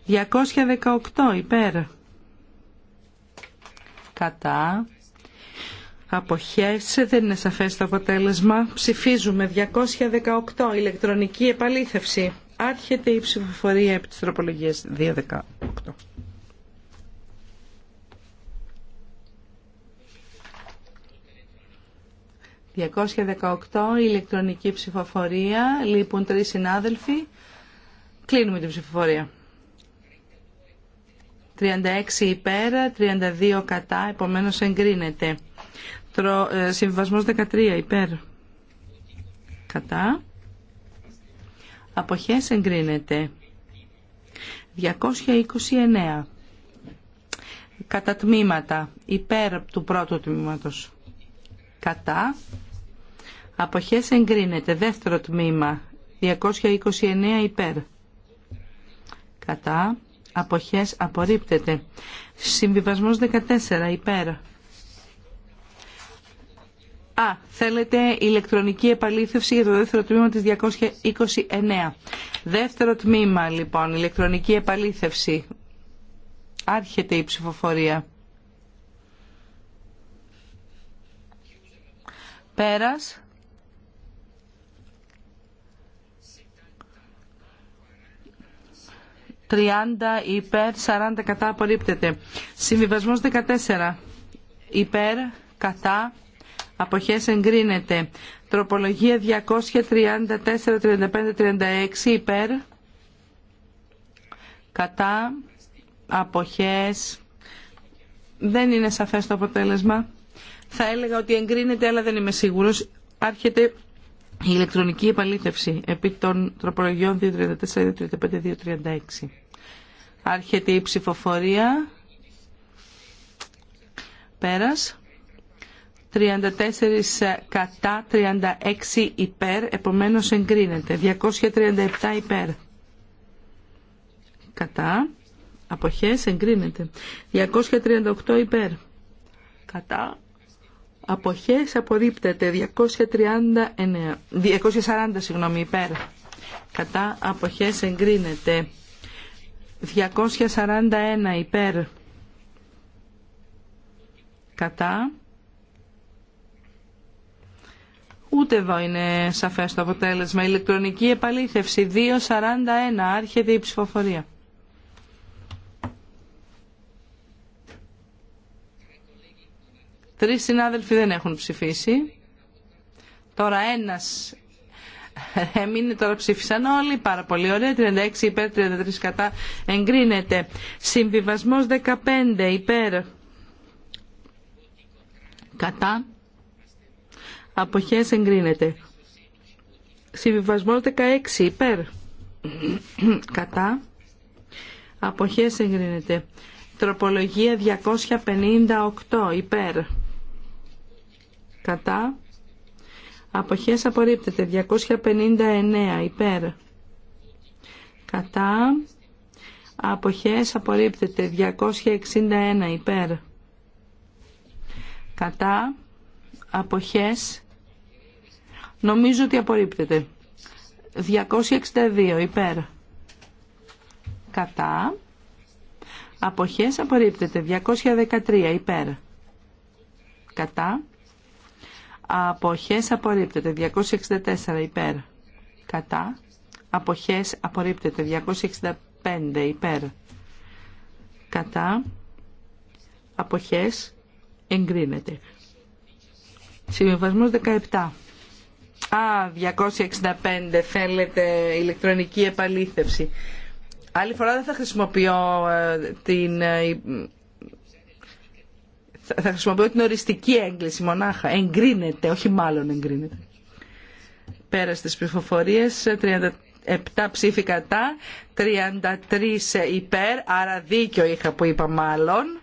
218 υπέρ. Κατά αποχές δεν είναι σαφές το αποτέλεσμα ψηφίζουμε 218 ηλεκτρονική επαλήθευση άρχεται η ψηφοφορία επί της τροπολογίας 218 218 ηλεκτρονική ψηφοφορία λείπουν τρεις συνάδελφοι κλείνουμε την ψηφοφορία 36 υπέρ, 32 κατά, επομένως εγκρίνεται. Ε, Συμβιβασμό 13 υπέρ κατά αποχές εγκρίνεται 229 κατά τμήματα υπέρ του πρώτου τμήματος κατά αποχές εγκρίνεται δεύτερο τμήμα 229 υπέρ κατά αποχές απορρίπτεται συμβιβασμός 14 υπέρ Α, θέλετε ηλεκτρονική επαλήθευση για το δεύτερο τμήμα της 229. Δεύτερο τμήμα, λοιπόν, ηλεκτρονική επαλήθευση. Άρχεται η ψηφοφορία. Πέρας. Τριάντα υπέρ, 40 κατά απορρίπτεται. Συμβιβασμός 14. Υπέρ, κατά, αποχές εγκρίνεται. Τροπολογία 234-35-36 υπέρ, κατά, αποχές, δεν είναι σαφές το αποτέλεσμα. Θα έλεγα ότι εγκρίνεται, αλλά δεν είμαι σίγουρος. Άρχεται η ηλεκτρονική επαλήθευση επί των τροπολογιών 35 236 Άρχεται η ψηφοφορία. Πέρας. 34 ε, κατά, 36 υπέρ, επομένως εγκρίνεται. 237 υπέρ. Κατά. Αποχές εγκρίνεται. 238 υπέρ. Κατά. Αποχές απορρίπτεται. 239, 240 συγγνώμη, υπέρ. Κατά. Αποχές εγκρίνεται. 241 υπέρ. Κατά Ούτε εδώ είναι σαφέ το αποτέλεσμα. Ηλεκτρονική επαλήθευση 241. Άρχεται η ψηφοφορία. Τρεις συνάδελφοι δεν έχουν ψηφίσει. Τώρα ένας [LAUGHS] έμεινε, τώρα ψήφισαν όλοι. Πάρα πολύ ωραία. 36 υπέρ, 33 κατά. Εγκρίνεται. Συμβιβασμός 15 υπέρ. Κατά αποχές εγκρίνεται. Συμβιβασμό 16 υπέρ κατά αποχές εγκρίνεται. Τροπολογία 258 υπέρ κατά αποχές απορρίπτεται. 259 υπέρ κατά αποχές απορρίπτεται. 261 υπέρ κατά αποχές Νομίζω ότι απορρίπτεται. 262 υπέρ. Κατά. Αποχές απορρίπτεται. 213 υπέρ. Κατά. Αποχές απορρίπτεται. 264 υπέρ. Κατά. Αποχές απορρίπτεται. 265 υπέρ. Κατά. Αποχές εγκρίνεται. Συμβιβασμός 17 Α, 265 θέλετε ηλεκτρονική επαλήθευση. Άλλη φορά δεν θα χρησιμοποιώ ε, την... Ε, θα χρησιμοποιώ την οριστική έγκληση μονάχα. Εγκρίνεται, όχι μάλλον εγκρίνεται. Πέρα στις ψηφοφορίες, 37 ψήφοι κατά, 33 υπέρ, άρα δίκιο είχα που είπα μάλλον.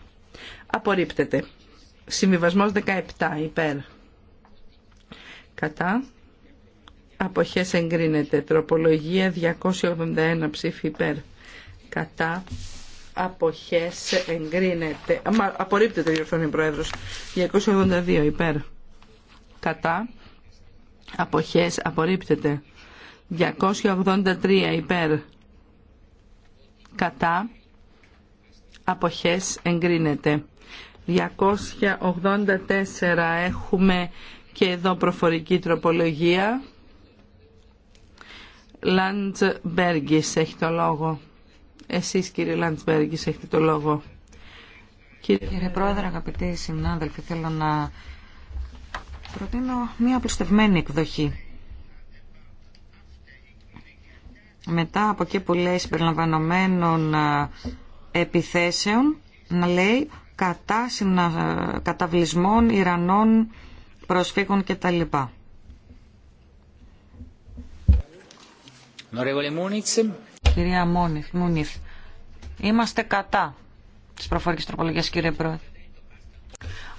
Απορρίπτεται. Συμβιβασμός 17 υπέρ. Κατά αποχές εγκρίνεται. Τροπολογία 281 ψήφι υπέρ. Κατά αποχές εγκρίνεται. Μα, απορρίπτεται διορθώνει Πρόεδρος. 282 υπέρ. Κατά αποχές απορρίπτεται. 283 υπέρ. Κατά αποχές εγκρίνεται. 284 έχουμε και εδώ προφορική τροπολογία Λαντσμπέργκης έχει το λόγο. Εσείς κύριε Λαντσμπέργκης έχετε το λόγο. Κύριε... κύριε Πρόεδρε, αγαπητοί συνάδελφοι, θέλω να προτείνω μία απλουστευμένη εκδοχή. Μετά από εκεί που λέει συμπεριλαμβανομένων επιθέσεων, να λέει κατά καταβλισμών Ιρανών προσφύγων κτλ. Κυρία Μούνιθ, είμαστε κατά της προφορικής τροπολογίας, κύριε Πρόεδρε.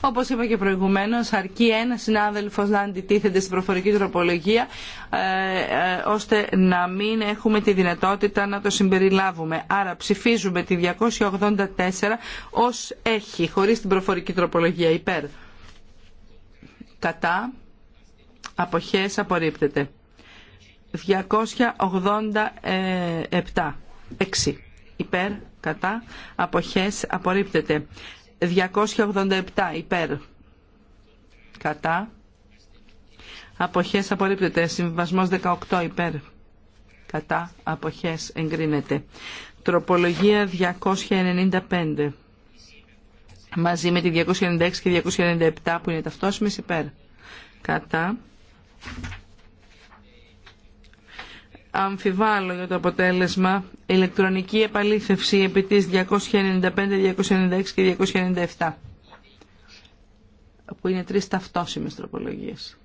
Όπως είπα και προηγουμένως, αρκεί ένας συνάδελφος να αντιτίθεται στην προφορική τροπολογία, ε, ε, ώστε να μην έχουμε τη δυνατότητα να το συμπεριλάβουμε. Άρα ψηφίζουμε τη 284 ως έχει, χωρίς την προφορική τροπολογία. Υπέρ. Κατά. Αποχές απορρίπτεται. 287. 6. Υπέρ, κατά, αποχές, απορρίπτεται. 287. Υπέρ, κατά, αποχές, απορρίπτεται. Συμβασμός 18. Υπέρ, κατά, αποχές, εγκρίνεται. Τροπολογία 295. Μαζί με τη 296 και 297 που είναι ταυτόσιμες υπέρ. Κατά αμφιβάλλω για το αποτέλεσμα. Ηλεκτρονική επαλήθευση επί της 295, 296 και 297 που είναι τρεις ταυτόσιμες τροπολογίες.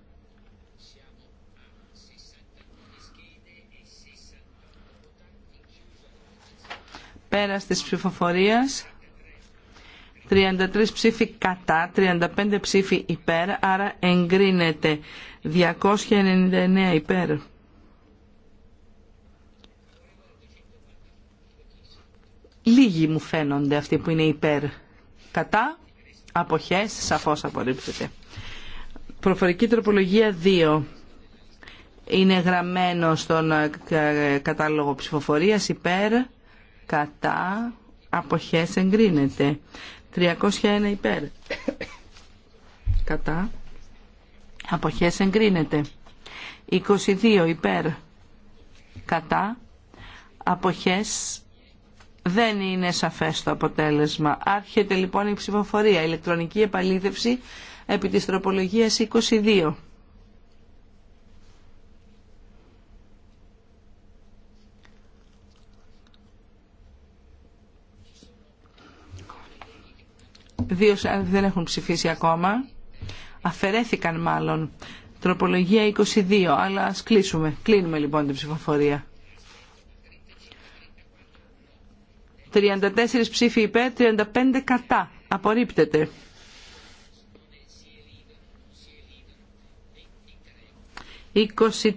Πέρας της ψηφοφορίας, 33 ψήφοι κατά, 35 ψήφοι υπέρ, άρα εγκρίνεται 299 υπέρ Λίγοι μου φαίνονται αυτοί που είναι υπέρ. Κατά, αποχές, σαφώς απορρίπτεται. Προφορική τροπολογία 2. Είναι γραμμένο στον ε, κατάλογο ψηφοφορίας υπέρ, κατά, αποχές εγκρίνεται. 301 υπέρ. Κατά. Αποχές εγκρίνεται. 22 υπέρ. Κατά. Αποχές δεν είναι σαφές το αποτέλεσμα. Άρχεται λοιπόν η ψηφοφορία. Ηλεκτρονική επαλήθευση επί της τροπολογίας 22. Δύο δεν έχουν ψηφίσει ακόμα. Αφαιρέθηκαν μάλλον. Τροπολογία 22. Αλλά ας κλείσουμε. Κλείνουμε λοιπόν την ψηφοφορία. 34 ψήφοι υπέρ, 35 κατά. Απορρίπτεται.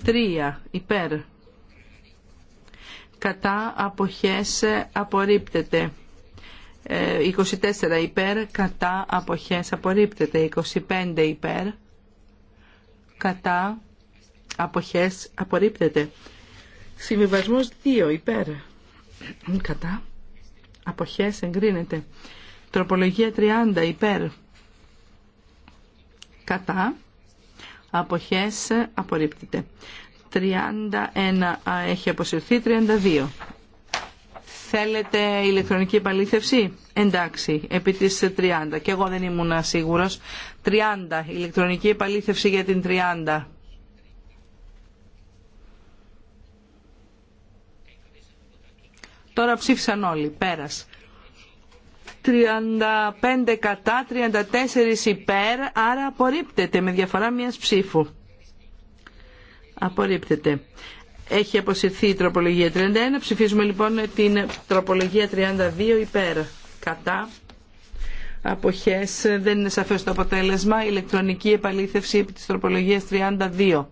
«23 υπέρ» «κατά αποχές απορρίπτεται». 24 ε, υπέρ, κατά αποχές απορρίπτεται. 25 υπέρ, κατά αποχές απορρίπτεται. Συμβιβασμός 2 υπέρ, κατά αποχές εγκρίνεται. Τροπολογία 30 υπέρ κατά αποχές απορρίπτεται. 31 έχει αποσυρθεί, 32. Θέλετε ηλεκτρονική επαλήθευση. Εντάξει, επί της 30. Και εγώ δεν ήμουν σίγουρος. 30, ηλεκτρονική επαλήθευση για την 30. Τώρα ψήφισαν όλοι. Πέρας. 35 κατά, 34 υπέρ, άρα απορρίπτεται με διαφορά μιας ψήφου. Απορρίπτεται. Έχει αποσυρθεί η τροπολογία 31. Ψηφίζουμε λοιπόν την τροπολογία 32 υπέρ. Κατά. Αποχές. Δεν είναι σαφές το αποτέλεσμα. Ηλεκτρονική επαλήθευση επί της τροπολογίας 32.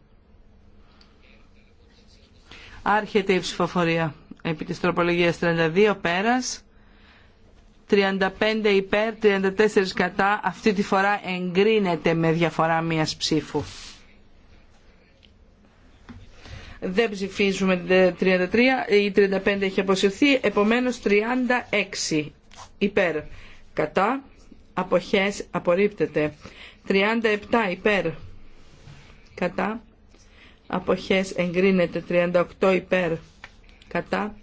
Άρχεται η ψηφοφορία επί της τροπολογίας 32 πέρας 35 υπέρ 34 κατά αυτή τη φορά εγκρίνεται με διαφορά μίας ψήφου δεν ψηφίζουμε 33 η 35 έχει αποσυρθεί επομένως 36 υπέρ κατά αποχές απορρίπτεται 37 υπέρ κατά αποχές εγκρίνεται 38 υπέρ κατά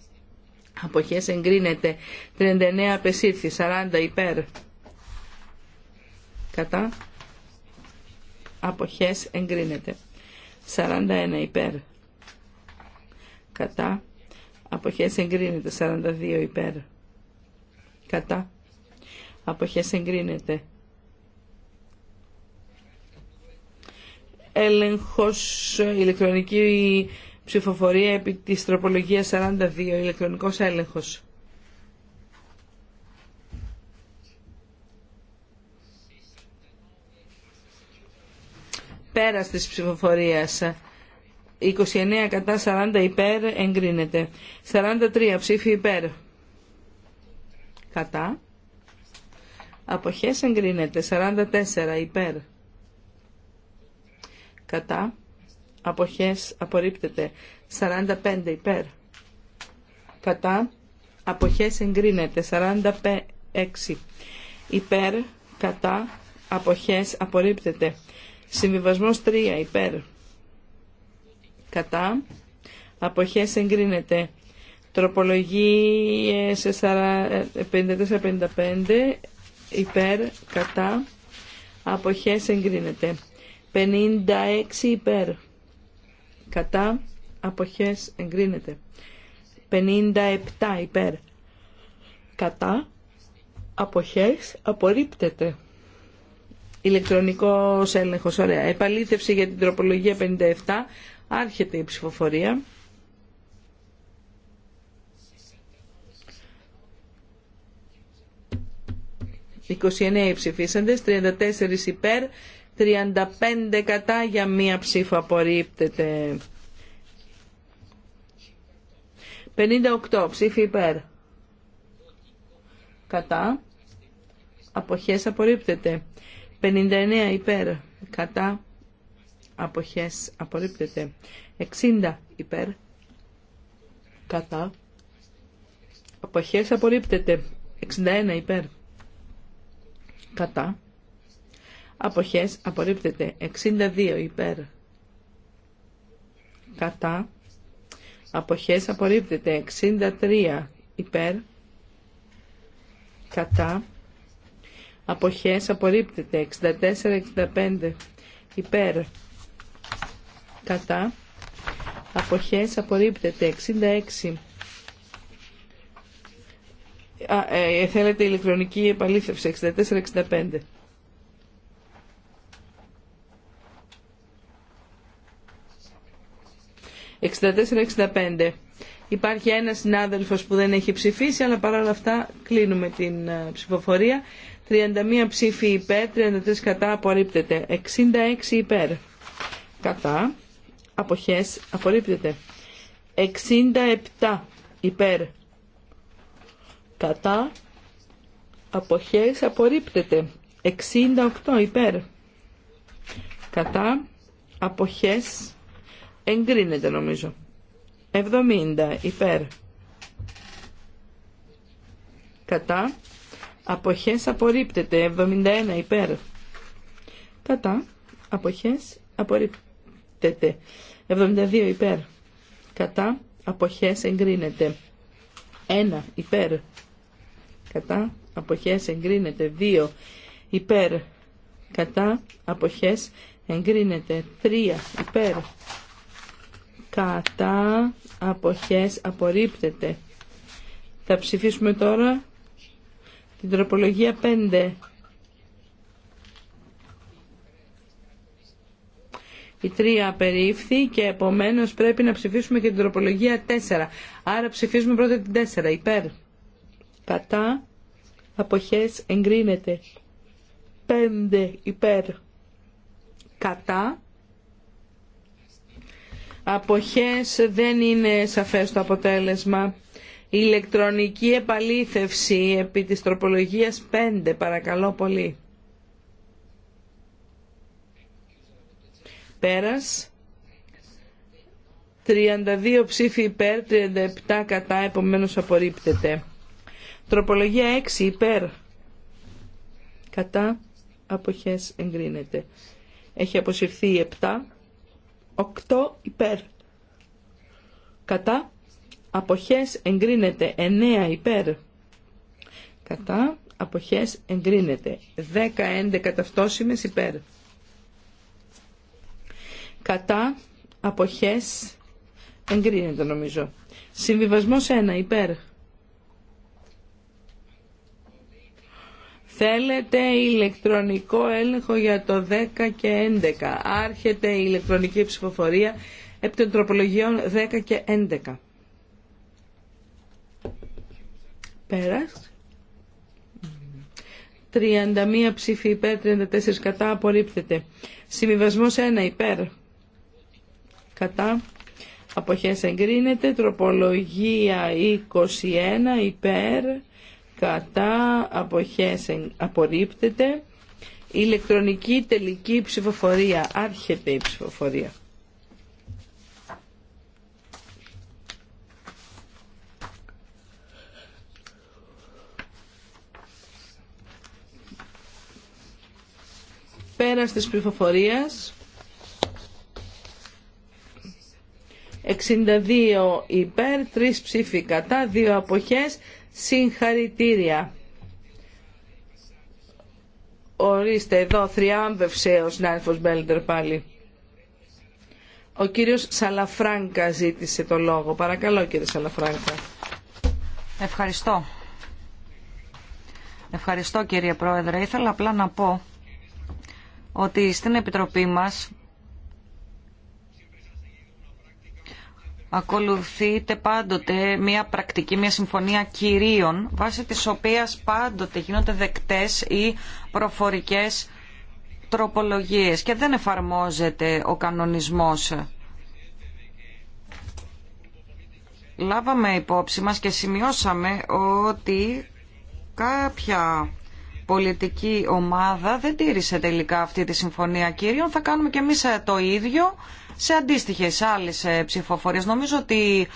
αποχές εγκρίνεται 39 απεσύρθη 40 υπέρ κατά αποχές εγκρίνεται 41 υπέρ κατά αποχές εγκρίνεται 42 υπέρ κατά αποχές εγκρίνεται έλεγχος ηλεκτρονική Ψηφοφορία επί της τροπολογίας 42, ηλεκτρονικός έλεγχος. Πέρας της ψηφοφορίας. 29 κατά 40 υπέρ εγκρίνεται. 43 ψήφι υπέρ. Κατά. Αποχές εγκρίνεται. 44 υπέρ. Κατά αποχές απορρίπτεται 45 υπέρ κατά αποχές εγκρίνεται 46 υπέρ κατά αποχές απορρίπτεται συμβιβασμός 3 υπέρ κατά αποχές εγκρίνεται τροπολογίες 54-55 ε, υπέρ κατά αποχές εγκρίνεται 56 υπέρ κατά αποχές εγκρίνεται 57 υπέρ κατά αποχές απορρίπτεται ηλεκτρονικός έλεγχος ωραία επαλήθευση για την τροπολογία 57 άρχεται η ψηφοφορία «29 ψηφίσαντες, 34 υπέρ, 35 κατά για μία ψήφο απορρίπτεται. 58 ψήφι υπέρ. Κατά. Αποχές απορρίπτεται. 59 υπέρ. Κατά. Αποχές απορρίπτεται. 60 υπέρ. Κατά. Αποχές απορρίπτεται. 61 υπέρ. Κατά αποχές απορρίπτεται 62 υπέρ κατά αποχές απορρίπτεται 63 υπέρ κατά αποχές απορρίπτεται 64-65 υπέρ κατά αποχές απορρίπτεται 66 Α, ε, θέλετε ηλεκτρονική επαλήθευση 64-65 64-65. Υπάρχει ένας συνάδελφος που δεν έχει ψηφίσει, αλλά παρόλα αυτά κλείνουμε την ε, ψηφοφορία. 31 ψήφοι υπέρ, 33 κατά απορρίπτεται. 66 υπέρ. Κατά. Αποχές απορρίπτεται. 67 υπέρ. Κατά. Αποχές απορρίπτεται. 68 υπέρ. Κατά. Αποχές Εγκρίνεται νομίζω. 70 υπέρ. Κατά. Αποχές απορρίπτεται. 71 υπέρ. Κατά. Αποχές απορρίπτεται. 72 υπέρ. Κατά. Αποχές εγκρίνεται. 1 υπέρ. Κατά. Αποχές εγκρίνεται. 2 υπέρ. Κατά. Αποχές εγκρίνεται. 3 υπέρ κατά αποχές απορρίπτεται. Θα ψηφίσουμε τώρα την τροπολογία 5. Η 3 απερίφθη και επομένως πρέπει να ψηφίσουμε και την τροπολογία 4. Άρα ψηφίζουμε πρώτα την 4. Υπέρ. Κατά. Αποχές εγκρίνεται. 5. Υπέρ. Κατά αποχές δεν είναι σαφές το αποτέλεσμα. ηλεκτρονική επαλήθευση επί της τροπολογίας 5 παρακαλώ πολύ. Πέρας. 32 ψήφοι υπέρ, 37 κατά, επομένως απορρίπτεται. Τροπολογία 6 υπέρ. Κατά, αποχές εγκρίνεται. Έχει αποσυρθεί η 7. 8 υπέρ. Κατά αποχές εγκρίνεται 9 υπέρ. Κατά αποχές εγκρίνεται 10-11 ταυτόσιμες υπέρ. Κατά αποχές εγκρίνεται νομίζω. Συμβιβασμός 1 υπέρ. Θέλετε ηλεκτρονικό έλεγχο για το 10 και 11. Άρχεται η ηλεκτρονική ψηφοφορία επί των τροπολογιών 10 και 11. Πέρας. 31 ψήφοι υπέρ, 34 κατά, απορρίπτεται. Συμβιβασμός 1 υπέρ, κατά, αποχές εγκρίνεται. Τροπολογία 21 υπέρ, κατά αποχές απορρίπτεται ηλεκτρονική τελική ψηφοφορία άρχεται η ψηφοφορία πέρας της ψηφοφορίας 62 υπέρ, 3 ψήφοι κατά, 2 αποχές Συγχαρητήρια. Ορίστε εδώ, θριάμβευσε ο συνάδελφος Μπέλντερ πάλι. Ο κύριος Σαλαφράγκα ζήτησε το λόγο. Παρακαλώ κύριε Σαλαφράγκα. Ευχαριστώ. Ευχαριστώ κύριε Πρόεδρε. Ήθελα απλά να πω ότι στην Επιτροπή μας ακολουθείται πάντοτε μια πρακτική, μια συμφωνία κυρίων, βάσει της οποίας πάντοτε γίνονται δεκτές ή προφορικές τροπολογίες και δεν εφαρμόζεται ο κανονισμός. Λάβαμε υπόψη μας και σημειώσαμε ότι κάποια πολιτική ομάδα δεν τήρησε τελικά αυτή τη συμφωνία κυρίων. Θα κάνουμε και εμείς το ίδιο σε αντίστοιχες άλλε ψηφοφορίε. Νομίζω ότι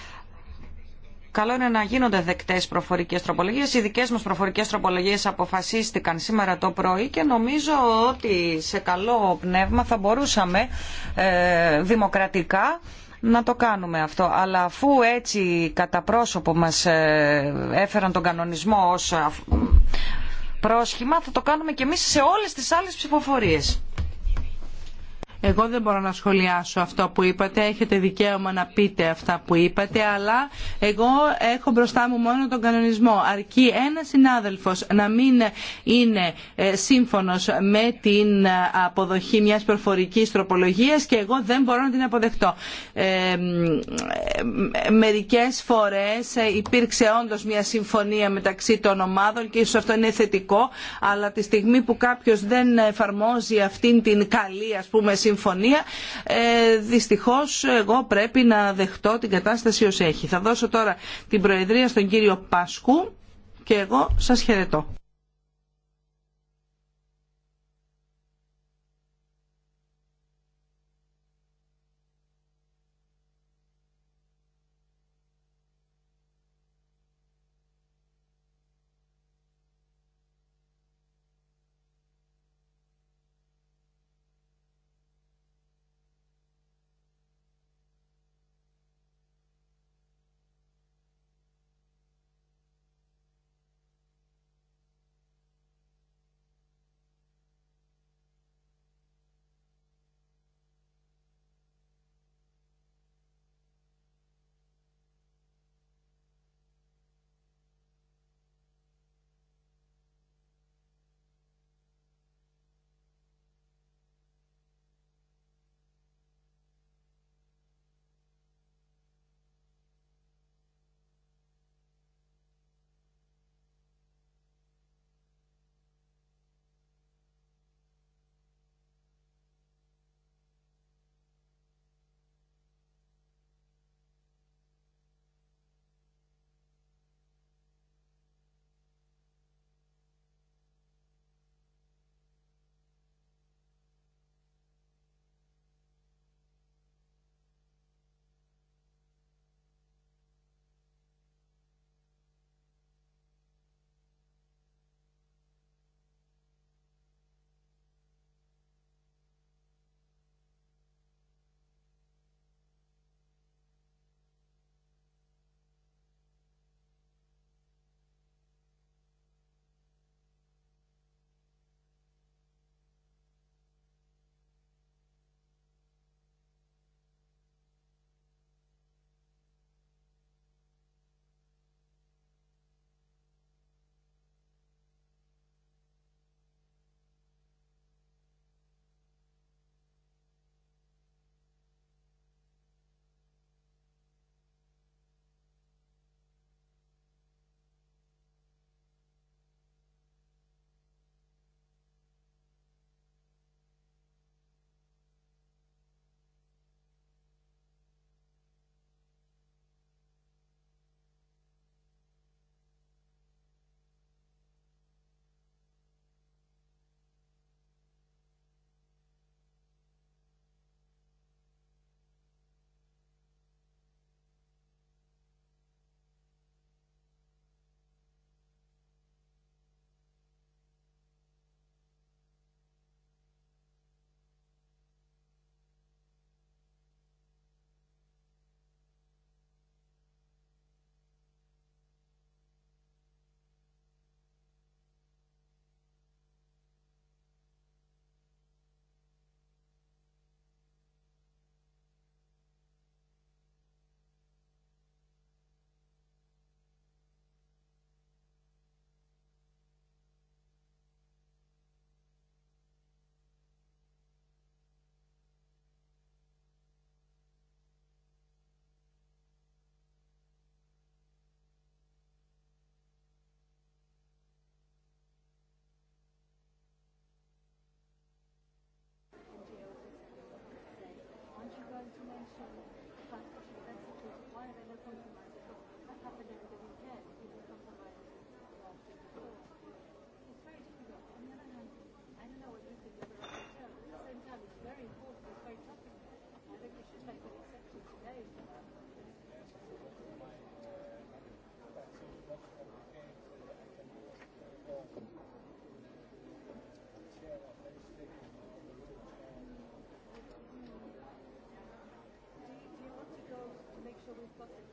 Καλό είναι να γίνονται δεκτέ προφορικέ τροπολογίε. Οι δικέ μα προφορικέ τροπολογίε αποφασίστηκαν σήμερα το πρωί και νομίζω ότι σε καλό πνεύμα θα μπορούσαμε ε, δημοκρατικά να το κάνουμε αυτό. Αλλά αφού έτσι κατά πρόσωπο μας ε, έφεραν τον κανονισμό ως πρόσχημα, θα το κάνουμε και εμείς σε όλες τις άλλες ψηφοφορίες. Εγώ δεν μπορώ να σχολιάσω αυτό που είπατε, έχετε δικαίωμα να πείτε αυτά που είπατε, αλλά εγώ έχω μπροστά μου μόνο τον κανονισμό. Αρκεί ένα συνάδελφο να μην είναι ε, σύμφωνο με την ε, αποδοχή μια προφορική τροπολογία και εγώ δεν μπορώ να την αποδεχτώ. Ε, ε μερικές φορές υπήρξε όντω μια συμφωνία μεταξύ των ομάδων και ίσω αυτό είναι θετικό, αλλά τη στιγμή που κάποιο δεν εφαρμόζει αυτήν την καλή α πούμε, συμφωνία, συμφωνία. Ε, δυστυχώς εγώ πρέπει να δεχτώ την κατάσταση ω έχει. Θα δώσω τώρα την Προεδρία στον κύριο Πάσκου και εγώ σας χαιρετώ. Υπόθεση.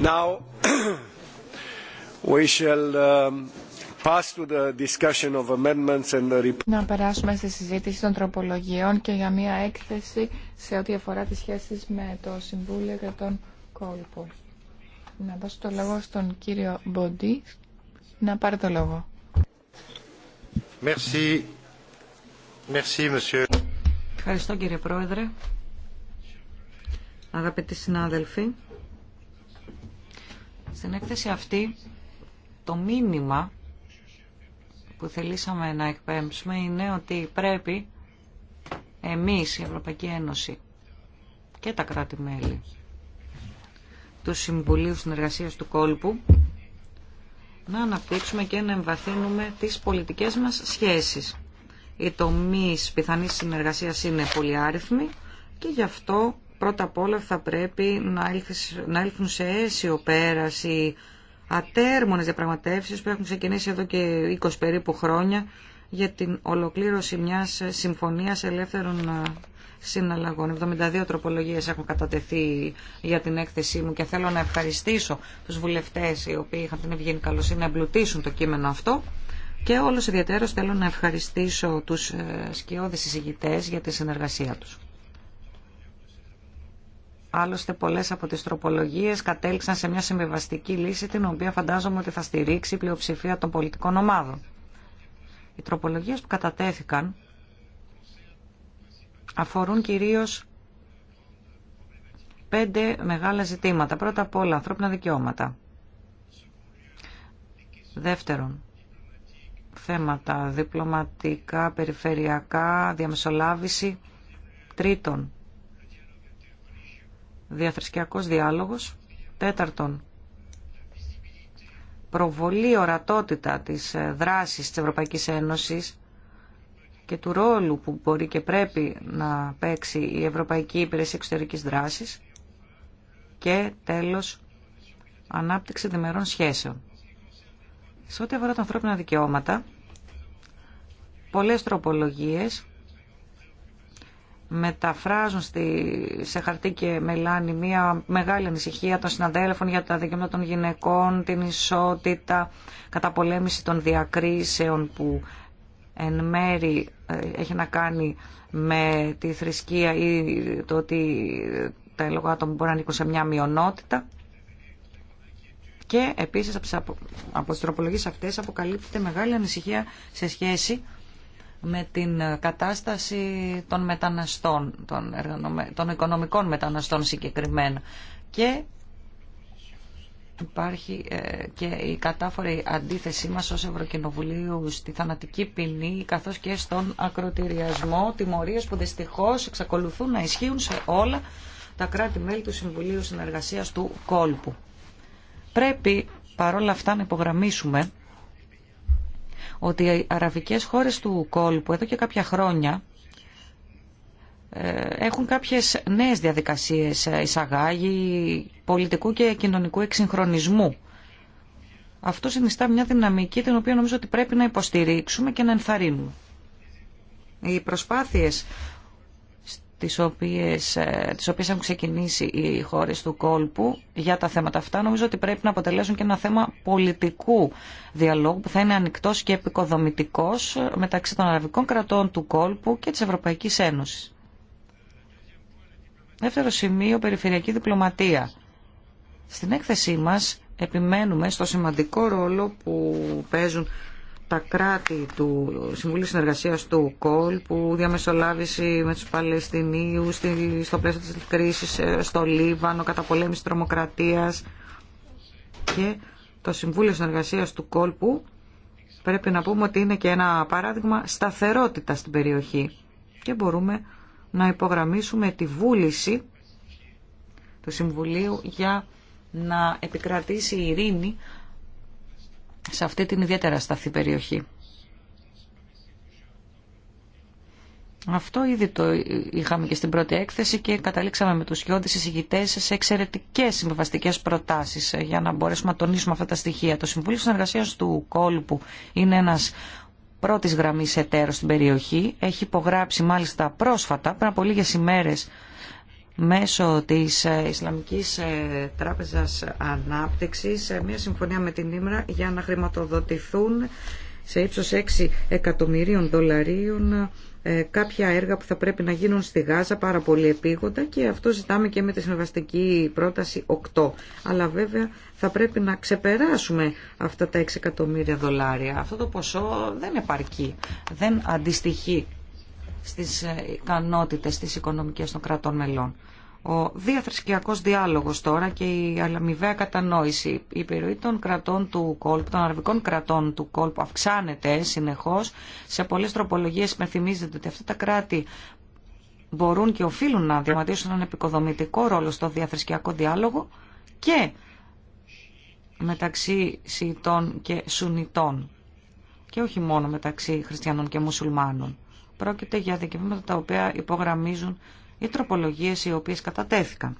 Now [CLEARS THROAT] we shall um, pass to the discussion of amendments and the report. Να περάσουμε στη συζήτηση των τροπολογιών και για μια έκθεση σε ό,τι αφορά τις σχέσεις με το Συμβούλιο και τον κόλπο. Να δώσω το λόγο στον κύριο Μποντή να πάρει το λόγο. Ευχαριστώ κύριε Πρόεδρε. Αγαπητοί συνάδελφοι, στην έκθεση αυτή το μήνυμα που θελήσαμε να εκπέμψουμε είναι ότι πρέπει εμείς, η Ευρωπαϊκή Ένωση και τα κράτη-μέλη του Συμβουλίου Συνεργασίας του Κόλπου να αναπτύξουμε και να εμβαθύνουμε τις πολιτικές μας σχέσεις. Οι τομείς πιθανής συνεργασίας είναι πολυάριθμοι και γι' αυτό Πρώτα απ' όλα θα πρέπει να έλθουν σε αίσιο πέραση ατέρμονες διαπραγματεύσεις που έχουν ξεκινήσει εδώ και 20 περίπου χρόνια για την ολοκλήρωση μιας συμφωνίας ελεύθερων ε, συναλλαγών. 72 τροπολογίες έχουν κατατεθεί για την έκθεσή μου και θέλω να ευχαριστήσω τους βουλευτές οι οποίοι είχαν την ευγενή καλοσύνη να εμπλουτίσουν το κείμενο αυτό. Και όλος ιδιαίτερος θέλω να ευχαριστήσω τους ε, σκιώδεις εισηγητές για τη συνεργασία τους. Άλλωστε πολλές από τις τροπολογίες κατέληξαν σε μια συμβιβαστική λύση την οποία φαντάζομαι ότι θα στηρίξει η πλειοψηφία των πολιτικών ομάδων. Οι τροπολογίες που κατατέθηκαν αφορούν κυρίως πέντε μεγάλα ζητήματα. Πρώτα απ' όλα, ανθρώπινα δικαιώματα. Δεύτερον, θέματα διπλωματικά, περιφερειακά, διαμεσολάβηση. Τρίτον, διαθρησκιακός διάλογος. Τέταρτον, προβολή ορατότητα της ε, δράσης της Ευρωπαϊκής Ένωσης και του ρόλου που μπορεί και πρέπει να παίξει η Ευρωπαϊκή Υπηρεσία Εξωτερικής Δράσης και τέλος ανάπτυξη διμερών σχέσεων. Σε ό,τι αφορά τα ανθρώπινα δικαιώματα, πολλές τροπολογίες μεταφράζουν σε χαρτί και μελάνι μια μεγάλη ανησυχία των συναδέλφων για τα δικαιώματα των γυναικών, την ισότητα, καταπολέμηση των διακρίσεων που εν μέρη ε, έχει να κάνει με τη θρησκεία ή το ότι τα έλογα άτομα μπορεί να ανήκουν σε μια μειονότητα. Και επίσης από τις τροπολογίες αυτές αποκαλύπτεται μεγάλη ανησυχία σε σχέση με την κατάσταση των μεταναστών, των, των οικονομικών μεταναστών συγκεκριμένα. Και υπάρχει ε, και η κατάφορη αντίθεσή μας ως Ευρωκοινοβουλίου στη θανατική ποινή καθώς και στον ακροτηριασμό, τιμωρίες που δυστυχώς εξακολουθούν να ισχύουν σε όλα τα κράτη-μέλη του Συμβουλίου Συνεργασίας του Κόλπου. Πρέπει παρόλα αυτά να υπογραμμίσουμε ότι οι αραβικές χώρες του κόλπου εδώ και κάποια χρόνια ε, έχουν κάποιες νέες διαδικασίες ε, εισαγάγη πολιτικού και κοινωνικού εξυγχρονισμού. Αυτό συνιστά μια δυναμική την οποία νομίζω ότι πρέπει να υποστηρίξουμε και να ενθαρρύνουμε. Οι προσπάθειες τις οποίες, ε, τις οποίες έχουν ξεκινήσει οι χώρες του κόλπου για τα θέματα αυτά, νομίζω ότι πρέπει να αποτελέσουν και ένα θέμα πολιτικού διαλόγου που θα είναι ανοιχτός και επικοδομητικός μεταξύ των αραβικών κρατών του κόλπου και της Ευρωπαϊκής Ένωσης. Δεύτερο σημείο, περιφερειακή διπλωματία. Στην έκθεσή μας επιμένουμε στο σημαντικό ρόλο που παίζουν τα κράτη του Συμβουλίου Συνεργασίας του ΚΟΛ που διαμεσολάβησε με τους Παλαιστινίου στο πλαίσιο της κρίσης ε, στο Λίβανο, καταπολέμηση τρομοκρατίας και το Συμβούλιο Συνεργασίας του ΚΟΛ που πρέπει να πούμε ότι είναι και ένα παράδειγμα σταθερότητα στην περιοχή και μπορούμε να υπογραμμίσουμε τη βούληση του Συμβουλίου για να επικρατήσει η ειρήνη σε αυτή την ιδιαίτερα σταθή περιοχή. Αυτό ήδη το είχαμε και στην πρώτη έκθεση και καταλήξαμε με τους γιώδεις εισηγητές σε εξαιρετικές συμβαστικές προτάσεις για να μπορέσουμε να τονίσουμε αυτά τα στοιχεία. Το Συμβούλιο Συνεργασίας του Κόλπου είναι ένας πρώτης γραμμής εταίρος στην περιοχή. Έχει υπογράψει μάλιστα πρόσφατα, πριν από λίγες ημέρες, μέσω της ε, Ισλαμικής ε, Τράπεζας Ανάπτυξης ε, μια συμφωνία με την Ήμρα για να χρηματοδοτηθούν σε ύψος 6 εκατομμυρίων δολαρίων κάποια έργα που θα πρέπει να γίνουν στη Γάζα πάρα πολύ επίγοντα και αυτό ζητάμε και με τη συμβαστική πρόταση 8. Αλλά βέβαια θα πρέπει να ξεπεράσουμε αυτά τα 6 εκατομμύρια δολάρια. Αυτό το ποσό δεν επαρκεί, δεν αντιστοιχεί στις ικανότητες, στις οικονομικές των κρατών μελών. Ο διαθρησκιακός διάλογος τώρα και η αλαμιβαία κατανόηση. Η περιοχή των κρατών του κόλπου, των αραβικών κρατών του κόλπου αυξάνεται συνεχώς. Σε πολλές τροπολογίες με θυμίζεται ότι αυτά τα κράτη μπορούν και οφείλουν να διαματίσουν έναν επικοδομητικό ρόλο στο διαθρησκιακό διάλογο και μεταξύ Σιητών και Σουνιτών και όχι μόνο μεταξύ Χριστιανών και Μουσουλμάνων. Πρόκειται για δικαιώματα τα οποία υπογραμμίζουν οι τροπολογίες οι οποίες κατατέθηκαν.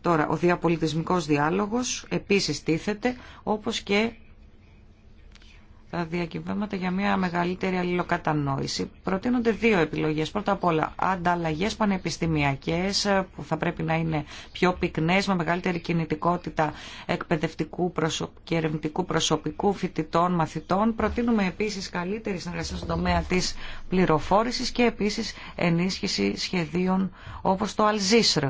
Τώρα, ο διαπολιτισμικός διάλογος επίσης τίθεται, όπως και τα διακυβεύματα για μια μεγαλύτερη αλληλοκατανόηση. Προτείνονται δύο επιλογέ. Πρώτα απ' όλα ανταλλαγέ πανεπιστημιακέ, που θα πρέπει να είναι πιο πυκνέ με μεγαλύτερη κινητικότητα εκπαιδευτικού και ερευνητικού προσωπικού φοιτητών, μαθητών. Προτείνουμε επίση καλύτερη συνεργασία στον τομέα τη πληροφόρηση και επίση ενίσχυση σχεδίων όπω το Αλζίσρ.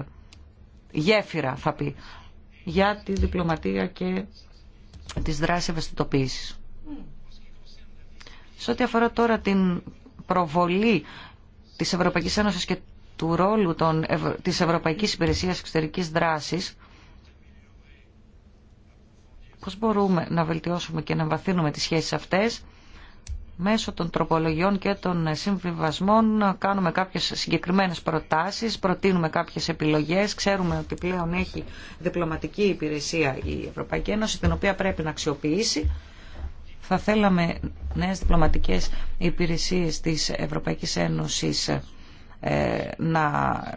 Γέφυρα θα πει για τη διπλωματία και τις δράσεις ευαισθητοποίησης. Σε ό,τι αφορά τώρα την προβολή της Ευρωπαϊκής Ένωσης και του ρόλου των, της Ευρωπαϊκής Υπηρεσίας Εξωτερικής Δράσης, πώς μπορούμε να βελτιώσουμε και να βαθύνουμε τις σχέσεις αυτές, μέσω των τροπολογιών και των συμβιβασμών κάνουμε κάποιες συγκεκριμένες προτάσεις, προτείνουμε κάποιες επιλογές. Ξέρουμε ότι πλέον έχει διπλωματική υπηρεσία η Ευρωπαϊκή Ένωση, την οποία πρέπει να αξιοποιήσει θα θέλαμε νέες διπλωματικές υπηρεσίες της Ευρωπαϊκής Ένωσης ε, να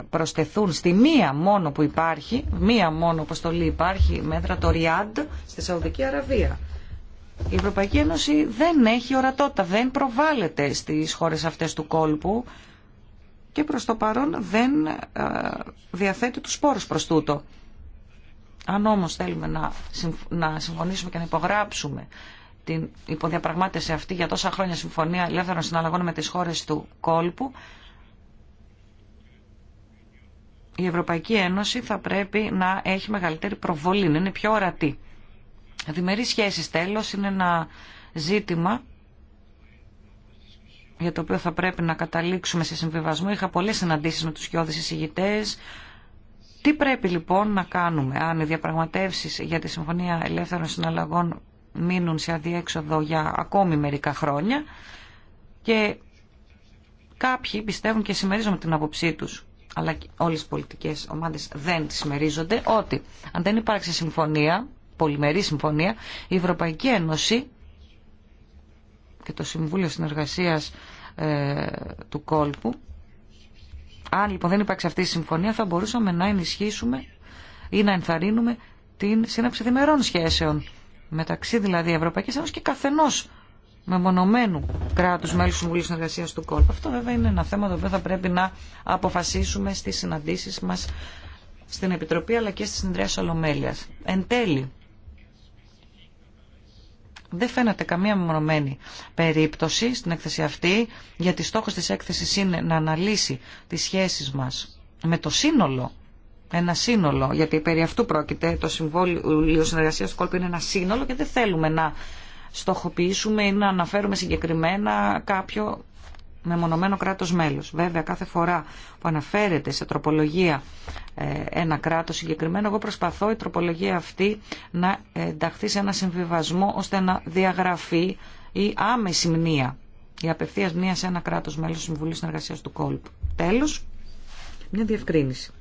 προσθεθούν στη μία μόνο που υπάρχει, μία μόνο αποστολή υπάρχει, μέτρα το Ριάντ στη Σαουδική Αραβία. Η Ευρωπαϊκή Ένωση δεν έχει ορατότητα, δεν προβάλλεται στις χώρες αυτές του κόλπου και προς το παρόν δεν ε, διαθέτει τους σπόρους προς τούτο. Αν όμως θέλουμε να συμφωνήσουμε και να υπογράψουμε την υποδιαπραγμάτευση αυτή για τόσα χρόνια συμφωνία ελεύθερων συναλλαγών με τις χώρες του κόλπου, η Ευρωπαϊκή Ένωση θα πρέπει να έχει μεγαλύτερη προβολή, να είναι πιο ορατή. Διμερείς σχέσεις τέλος είναι ένα ζήτημα για το οποίο θα πρέπει να καταλήξουμε σε συμβιβασμό. Είχα πολλές συναντήσεις με τους κοιόδης εισηγητές. Τι πρέπει λοιπόν να κάνουμε αν οι διαπραγματεύσεις για τη Συμφωνία Ελεύθερων Συναλλαγών μείνουν σε αδιέξοδο για ακόμη μερικά χρόνια και κάποιοι πιστεύουν και συμμερίζομαι την άποψή τους αλλά και όλες οι πολιτικές ομάδες δεν συμμερίζονται ότι αν δεν υπάρξει συμφωνία, πολυμερή συμφωνία, η Ευρωπαϊκή Ένωση και το Συμβούλιο Συνεργασίας ε, του Κόλπου αν λοιπόν δεν υπάρξει αυτή η συμφωνία θα μπορούσαμε να ενισχύσουμε ή να ενθαρρύνουμε την σύναψη δημερών σχέσεων μεταξύ δηλαδή Ευρωπαϊκή Ένωση και καθενός μεμονωμένου κράτου μέλου του Συμβουλίου Συνεργασία του ΚΟΛΠ. Αυτό βέβαια είναι ένα θέμα το οποίο θα πρέπει να αποφασίσουμε στι συναντήσει μα στην Επιτροπή αλλά και στη Συνδρία Ολομέλεια. Εν τέλει, δεν φαίνεται καμία μεμονωμένη περίπτωση στην έκθεση αυτή, γιατί στόχος της έκθεσης είναι να αναλύσει τις σχέσεις μας με το σύνολο ένα σύνολο, γιατί περί αυτού πρόκειται το Συμβόλιο συνεργασία του Κόλπου είναι ένα σύνολο και δεν θέλουμε να στοχοποιήσουμε ή να αναφέρουμε συγκεκριμένα κάποιο μεμονωμένο κράτος μέλος. Βέβαια, κάθε φορά που αναφέρεται σε τροπολογία ε, ένα κράτος συγκεκριμένο, εγώ προσπαθώ η τροπολογία αυτή να ενταχθεί σε ένα συμβιβασμό ώστε να διαγραφεί η άμεση μνήα, η απευθείας μνήα σε ένα κράτος μέλος του Συμβουλίου Συνεργασίας του Κόλπου. Τέλος, μια διευκρίνηση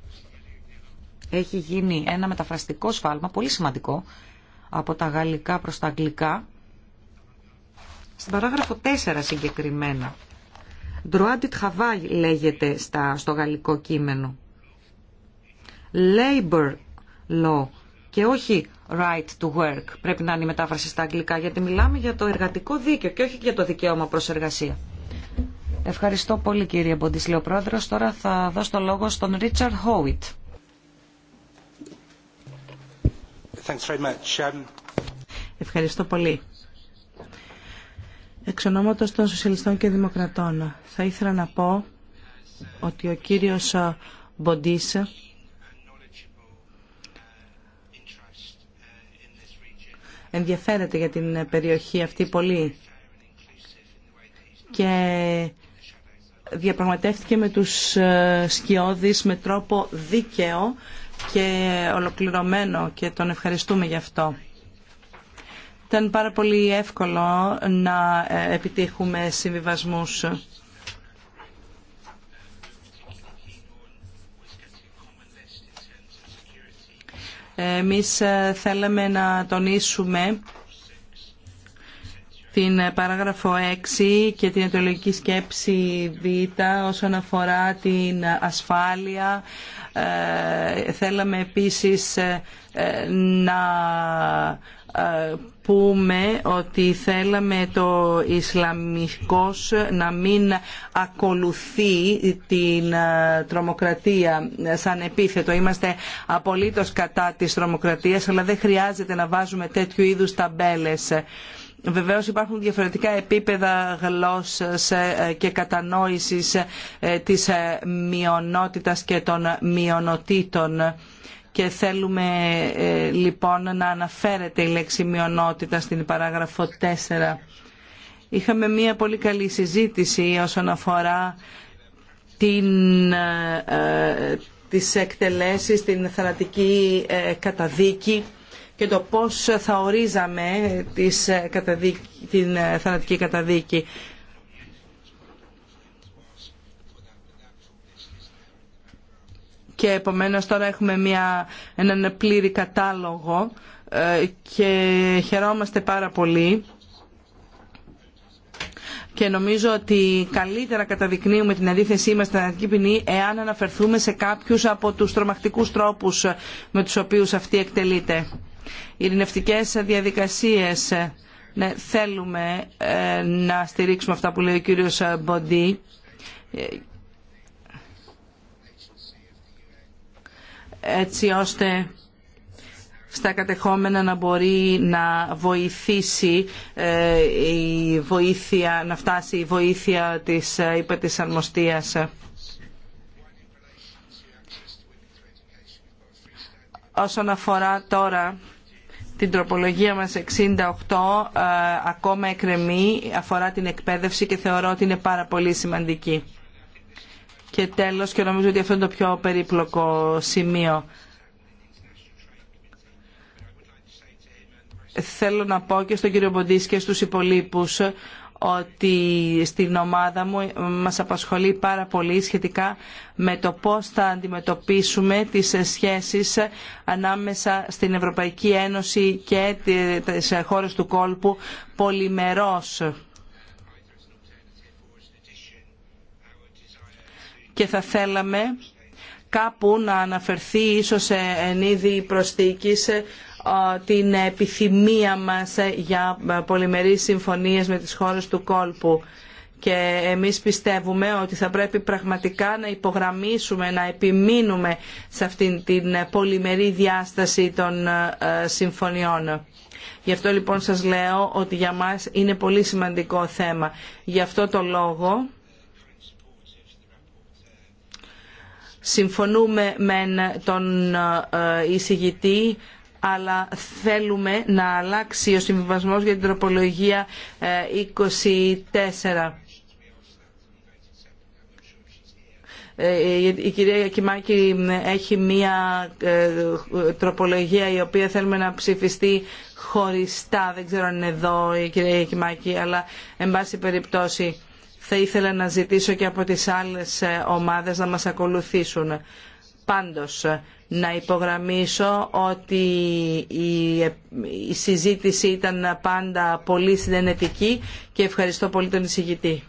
έχει γίνει ένα μεταφραστικό σφάλμα, πολύ σημαντικό, από τα γαλλικά προς τα αγγλικά. Στην παράγραφο 4 συγκεκριμένα. Droit travail λέγεται στα, στο γαλλικό κείμενο. Labor law και όχι right to work πρέπει να είναι η μετάφραση στα αγγλικά γιατί μιλάμε για το εργατικό δίκαιο και όχι για το δικαίωμα προς εργασία. Ευχαριστώ πολύ κύριε Μποντισλιο Πρόεδρος. Τώρα θα δώσω το λόγο στον Ρίτσαρντ Howitt. Um, Ευχαριστώ πολύ. Εξ ονόματος των Σοσιαλιστών και Δημοκρατών θα ήθελα να πω ότι ο κύριος Μποντής ενδιαφέρεται για την περιοχή αυτή πολύ και διαπραγματεύτηκε με τους σκιώδεις με τρόπο δίκαιο και ολοκληρωμένο και τον ευχαριστούμε γι' αυτό. Ήταν πάρα πολύ εύκολο να ε, επιτύχουμε συμβιβασμούς. Εμείς ε, θέλαμε να τονίσουμε την παράγραφο 6 και την αιτιολογική σκέψη Β όσον αφορά την ασφάλεια, ε, θέλαμε επίσης ε, ε, να πούμε ότι θέλαμε το Ισλαμικός να μην ακολουθεί την τρομοκρατία σαν επίθετο. Είμαστε απολύτως κατά της τρομοκρατίας, αλλά δεν χρειάζεται να βάζουμε τέτοιου είδους ταμπέλες Βεβαίως υπάρχουν διαφορετικά επίπεδα γλώσσας ε, και κατανόησης ε, της ε, μειονότητας και των μειονοτήτων και θέλουμε λοιπόν να αναφέρεται η λέξη μειονότητα στην παράγραφο 4. Είχαμε μία πολύ καλή συζήτηση όσον αφορά την, τις εκτελέσεις, την θανατική καταδίκη και το πώς θα ορίζαμε τις ε, την ε, θανατική καταδίκη. Και επομένως τώρα έχουμε μια, έναν πλήρη κατάλογο ε, και χαιρόμαστε πάρα πολύ και νομίζω ότι καλύτερα καταδεικνύουμε την αντίθεσή μας στην θανατική ποινή εάν αναφερθούμε σε κάποιους από τους τρομακτικούς τρόπους με τους οποίους αυτή εκτελείται ειρηνευτικές διαδικασίες. Ναι, θέλουμε ε, να στηρίξουμε αυτά που λέει ο κύριος Μποντή. έτσι ώστε στα κατεχόμενα να μπορεί να βοηθήσει ε, η βοήθεια, να φτάσει η βοήθεια της, είπε Όσον αφορά τώρα την τροπολογία μας 68 ε, ακόμα εκρεμεί, αφορά την εκπαίδευση και θεωρώ ότι είναι πάρα πολύ σημαντική. Και τέλος, και νομίζω ότι αυτό είναι το πιο περίπλοκο σημείο. Θέλω να πω και στον κύριο Μποντής και στους υπολείπους ότι στην ομάδα μου μας απασχολεί πάρα πολύ σχετικά με το πώς θα αντιμετωπίσουμε τις σχέσεις ανάμεσα στην Ευρωπαϊκή Ένωση και τις χώρες του κόλπου πολυμερός. Και θα θέλαμε κάπου να αναφερθεί ίσως εν είδη προσθήκης την επιθυμία μας για πολυμερείς συμφωνίες με τις χώρες του κόλπου και εμείς πιστεύουμε ότι θα πρέπει πραγματικά να υπογραμμίσουμε, να επιμείνουμε σε αυτήν την πολυμερή διάσταση των συμφωνιών. Γι' αυτό λοιπόν σας λέω ότι για μας είναι πολύ σημαντικό θέμα. Γι' αυτό το λόγο συμφωνούμε με τον εισηγητή αλλά θέλουμε να αλλάξει ο συμβιβασμός για την τροπολογία 24. Ε, ε, η κυρία Κιμάκη έχει μία ε, τροπολογία η οποία θέλουμε να ψηφιστεί χωριστά. Δεν ξέρω αν είναι εδώ η κυρία Κιμάκη, αλλά εν πάση περιπτώσει θα ήθελα να ζητήσω και από τις άλλες ομάδες να μας ακολουθήσουν. Πάντως, να υπογραμμίσω ότι η συζήτηση ήταν πάντα πολύ συνενετική και ευχαριστώ πολύ τον εισηγητή.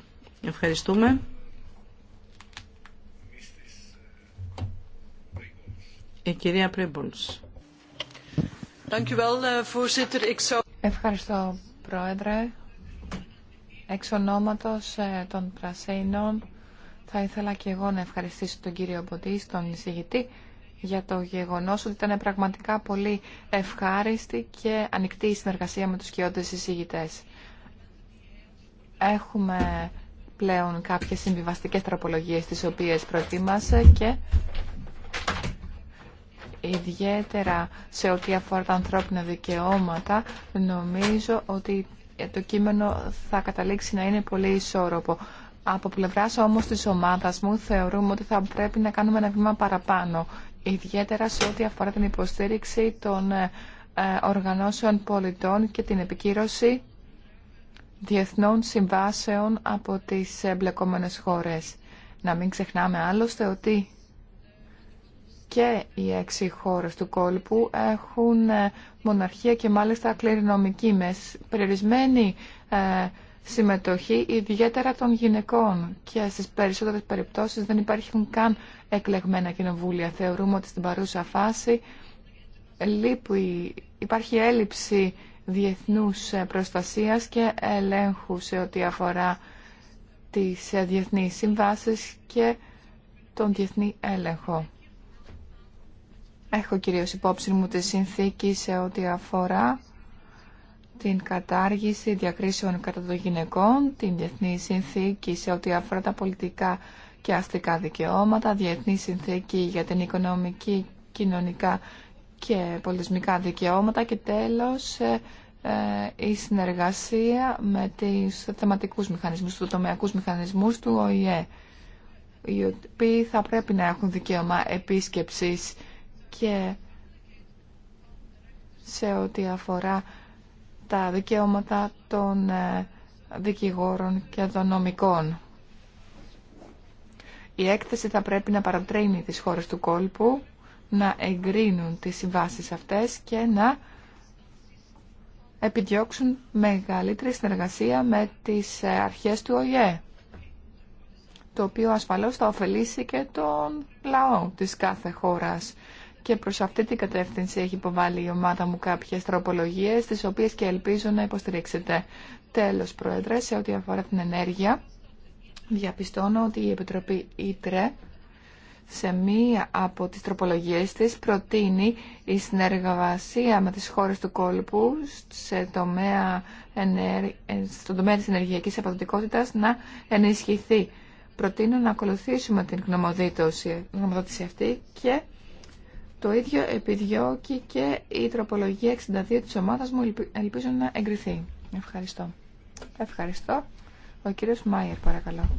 Ευχαριστούμε. Η κυρία Πρίμπολς. Ευχαριστώ, Πρόεδρε. Εξ ονόματος ε, των Πρασέινων θα ήθελα και εγώ να ευχαριστήσω τον κύριο Μποντή, τον εισηγητή για το γεγονός ότι ήταν πραγματικά πολύ ευχάριστη και ανοιχτή η συνεργασία με τους κοιόντες εισηγητές. Έχουμε πλέον κάποιες συμβιβαστικές τροπολογίες τις οποίες προετοίμασε και ιδιαίτερα σε ό,τι αφορά τα ανθρώπινα δικαιώματα νομίζω ότι το κείμενο θα καταλήξει να είναι πολύ ισόρροπο. Από πλευράς όμως της ομάδας μου θεωρούμε ότι θα πρέπει να κάνουμε ένα βήμα παραπάνω ιδιαίτερα σε ό,τι αφορά την υποστήριξη των ε, ε, οργανώσεων πολιτών και την επικύρωση διεθνών συμβάσεων από τις εμπλεκόμενες χώρες. Να μην ξεχνάμε άλλωστε ότι και οι έξι χώρες του κόλπου έχουν ε, μοναρχία και μάλιστα κληρονομική με περιορισμένη συμμετοχή ιδιαίτερα των γυναικών και στις περισσότερες περιπτώσεις δεν υπάρχουν καν εκλεγμένα κοινοβούλια. Θεωρούμε ότι στην παρούσα φάση λείπει, υπάρχει έλλειψη διεθνούς ε, προστασίας και ελέγχου σε ό,τι αφορά τις ε, διεθνείς συμβάσεις και τον διεθνή έλεγχο. Έχω κυρίως υπόψη μου τη συνθήκη σε ό,τι αφορά την κατάργηση διακρίσεων κατά των γυναικών, την διεθνή συνθήκη σε ό,τι αφορά τα πολιτικά και αστικά δικαιώματα, διεθνή συνθήκη για την οικονομική, κοινωνικά και πολιτισμικά δικαιώματα και τέλος ε, ε, η συνεργασία με τις θεματικούς μηχανισμούς, του τομεακούς μηχανισμούς του ΟΗΕ οι οποίοι θα πρέπει να έχουν δικαίωμα επίσκεψης και σε ό,τι αφορά τα δικαιώματα των ε, δικηγόρων και των νομικών. Η έκθεση θα πρέπει να παρατρύνει τις χώρες του κόλπου, να εγκρίνουν τις συμβάσεις αυτές και να επιδιώξουν μεγαλύτερη συνεργασία με τις ε, αρχές του ΟΗΕ, το οποίο ασφαλώς θα ωφελήσει και τον λαό της κάθε χώρας και προς αυτή την κατεύθυνση έχει υποβάλει η ομάδα μου κάποιες τροπολογίες, τις οποίες και ελπίζω να υποστηρίξετε. Τέλος, Πρόεδρε, σε ό,τι αφορά την ενέργεια, διαπιστώνω ότι η Επιτροπή Ήτρε σε μία από τις τροπολογίες της προτείνει η συνεργασία με τις χώρες του κόλπου σε τομέα, ε, στον τομέα της ενεργειακής αποδοτικότητας να ενισχυθεί. Προτείνω να ακολουθήσουμε την γνωμοδότηση αυτή και το ίδιο επιδιώκει και η τροπολογία 62 της ομάδας μου. Ελπίζω να εγκριθεί. Ευχαριστώ. Ευχαριστώ. Ο κύριος Μάιερ, παρακαλώ.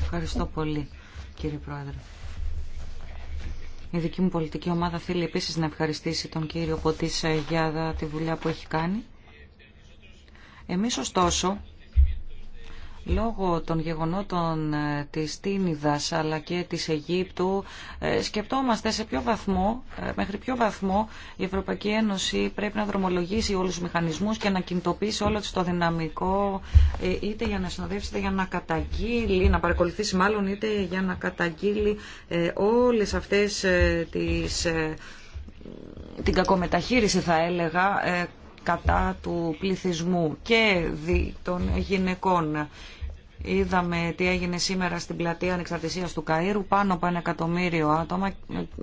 Ευχαριστώ πολύ, κύριε Πρόεδρε. Η δική μου πολιτική ομάδα θέλει επίσης να ευχαριστήσει τον κύριο Ποτίσα ε, για τη δουλειά που έχει κάνει. Εμείς ωστόσο Λόγω των γεγονότων ε, της Τίνιδας αλλά και της Αιγύπτου ε, σκεπτόμαστε σε ποιο βαθμό, ε, μέχρι ποιο βαθμό η Ευρωπαϊκή Ένωση πρέπει να δρομολογήσει όλους τους μηχανισμούς και να κινητοποιήσει όλο το δυναμικό είτε για να συνοδεύσει είτε για να καταγγείλει, να παρακολουθήσει μάλλον είτε για να καταγγείλει όλες αυτές τις, την κακομεταχείριση θα έλεγα κατά του πληθυσμού και των γυναικών. Είδαμε τι έγινε σήμερα στην πλατεία ανεξαρτησίας του Καΐρου. Πάνω από ένα εκατομμύριο άτομα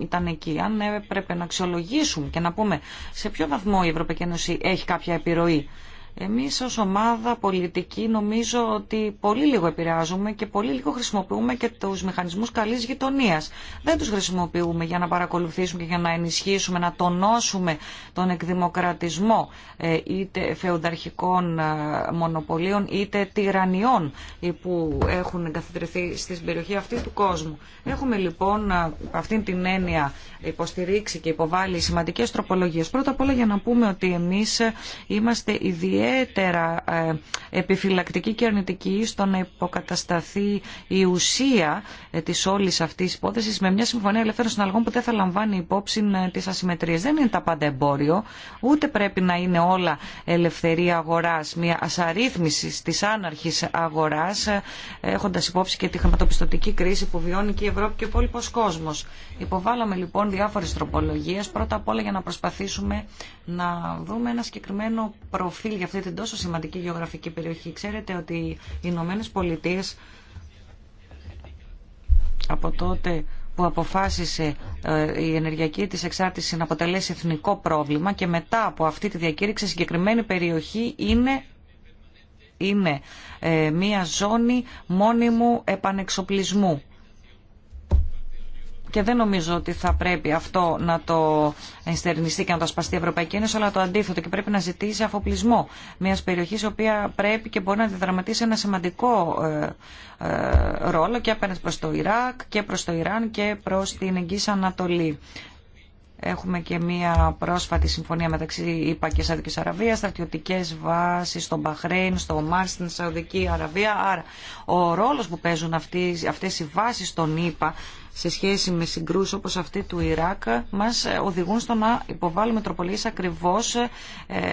ήταν εκεί. Αν έπρεπε να αξιολογήσουμε και να πούμε σε ποιο βαθμό η Ευρωπαϊκή Ένωση έχει κάποια επιρροή εμείς ως ομάδα πολιτική νομίζω ότι πολύ λίγο επηρεάζουμε και πολύ λίγο χρησιμοποιούμε και τους μηχανισμούς καλής γειτονίας. Δεν τους χρησιμοποιούμε για να παρακολουθήσουμε και για να ενισχύσουμε, να τονώσουμε τον εκδημοκρατισμό ε, είτε φεουδαρχικών ε, μονοπωλίων είτε τυραννιών ε, που έχουν εγκαθιδρυθεί στην περιοχή αυτή του κόσμου. Έχουμε λοιπόν αυτήν την έννοια υποστηρίξει και υποβάλει σημαντικές τροπολογίες. Πρώτα απ' όλα για να πούμε ότι εμείς είμαστε ιδιαίτερα ιδιαίτερα ε, επιφυλακτική και αρνητική στο να υποκατασταθεί η ουσία ε, της όλης αυτής της υπόθεσης με μια συμφωνία ελεύθερων συναλλαγών που δεν θα λαμβάνει υπόψη ε, τις ασυμμετρίες. Δεν είναι τα πάντα εμπόριο, ούτε πρέπει να είναι όλα ελευθερία αγοράς, μια ασαρρύθμιση της άναρχης αγοράς, έχοντας υπόψη και τη χρηματοπιστωτική κρίση που βιώνει και η Ευρώπη και ο υπόλοιπο κόσμος. Υποβάλαμε λοιπόν διάφορες τροπολογίες, πρώτα απ' όλα για να προσπαθήσουμε να δούμε ένα συγκεκριμένο προφίλ για αυτή την τόσο σημαντική γεωγραφική περιοχή. Ξέρετε ότι οι Ηνωμένε Πολιτείε από τότε που αποφάσισε ε, η ενεργειακή της εξάρτηση να αποτελέσει εθνικό πρόβλημα και μετά από αυτή τη διακήρυξη συγκεκριμένη περιοχή είναι είναι ε, μία ζώνη μόνιμου επανεξοπλισμού και δεν νομίζω ότι θα πρέπει αυτό να το ενστερνιστεί και να το ασπαστεί η Ευρωπαϊκή Ένωση, αλλά το αντίθετο και πρέπει να ζητήσει αφοπλισμό μια περιοχή η οποία πρέπει και μπορεί να διδραματίσει ένα σημαντικό ε, ε, ρόλο και απέναντι προ το Ιράκ και προ το Ιράν και προ την Εγγύη Ανατολή. Έχουμε και μία πρόσφατη συμφωνία μεταξύ ΙΠΑ και Σαουδική Αραβίας, στρατιωτικέ βάσει στο Μπαχρέιν, στο Ομάρ, στην Σαουδική Αραβία. Άρα ο ρόλο που παίζουν αυτέ οι βάσει των ΙΠΑ σε σχέση με συγκρούσεις όπως αυτή του Ιράκ μας οδηγούν στο να υποβάλουμε τροπολίες ακριβώς ε,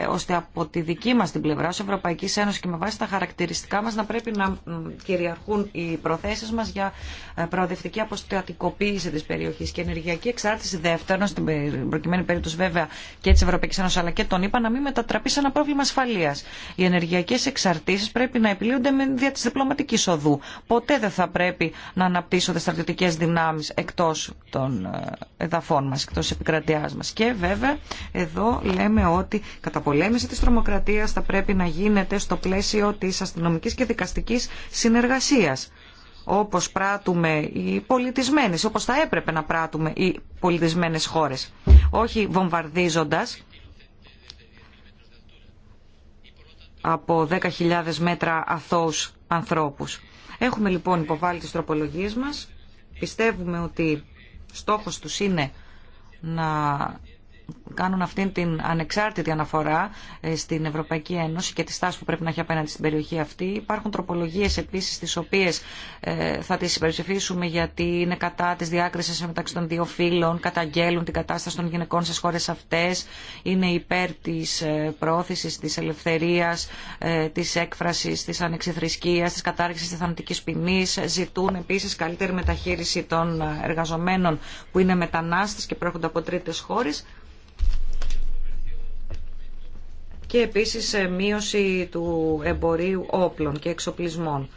ώστε από τη δική μας την πλευρά ως Ευρωπαϊκή Ένωση και με βάση τα χαρακτηριστικά μας να πρέπει να κυριαρχούν οι προθέσεις μας για ε, προοδευτική αποστατικοποίηση της περιοχής και ενεργειακή εξάρτηση δεύτερον στην προκειμένη περίπτωση βέβαια και της Ευρωπαϊκής Ένωσης αλλά και τον είπα να μην μετατραπεί σε ένα πρόβλημα ασφαλείας. Οι ενεργειακές εξαρτήσεις πρέπει να επιλύονται με δια της διπλωματικής οδού. Ποτέ δεν θα πρέπει να αναπτύσσονται στρατιωτικές δυνάμεις δυνάμεις εκτός των ε, εδαφών μας, εκτός επικρατείας μας. Και βέβαια εδώ λέμε ότι κατά καταπολέμηση της τρομοκρατίας θα πρέπει να γίνεται στο πλαίσιο της αστυνομικής και δικαστικής συνεργασίας όπως πράττουμε οι πολιτισμένες, όπως θα έπρεπε να πράττουμε οι πολιτισμένες χώρες. Όχι βομβαρδίζοντας από 10.000 μέτρα αθώους ανθρώπους. Έχουμε λοιπόν υποβάλει τις τροπολογίες μας Πιστεύουμε ότι στόχος τους είναι να κάνουν αυτή την ανεξάρτητη αναφορά ε, στην Ευρωπαϊκή Ένωση και τη στάση που πρέπει να έχει απέναντι στην περιοχή αυτή. Υπάρχουν τροπολογίε επίση, τι οποίε ε, θα τι υπερψηφίσουμε γιατί είναι κατά τη διάκριση μεταξύ των δύο φύλων, καταγγέλουν την κατάσταση των γυναικών στι χώρε αυτέ, είναι υπέρ τη ε, πρόθεση, τη ελευθερία, τη έκφραση, τη ανεξιθρησκεία, τη κατάργηση τη θανατική ποινή. Ζητούν επίση καλύτερη μεταχείριση των εργαζομένων που είναι μετανάστε και προέρχονται από τρίτε χώρε και επίσης ε, μείωση του εμπορίου όπλων και εξοπλισμών.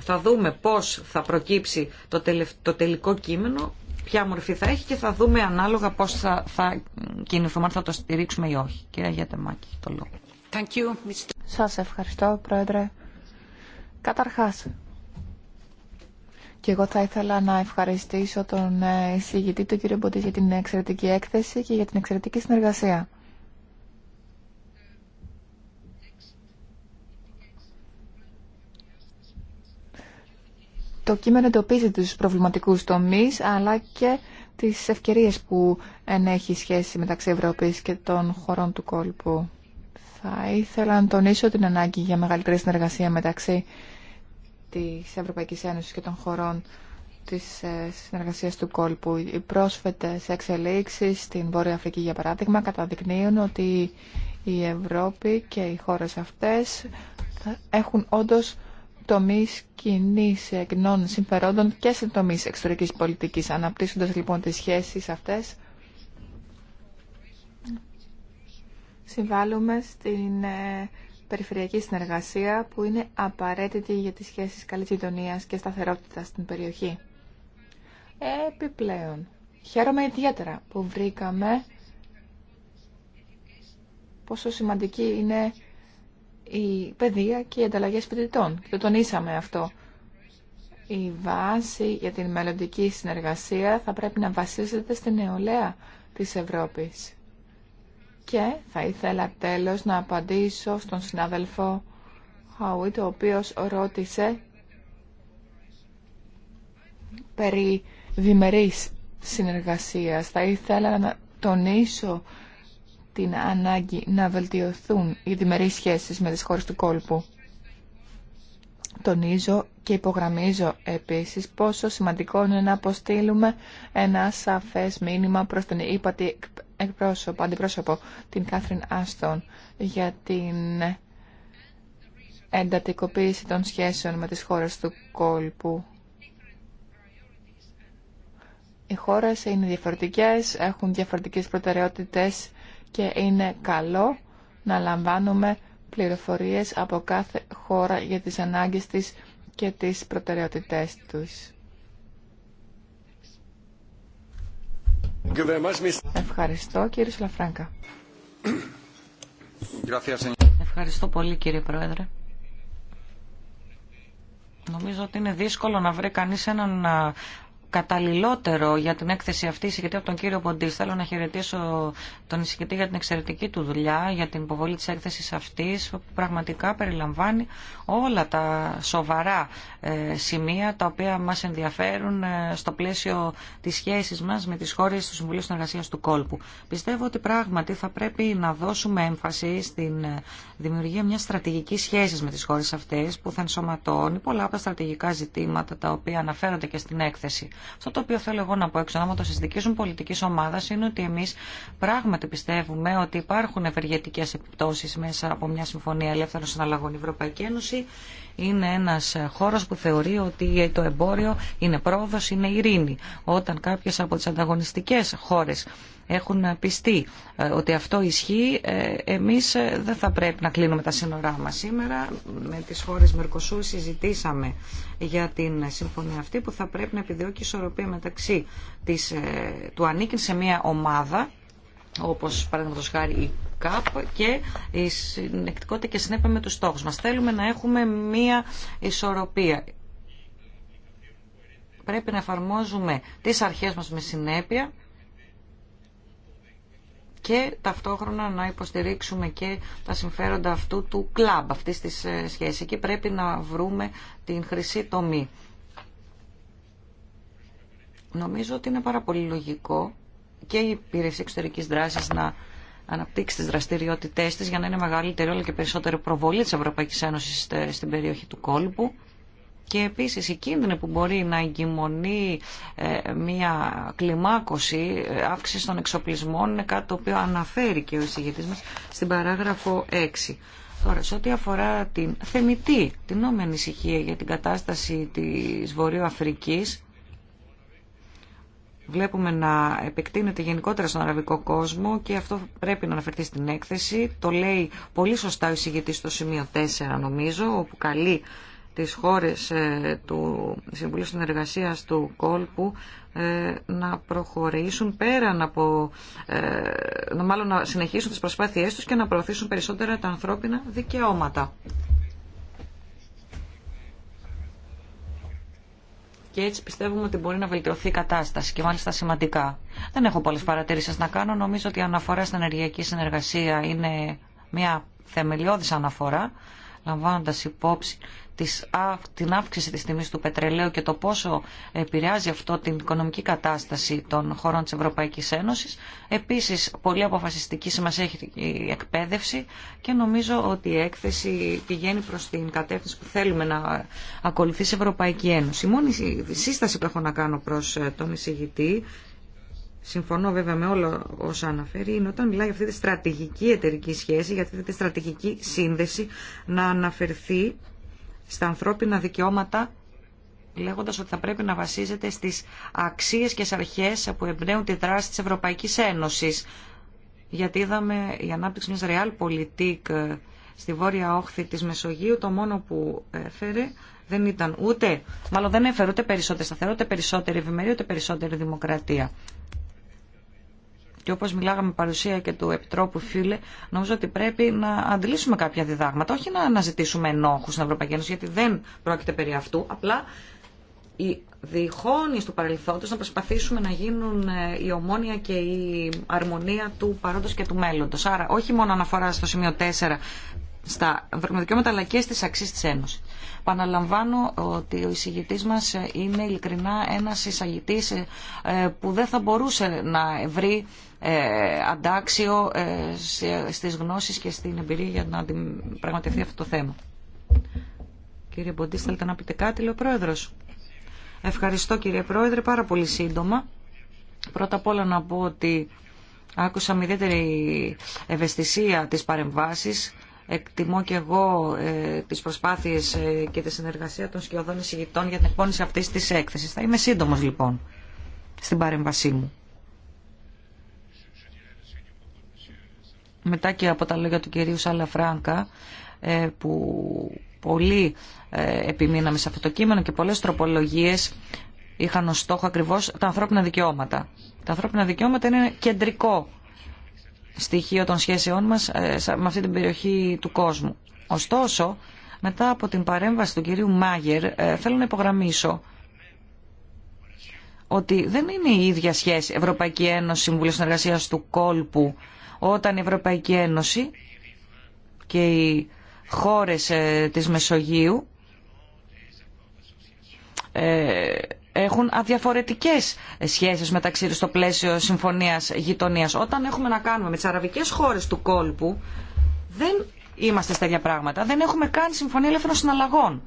Θα δούμε πώς θα προκύψει το, το τελικό κείμενο, ποια μορφή θα έχει και θα δούμε ανάλογα πώς θα, θα κινηθούμε, αν θα το στηρίξουμε ή όχι. Κυρία Γιατεμάκη, το λόγο. Thank you, Mr. Σας ευχαριστώ, Πρόεδρε. Καταρχάς, και εγώ θα ήθελα να ευχαριστήσω τον ε, εισηγητή, του κύριο Μποντή, για την εξαιρετική έκθεση και για την εξαιρετική συνεργασία. το κείμενο εντοπίζει τους προβληματικούς τομείς αλλά και τις ευκαιρίες που ενέχει η σχέση μεταξύ Ευρώπης και των χωρών του κόλπου. Θα ήθελα να τονίσω την ανάγκη για μεγαλύτερη συνεργασία μεταξύ της Ευρωπαϊκής Ένωσης και των χωρών της ε, συνεργασίας του κόλπου. Οι πρόσφατες εξελίξεις στην Βόρεια Αφρική, για παράδειγμα, καταδεικνύουν ότι η Ευρώπη και οι χώρες αυτές έχουν όντως τομεί κοινή ε, κοινών συμφερόντων και σε τομεί εξωτερική πολιτική. Αναπτύσσοντα λοιπόν τι σχέσει αυτέ, συμβάλλουμε στην ε, περιφερειακή συνεργασία που είναι απαραίτητη για τις σχέσεις καλής γειτονίας και σταθερότητας στην περιοχή. Επιπλέον, χαίρομαι ιδιαίτερα που βρήκαμε πόσο σημαντική είναι η παιδεία και οι ανταλλαγέ φοιτητών. Και το τονίσαμε αυτό. Η βάση για την μελλοντική συνεργασία θα πρέπει να βασίζεται στην νεολαία της Ευρώπης. Και θα ήθελα τέλος να απαντήσω στον συνάδελφο Χαουίτ, ο οποίος ρώτησε περί διμερής συνεργασίας. Θα ήθελα να τονίσω την ανάγκη να βελτιωθούν οι διμερείς σχέσεις με τις χώρες του κόλπου. Τονίζω και υπογραμμίζω επίσης πόσο σημαντικό είναι να αποστείλουμε ένα σαφές μήνυμα προς την ύπατη εκπρόσωπο, αντιπρόσωπο, την Κάθριν Άστον, για την εντατικοποίηση των σχέσεων με τις χώρες του κόλπου. Οι χώρες είναι διαφορετικές, έχουν διαφορετικές προτεραιότητες και είναι καλό να λαμβάνουμε πληροφορίες από κάθε χώρα για τις ανάγκες της και τις προτεραιότητές τους. Ευχαριστώ κύριε Σλαφράγκα. Ευχαριστώ πολύ κύριε Πρόεδρε. Νομίζω ότι είναι δύσκολο να βρει κανείς έναν καταλληλότερο για την έκθεση αυτή συγκεκριτή από τον κύριο Ποντή. Θέλω να χαιρετήσω τον συγκεκριτή για την εξαιρετική του δουλειά, για την υποβολή τη έκθεση αυτή, που πραγματικά περιλαμβάνει όλα τα σοβαρά ε, σημεία τα οποία μα ενδιαφέρουν ε, στο πλαίσιο τη σχέση μα με τι χώρε του Συμβουλίου Συνεργασία του Κόλπου. Πιστεύω ότι πράγματι θα πρέπει να δώσουμε έμφαση στην ε, δημιουργία μια στρατηγική σχέση με τι χώρε αυτέ που θα ενσωματώνει πολλά από τα στρατηγικά ζητήματα τα οποία αναφέρονται και στην έκθεση. Αυτό το οποίο θέλω εγώ να πω έξω, άμα το συζητήσουν πολιτική ομάδα, είναι ότι εμεί πράγματι πιστεύουμε ότι υπάρχουν ευεργετικέ επιπτώσει μέσα από μια συμφωνία ελεύθερων συναλλαγών. Ευρωπαϊκή Ένωση είναι ένας χώρος που θεωρεί ότι το εμπόριο είναι πρόοδος, είναι ειρήνη. Όταν κάποιες από τις ανταγωνιστικές χώρες έχουν πιστεί ε, ότι αυτό ισχύει, ε, εμείς ε, δεν θα πρέπει να κλείνουμε τα σύνορά μας. Σήμερα με τις χώρες Μερκοσού συζητήσαμε για την συμφωνία αυτή που θα πρέπει να επιδιώκει ισορροπία μεταξύ της, του ανήκει σε μια ομάδα όπως παραδείγματος χάρη η ΚΑΠ και η συνεκτικότητα και συνέπεια με τους στόχους μας. Θέλουμε να έχουμε μία ισορροπία. Πρέπει να εφαρμόζουμε τις αρχές μας με συνέπεια και ταυτόχρονα να υποστηρίξουμε και τα συμφέροντα αυτού του κλαμπ, Αυτή της ε, σχέσης. Εκεί πρέπει να βρούμε την χρυσή τομή. Νομίζω ότι είναι πάρα πολύ λογικό και η υπηρεσία εξωτερική δράση να αναπτύξει τι δραστηριότητέ τη για να είναι μεγαλύτερη όλο και περισσότερο προβολή τη Ευρωπαϊκή Ένωση στην περιοχή του κόλπου. Και επίση η κίνδυνη που μπορεί να εγκυμονεί ε, μια κλιμάκωση, ε, αύξηση των εξοπλισμών, είναι κάτι το οποίο αναφέρει και ο εισηγητής μα στην παράγραφο 6. Τώρα, σε ό,τι αφορά την θεμητή, την νόμη ανησυχία για την κατάσταση της Βορείου Αφρικής, βλέπουμε να επεκτείνεται γενικότερα στον αραβικό κόσμο και αυτό πρέπει να αναφερθεί στην έκθεση. Το λέει πολύ σωστά ο εισηγητής στο σημείο 4 νομίζω, όπου καλεί τις χώρες ε, του Συμβουλίου Συνεργασίας του Κόλπου ε, να προχωρήσουν πέραν από, ε, μάλλον να συνεχίσουν τις προσπάθειές τους και να προωθήσουν περισσότερα τα ανθρώπινα δικαιώματα. και έτσι πιστεύουμε ότι μπορεί να βελτιωθεί η κατάσταση και μάλιστα σημαντικά. Δεν έχω πολλές παρατηρήσεις να κάνω. Νομίζω ότι η αναφορά στην ενεργειακή συνεργασία είναι μια θεμελιώδης αναφορά λαμβάνοντα υπόψη την αύξηση της τιμής του πετρελαίου και το πόσο επηρεάζει αυτό την οικονομική κατάσταση των χωρών της Ευρωπαϊκής Ένωσης. Επίσης, πολύ αποφασιστική σημασία έχει η εκπαίδευση και νομίζω ότι η έκθεση πηγαίνει προς την κατεύθυνση που θέλουμε να ακολουθήσει η Ευρωπαϊκή Ένωση. Η μόνη σύσταση που έχω να κάνω προς ε, τον εισηγητή συμφωνώ βέβαια με όλα όσα αναφέρει, είναι όταν μιλάει για αυτή τη στρατηγική εταιρική σχέση, για αυτή τη στρατηγική σύνδεση, να αναφερθεί στα ανθρώπινα δικαιώματα λέγοντας ότι θα πρέπει να βασίζεται στις αξίες και στις αρχές που εμπνέουν τη δράση της Ευρωπαϊκής Ένωσης. Γιατί είδαμε η ανάπτυξη μιας realpolitik ε, στη βόρεια όχθη της Μεσογείου, το μόνο που έφερε δεν ήταν ούτε, μάλλον δεν έφερε ούτε περισσότερη σταθερότητα, ούτε περισσότερη ευημερία, ούτε περισσότερη δημοκρατία και όπως μιλάγαμε παρουσία και του Επιτρόπου Φίλε, νομίζω ότι πρέπει να αντιλήσουμε κάποια διδάγματα, όχι να αναζητήσουμε ενόχους στην Ευρωπαϊκή Ένωση, γιατί δεν πρόκειται περί αυτού, απλά οι διχόνοι του παρελθόντος να προσπαθήσουμε να γίνουν ε, η ομόνια και η αρμονία του παρόντος και του μέλλοντος. Άρα όχι μόνο αναφορά στο σημείο 4 στα δικαιώματα αλλά και στις αξίες της Ένωσης. Παναλαμβάνω ότι ο εισηγητής μας είναι ειλικρινά ένας εισαγητής ε, που δεν θα μπορούσε να βρει ε, αντάξιο ε, στις γνώσεις και στην εμπειρία για να πραγματευτεί αυτό το θέμα. Κύριε Μποντής, θέλετε να πείτε κάτι, λέει ο Πρόεδρος. Ευχαριστώ κύριε Πρόεδρε, πάρα πολύ σύντομα. Πρώτα απ' όλα να πω ότι άκουσα με ιδιαίτερη ευαισθησία τις παρεμβάσεις εκτιμώ και εγώ ε, τις προσπάθειες ε, και τη συνεργασία των σκιωδών εισηγητών για την εκπόνηση αυτής της έκθεσης. Θα είμαι σύντομος λοιπόν στην παρέμβασή μου. Μετά και από τα λόγια του κυρίου Σάλα ε, που πολύ ε, επιμείναμε σε αυτό το κείμενο και πολλές τροπολογίες είχαν ως στόχο ακριβώς τα ανθρώπινα δικαιώματα. Τα ανθρώπινα δικαιώματα είναι κεντρικό στοιχείο των σχέσεών μας ε, με αυτή την περιοχή του κόσμου. Ωστόσο, μετά από την παρέμβαση του κυρίου Μάγερ, ε, θέλω να υπογραμμίσω ότι δεν είναι η ίδια σχέση Ευρωπαϊκή Ένωση Συμβουλίου Συνεργασίας του Κόλπου όταν η Ευρωπαϊκή Ένωση και οι χώρες ε, της Μεσογείου έχουν αδιαφορετικέ σχέσεις μεταξύ του στο πλαίσιο συμφωνίας γειτονία. Όταν έχουμε να κάνουμε με τι αραβικέ χώρε του κόλπου, δεν είμαστε στα ίδια πράγματα. Δεν έχουμε καν συμφωνία ελεύθερων συναλλαγών.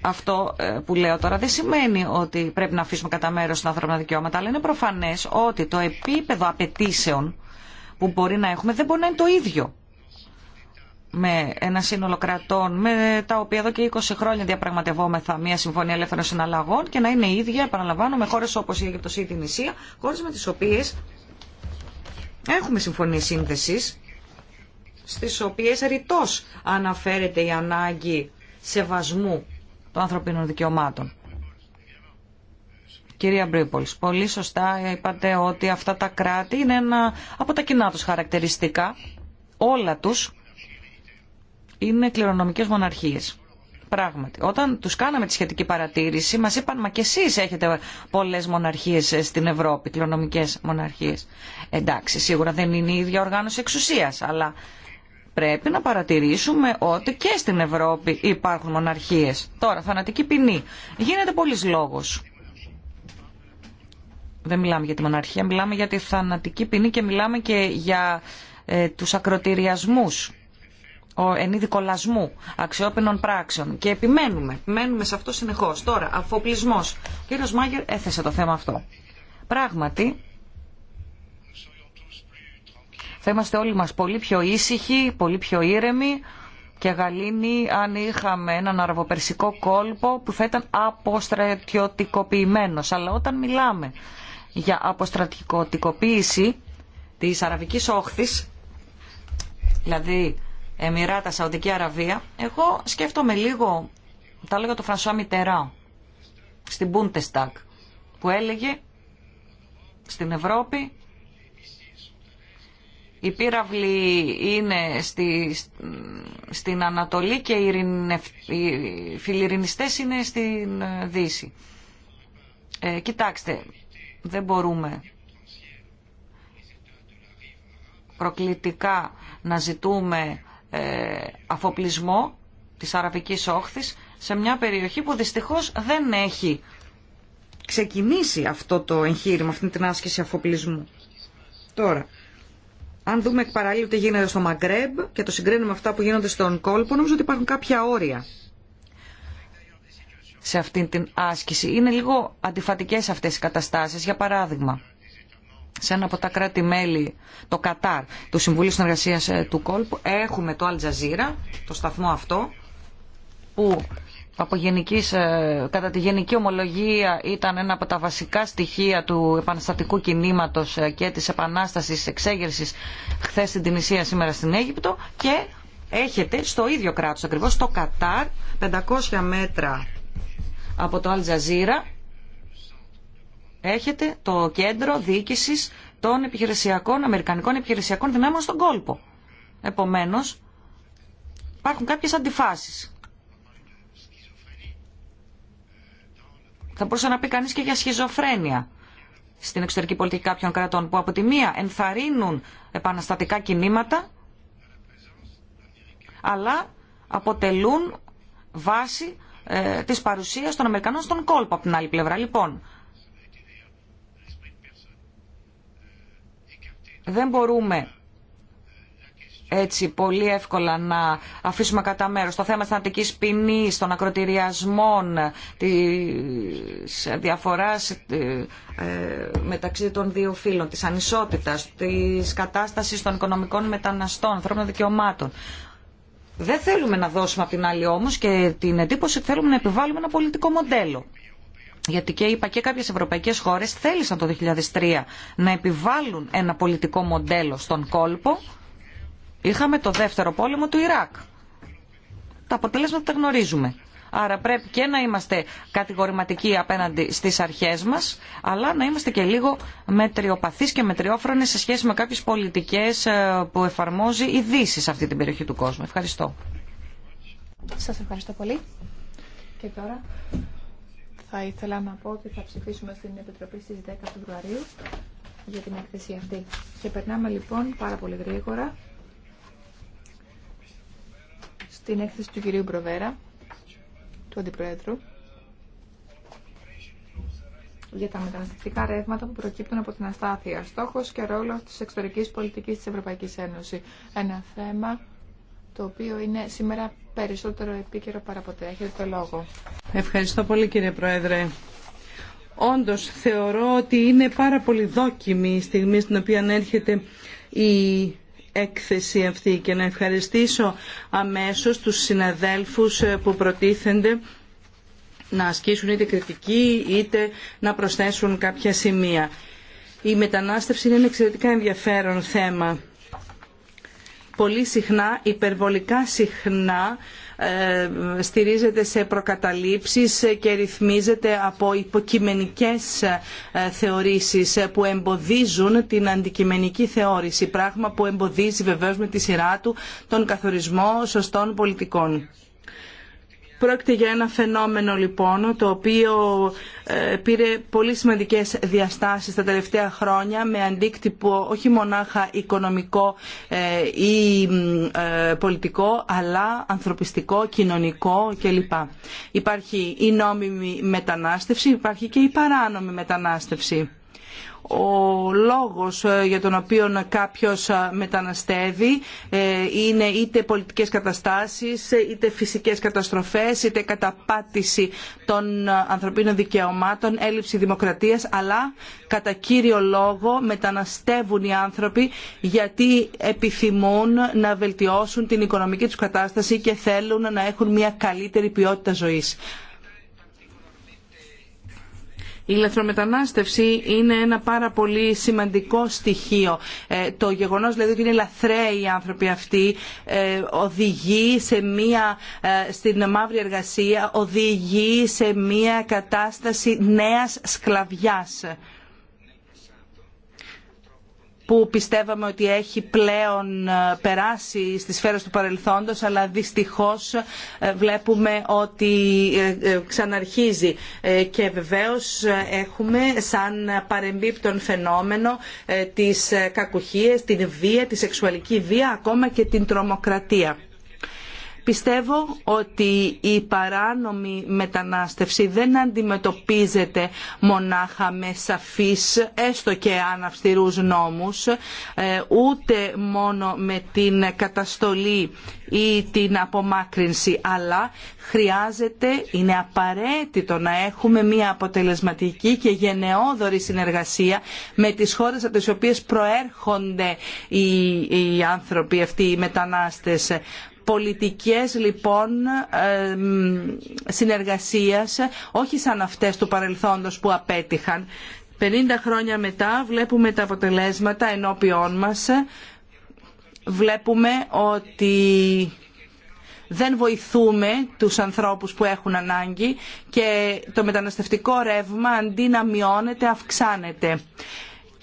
Αυτό ε, που λέω τώρα δεν σημαίνει ότι πρέπει να αφήσουμε κατά μέρο τα ανθρώπινα δικαιώματα, αλλά είναι προφανέ ότι το επίπεδο απαιτήσεων που μπορεί να έχουμε δεν μπορεί να είναι το ίδιο με ένα σύνολο κρατών με τα οποία εδώ και 20 χρόνια διαπραγματευόμεθα μια συμφωνία ελεύθερων συναλλαγών και να είναι ίδια, επαναλαμβάνω, με χώρε όπω η Αίγυπτο ή Τινησία, χώρε με τι οποίε έχουμε συμφωνίε σύνδεση, στι οποίε ρητό αναφέρεται η ανάγκη σεβασμού των ανθρωπίνων δικαιωμάτων. Κυρία Μπρίπολ, πολύ σωστά είπατε ότι αυτά τα κράτη είναι ένα από τα κοινά του χαρακτηριστικά, όλα τους, είναι κληρονομικέ μοναρχίε. Πράγματι, όταν του κάναμε τη σχετική παρατήρηση, μα είπαν «Μα και εσεί έχετε πολλέ μοναρχίε στην Ευρώπη, κληρονομικέ μοναρχίε. Εντάξει, σίγουρα δεν είναι η ίδια οργάνωση εξουσία, αλλά πρέπει να παρατηρήσουμε ότι και στην Ευρώπη υπάρχουν μοναρχίε. Τώρα, θανατική ποινή. Γίνεται πολλή λόγο. Δεν μιλάμε για τη μοναρχία, μιλάμε για τη θανατική ποινή και μιλάμε και για ε, τους ακροτηριασμούς ο κολλασμού αξιόπινων πράξεων. Και επιμένουμε, μένουμε σε αυτό συνεχώ. Τώρα, αφοπλισμό. Ο κύριο Μάγκερ έθεσε το θέμα αυτό. Πράγματι, θα είμαστε όλοι μας πολύ πιο ήσυχοι, πολύ πιο ήρεμοι και γαλήνοι αν είχαμε έναν αραβοπερσικό κόλπο που θα ήταν αποστρατιωτικοποιημένο. Αλλά όταν μιλάμε για αποστρατιωτικοποίηση τη αραβική όχθη, δηλαδή Εμμυράτα, Σαουδική Αραβία, εγώ σκέφτομαι λίγο τα λόγια το Φρανσουά Μιτερά στην Bundestag που έλεγε στην Ευρώπη οι πύραυλοι είναι στη, στην Ανατολή και οι, φιλιρινιστές είναι στην ε, Δύση. Ε, κοιτάξτε, δεν μπορούμε προκλητικά να ζητούμε ε, αφοπλισμό της αραβικής όχθης σε μια περιοχή που δυστυχώς δεν έχει ξεκινήσει αυτό το εγχείρημα, αυτή την άσκηση αφοπλισμού. Τώρα, αν δούμε εκ παραλίλου τι γίνεται στο Μαγκρέμπ και το συγκρίνουμε με αυτά που γίνονται στον κόλπο, νομίζω ότι υπάρχουν κάποια όρια σε αυτή την άσκηση. Είναι λίγο αντιφατικές αυτές οι καταστάσεις. Για παράδειγμα, σε ένα από τα κράτη-μέλη, το Κατάρ, του Συμβουλίου Συνεργασίας ε, του Κόλπου, έχουμε το Αλτζαζίρα, το σταθμό αυτό, που από γενικής, ε, κατά τη γενική ομολογία ήταν ένα από τα βασικά στοιχεία του επαναστατικού κινήματος ε, και της επανάστασης εξέγερσης χθες στην Τινησία σήμερα στην Αίγυπτο και έχετε στο ίδιο κράτος ακριβώς, το Κατάρ, 500 μέτρα από το Αλτζαζίρα έχετε το κέντρο διοίκησης των επιχειρησιακών, αμερικανικών επιχειρησιακών δυνάμεων στον κόλπο. Επομένως, υπάρχουν κάποιες αντιφάσεις. Θα μπορούσε να πει κανείς και για σχιζοφρένεια στην εξωτερική πολιτική κάποιων κρατών που από τη μία ενθαρρύνουν επαναστατικά κινήματα αλλά αποτελούν βάση ε, της παρουσίας των Αμερικανών στον κόλπο από την άλλη πλευρά. Λοιπόν, δεν μπορούμε έτσι πολύ εύκολα να αφήσουμε κατά μέρο το θέμα τη θανατική ποινή, των ακροτηριασμών, τη διαφορά ε, μεταξύ των δύο φύλων, της ανισότητα, της κατάστασης των οικονομικών μεταναστών, ανθρώπινων δικαιωμάτων. Δεν θέλουμε να δώσουμε απ' την άλλη όμω και την εντύπωση ότι θέλουμε να επιβάλλουμε ένα πολιτικό μοντέλο γιατί και είπα και κάποιες ευρωπαϊκές χώρες θέλησαν το 2003 να επιβάλλουν ένα πολιτικό μοντέλο στον κόλπο. Είχαμε το δεύτερο πόλεμο του Ιράκ. Τα αποτελέσματα τα γνωρίζουμε. Άρα πρέπει και να είμαστε κατηγορηματικοί απέναντι στις αρχές μας, αλλά να είμαστε και λίγο μετριοπαθείς και μετριόφρονες σε σχέση με κάποιες πολιτικές ε, που εφαρμόζει η Δύση σε αυτή την περιοχή του κόσμου. Ευχαριστώ. Σας ευχαριστώ πολύ. Και τώρα θα ήθελα να πω ότι θα ψηφίσουμε στην Επιτροπή στις 10 Φεβρουαρίου για την έκθεση αυτή. Και περνάμε λοιπόν πάρα πολύ γρήγορα στην έκθεση του κυρίου Μπροβέρα, του Αντιπροέδρου, για τα μεταναστευτικά ρεύματα που προκύπτουν από την αστάθεια. Στόχος και ρόλο της εξωτερικής πολιτικής της Ευρωπαϊκής Ένωσης. Ένα θέμα το οποίο είναι σήμερα περισσότερο επίκαιρο παραποτέ. Έχετε το λόγο. Ευχαριστώ πολύ κύριε Πρόεδρε. Όντως θεωρώ ότι είναι πάρα πολύ δόκιμη η στιγμή στην οποία έρχεται η έκθεση αυτή και να ευχαριστήσω αμέσως τους συναδέλφους ε, που προτίθενται να ασκήσουν είτε κριτική είτε να προσθέσουν κάποια σημεία. Η μετανάστευση είναι ένα εξαιρετικά ενδιαφέρον θέμα πολύ συχνά, υπερβολικά συχνά ε, στηρίζεται σε προκαταλήψεις και ρυθμίζεται από υποκειμενικές ε, θεωρήσεις που εμποδίζουν την αντικειμενική θεώρηση, πράγμα που εμποδίζει βεβαίως με τη σειρά του τον καθορισμό σωστών πολιτικών. Πρόκειται για ένα φαινόμενο λοιπόν το οποίο ε, πήρε πολύ σημαντικές διαστάσεις τα τελευταία χρόνια με αντίκτυπο όχι μονάχα οικονομικό ε, ή ε, πολιτικό αλλά ανθρωπιστικό, κοινωνικό κλπ. Υπάρχει η νόμιμη μετανάστευση, υπάρχει και η παράνομη μετανάστευση ο λόγος ε, για τον οποίο κάποιος ε, μεταναστεύει ε, είναι είτε πολιτικές καταστάσεις, είτε φυσικές καταστροφές, είτε καταπάτηση των ανθρωπίνων δικαιωμάτων, έλλειψη δημοκρατίας, αλλά κατά κύριο λόγο μεταναστεύουν οι άνθρωποι γιατί επιθυμούν να βελτιώσουν την οικονομική τους κατάσταση και θέλουν να έχουν μια καλύτερη ποιότητα ζωής. Η λαθρομετανάστευση είναι ένα πάρα πολύ σημαντικό στοιχείο. Ε, το γεγονός δηλαδή ότι είναι λαθρέοι οι άνθρωποι αυτοί ε, οδηγεί σε μία, ε, στην μαύρη εργασία, οδηγεί σε μία κατάσταση νέας σκλαβιάς που πιστεύαμε ότι έχει πλέον ε, περάσει στη σφαίρα του παρελθόντος αλλά δυστυχώς ε, βλέπουμε ότι ε, ξαναρχίζει και βεβαίως έχουμε σαν παρεμπίπτον φαινόμενο τις κακουχίες, την βία, τη σεξουαλική βία ακόμα και την τρομοκρατία. Πιστεύω ότι η παράνομη μετανάστευση δεν αντιμετωπίζεται μονάχα με σαφείς, έστω και αν αυστηρούς νόμους, ε, ούτε μόνο με την καταστολή ή την απομάκρυνση, αλλά χρειάζεται, είναι απαραίτητο να έχουμε μια αποτελεσματική και γενναιόδορη συνεργασία με τις χώρες από τις οποίες προέρχονται οι, οι άνθρωποι αυτοί, οι μετανάστες. Πολιτικές λοιπόν συνεργασίας, όχι σαν αυτές του παρελθόντος που απέτυχαν. 50 χρόνια μετά βλέπουμε τα αποτελέσματα ενώπιόν μας. Βλέπουμε ότι δεν βοηθούμε τους ανθρώπους που έχουν ανάγκη και το μεταναστευτικό ρεύμα αντί να μειώνεται αυξάνεται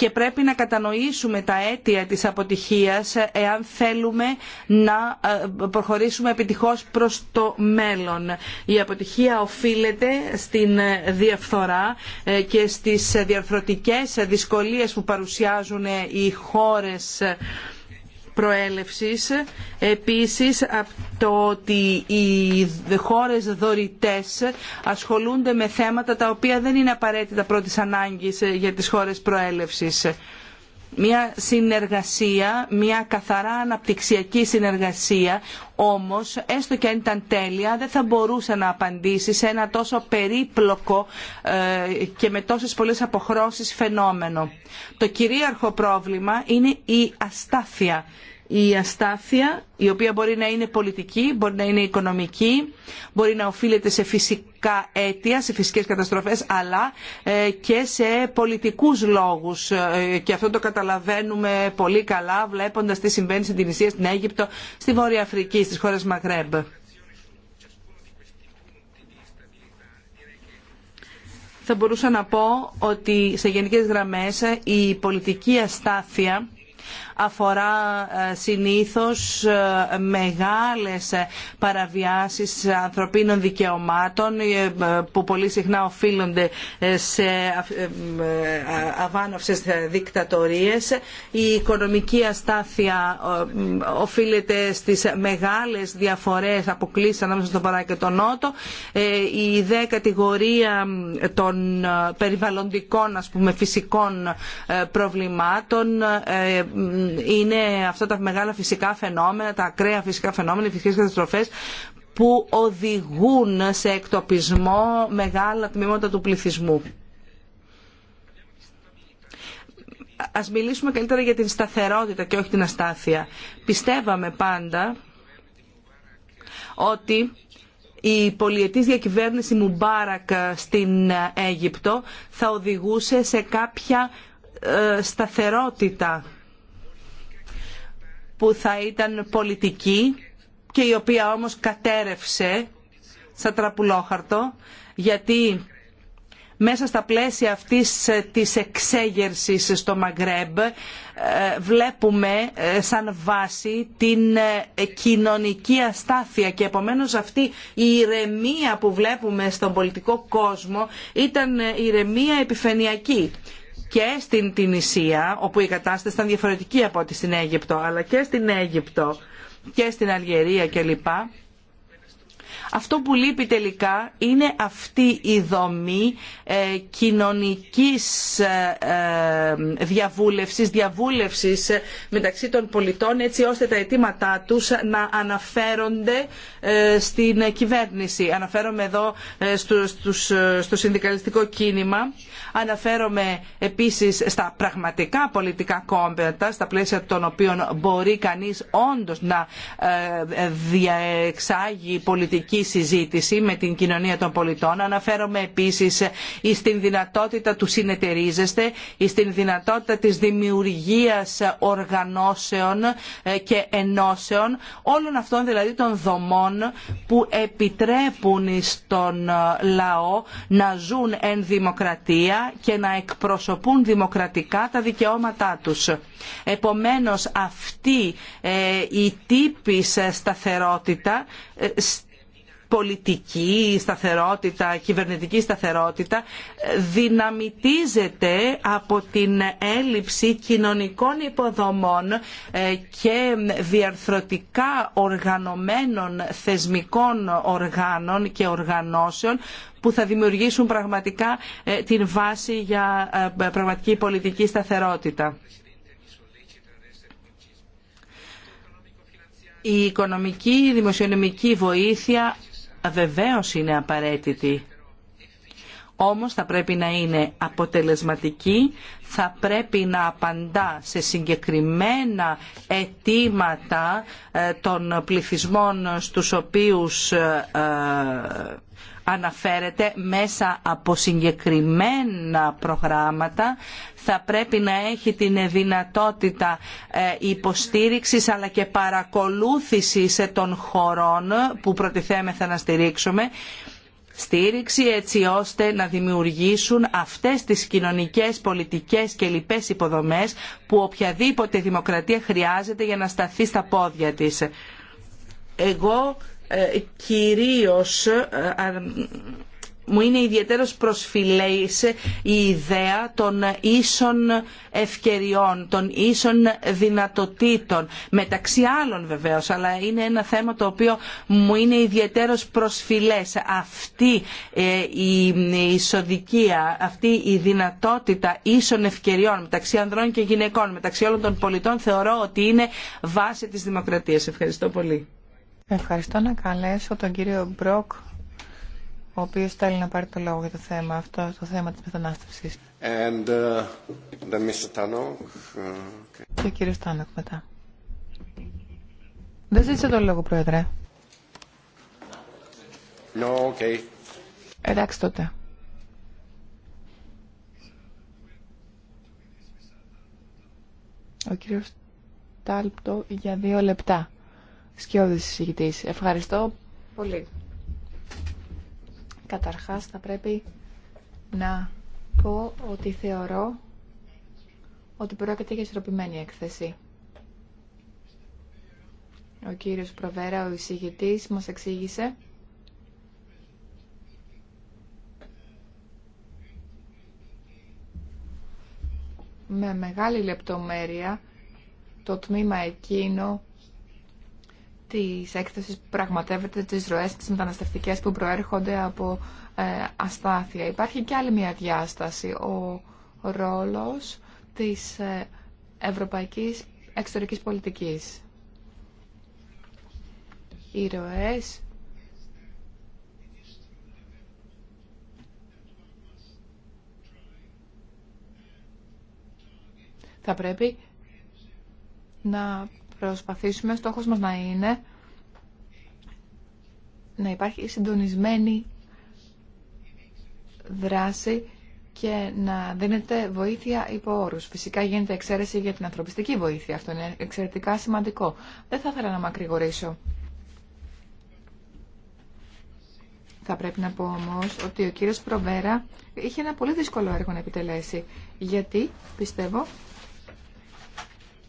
και πρέπει να κατανοήσουμε τα αίτια της αποτυχίας ε, εάν θέλουμε να ε, προχωρήσουμε επιτυχώς προς το μέλλον. Η αποτυχία οφείλεται στην ε, διαφθορά και στις διαρθρωτικές δυσκολίες που παρουσιάζουν οι χώρες προέλευσης. Επίσης, από το ότι οι χώρες δωρητές ασχολούνται με θέματα τα οποία δεν είναι απαραίτητα πρώτης ανάγκης ε, για τις χώρες προέλευσης μια συνεργασία, μια καθαρά αναπτυξιακή συνεργασία, όμως έστω και αν ήταν τέλεια δεν θα μπορούσε να απαντήσει σε ένα τόσο περίπλοκο ε, και με τόσες πολλές αποχρώσεις φαινόμενο. Το κυρίαρχο πρόβλημα είναι η αστάθεια η αστάθεια η οποία μπορεί να είναι πολιτική, μπορεί να είναι οικονομική, μπορεί να οφείλεται σε φυσικά αίτια, σε φυσικές καταστροφές, αλλά ε, και σε πολιτικούς λόγους. Ε, και αυτό το καταλαβαίνουμε πολύ καλά βλέποντας τι συμβαίνει στην Τινησία, στην Αίγυπτο, στη Βόρεια Αφρική, στις χώρες Μαγρέμπ. Θα μπορούσα να πω ότι σε γενικές γραμμές η πολιτική αστάθεια αφορά ε, συνήθως ε, μεγάλες ε, παραβιάσεις ανθρωπίνων δικαιωμάτων που πολύ συχνά οφείλονται σε αβάναυσες δικτατορίες. Η οικονομική αστάθεια οφείλεται στις μεγάλες διαφορές αποκλήσεις ανάμεσα στον Παρά και τον Νότο. Η δε κατηγορία των περιβαλλοντικών ας πούμε, φυσικών προβλημάτων είναι αυτά τα μεγάλα φυσικά φαινόμενα, τα ακραία φυσικά φαινόμενα, οι φυσικές καταστροφές που οδηγούν σε εκτοπισμό μεγάλα τμήματα του πληθυσμού. Ας μιλήσουμε καλύτερα για την σταθερότητα και όχι την αστάθεια. Πιστεύαμε πάντα ότι η πολιετής διακυβέρνηση Μουμπάρακ στην Αίγυπτο θα οδηγούσε σε κάποια ε, σταθερότητα που θα ήταν πολιτική και η οποία όμως κατέρευσε σαν τραπουλόχαρτο γιατί μέσα στα πλαίσια αυτής ε, της εξέγερσης στο Μαγκρέμπ ε, βλέπουμε ε, σαν βάση την κοινωνική αστάθεια και επομένως αυτή η ηρεμία που βλέπουμε στον πολιτικό κόσμο ήταν ηρεμία επιφανειακή και στην Τινησία όπου η κατάσταση ήταν διαφορετική από ό,τι στην Αίγυπτο αλλά και στην Αίγυπτο και στην Αλγερία κλπ αυτό που λείπει τελικά είναι αυτή η δομή ε, κοινωνικής ε, ε, διαβούλευσης, διαβούλευσης μεταξύ των πολιτών έτσι ώστε τα αιτήματά τους να αναφέρονται στην κυβέρνηση. Αναφέρομαι εδώ στο, στο συνδικαλιστικό κίνημα, αναφέρομαι επίσης στα πραγματικά πολιτικά κόμματα, στα πλαίσια των οποίων μπορεί κανείς όντως να διαεξάγει πολιτική συζήτηση με την κοινωνία των πολιτών. Αναφέρομαι επίσης στην δυνατότητα του συνεταιρίζεστε, στην δυνατότητα της δημιουργίας οργανώσεων και ενώσεων, όλων αυτών δηλαδή των δομών που επιτρέπουν στον λαό να ζουν εν δημοκρατία και να εκπροσωπούν δημοκρατικά τα δικαιώματά τους. Επομένως αυτή ε, η τύπη σταθερότητα ε, πολιτική σταθερότητα, κυβερνητική σταθερότητα δυναμητίζεται από την έλλειψη κοινωνικών υποδομών ε, και διαρθρωτικά οργανωμένων θεσμικών οργάνων και οργανώσεων που θα δημιουργήσουν πραγματικά ε, την βάση για ε, πραγματική πολιτική σταθερότητα. Η οικονομική, η δημοσιονομική βοήθεια βεβαίως είναι απαραίτητη όμως θα πρέπει να είναι αποτελεσματική, θα πρέπει να απαντά σε συγκεκριμένα αιτήματα ε, των πληθυσμών στους οποίους ε, ε, αναφέρεται μέσα από συγκεκριμένα προγράμματα θα πρέπει να έχει την δυνατότητα ε, υποστήριξης αλλά και παρακολούθησης των χωρών που προτιθέμεθα να στηρίξουμε στήριξη έτσι ώστε να δημιουργήσουν αυτές τις κοινωνικές, πολιτικές και λοιπές υποδομές που οποιαδήποτε δημοκρατία χρειάζεται για να σταθεί στα πόδια της. Εγώ ε, κυρίως ε, μου είναι ιδιαίτερος προσφυλαίης η ιδέα των ίσων ευκαιριών, των ίσων δυνατοτήτων, μεταξύ άλλων βεβαίως, αλλά είναι ένα θέμα το οποίο μου είναι ιδιαίτερος προσφυλές. Αυτή ε, η ισοδικία, αυτή η δυνατότητα ίσων ευκαιριών μεταξύ ανδρών και γυναικών, μεταξύ όλων των πολιτών, θεωρώ ότι είναι βάση της δημοκρατίας. Ευχαριστώ πολύ. Ευχαριστώ να καλέσω τον κύριο Μπροκ, ο οποίος θέλει να πάρει το λόγο για το θέμα αυτό, το θέμα της μετανάστευσης. And, uh, Mr. Uh, Και ο κύριος Τάνοκ μετά. Δεν ζήτησε το λόγο, Πρόεδρε. No, okay. Εντάξει τότε. Ο κύριος Τάλπτο για δύο λεπτά σκιώδης συζητητής. Ευχαριστώ πολύ. Καταρχάς θα πρέπει να πω ότι θεωρώ ότι πρόκειται για ισορροπημένη έκθεση. Ο κύριος Προβέρα, ο εισηγητής, μας εξήγησε με μεγάλη λεπτομέρεια το τμήμα εκείνο Τη έκθεση που πραγματεύεται τι ροέ, τι μεταναστευτικέ που προέρχονται από ε, αστάθεια. Υπάρχει και άλλη μια διάσταση, ο ρόλος της ε, ευρωπαϊκής εξωτερικής πολιτικής. Οι ροέ. θα πρέπει να προσπαθήσουμε, στόχος μας να είναι να υπάρχει συντονισμένη δράση και να δίνεται βοήθεια υπό όρους. Φυσικά γίνεται εξαίρεση για την ανθρωπιστική βοήθεια. Αυτό είναι εξαιρετικά σημαντικό. Δεν θα ήθελα να μακρηγορήσω. Θα πρέπει να πω όμως ότι ο κύριος Προβέρα είχε ένα πολύ δύσκολο έργο να επιτελέσει. Γιατί πιστεύω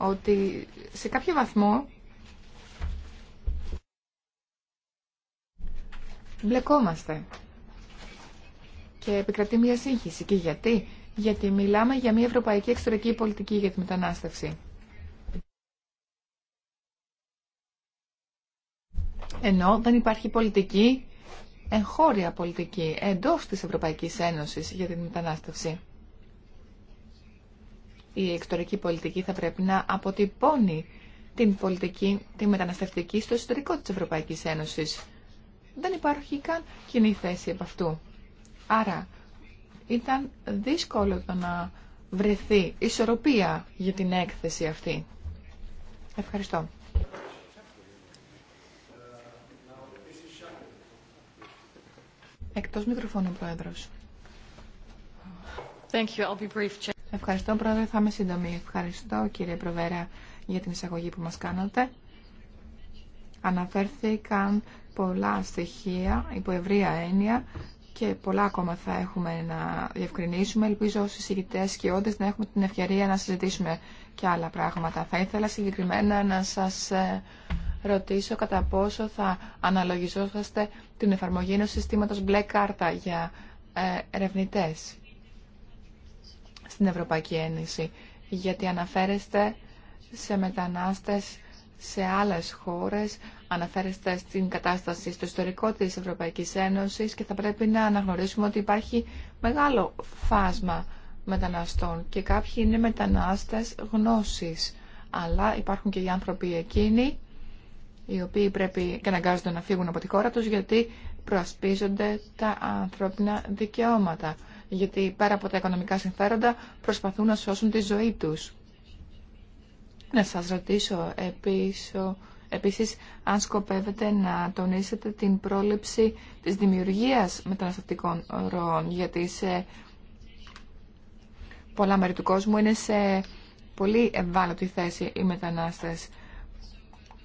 ότι σε κάποιο βαθμό μπλεκόμαστε και επικρατεί μια σύγχυση. Και γιατί? Γιατί μιλάμε για μια ευρωπαϊκή εξωτερική πολιτική για τη μετανάστευση. Ενώ δεν υπάρχει πολιτική, εγχώρια πολιτική, εντός της Ευρωπαϊκής Ένωσης για την μετανάστευση η εξωτερική πολιτική θα πρέπει να αποτυπώνει την πολιτική, τη μεταναστευτική στο εσωτερικό της Ευρωπαϊκής Ένωσης. Δεν υπάρχει καν κοινή θέση από αυτού. Άρα ήταν δύσκολο το να βρεθεί ισορροπία για την έκθεση αυτή. Ευχαριστώ. Εκτός μικροφώνου, Πρόεδρος. Thank you. I'll be brief. Ευχαριστώ, Πρόεδρε. Θα είμαι σύντομη. Ευχαριστώ, κύριε Προβέρα, για την εισαγωγή που μας κάνατε. Αναφέρθηκαν πολλά στοιχεία υπό ευρεία έννοια και πολλά ακόμα θα έχουμε να διευκρινίσουμε. Ελπίζω ως εισηγητές και όντες να έχουμε την ευκαιρία να συζητήσουμε και άλλα πράγματα. Θα ήθελα συγκεκριμένα να σας ε, ρωτήσω κατά πόσο θα αναλογιζόσαστε την εφαρμογή ενός συστήματος μπλε κάρτα για ε, ερευνητές στην Ευρωπαϊκή Ένωση, γιατί αναφέρεστε σε μετανάστες σε άλλες χώρες, αναφέρεστε στην κατάσταση στο ιστορικό της Ευρωπαϊκής Ένωσης και θα πρέπει να αναγνωρίσουμε ότι υπάρχει μεγάλο φάσμα μεταναστών και κάποιοι είναι μετανάστες γνώσης, αλλά υπάρχουν και οι άνθρωποι εκείνοι οι οποίοι πρέπει και αναγκάζονται να φύγουν από τη χώρα τους γιατί προασπίζονται τα ανθρώπινα δικαιώματα γιατί πέρα από τα οικονομικά συμφέροντα προσπαθούν να σώσουν τη ζωή τους. Να σας ρωτήσω επίσης, επίσης αν σκοπεύετε να τονίσετε την πρόληψη της δημιουργίας μεταναστευτικών ροών, γιατί σε πολλά μέρη του κόσμου είναι σε πολύ ευάλωτη θέση οι μετανάστες.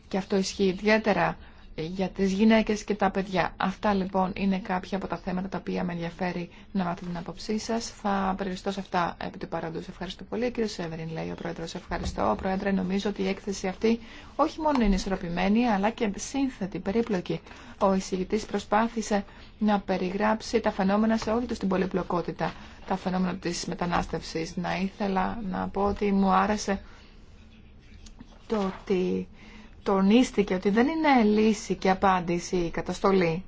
Και αυτό ισχύει ιδιαίτερα για τις γυναίκες και τα παιδιά. Αυτά λοιπόν είναι κάποια από τα θέματα τα οποία με ενδιαφέρει να μάθω την άποψή σα. Θα περιοριστώ σε αυτά επί του παρόντος. Ευχαριστώ πολύ. Κύριε Σέβεριν λέει ο Πρόεδρο. Ευχαριστώ. Ο Πρόεδρε νομίζω ότι η έκθεση αυτή όχι μόνο είναι ισορροπημένη αλλά και σύνθετη, περίπλοκη. Ο εισηγητή προσπάθησε να περιγράψει τα φαινόμενα σε όλη του την πολυπλοκότητα. Τα φαινόμενα τη μετανάστευση. Να ήθελα να πω ότι μου άρεσε το ότι τονίστηκε ότι δεν είναι λύση και απάντηση η καταστολή.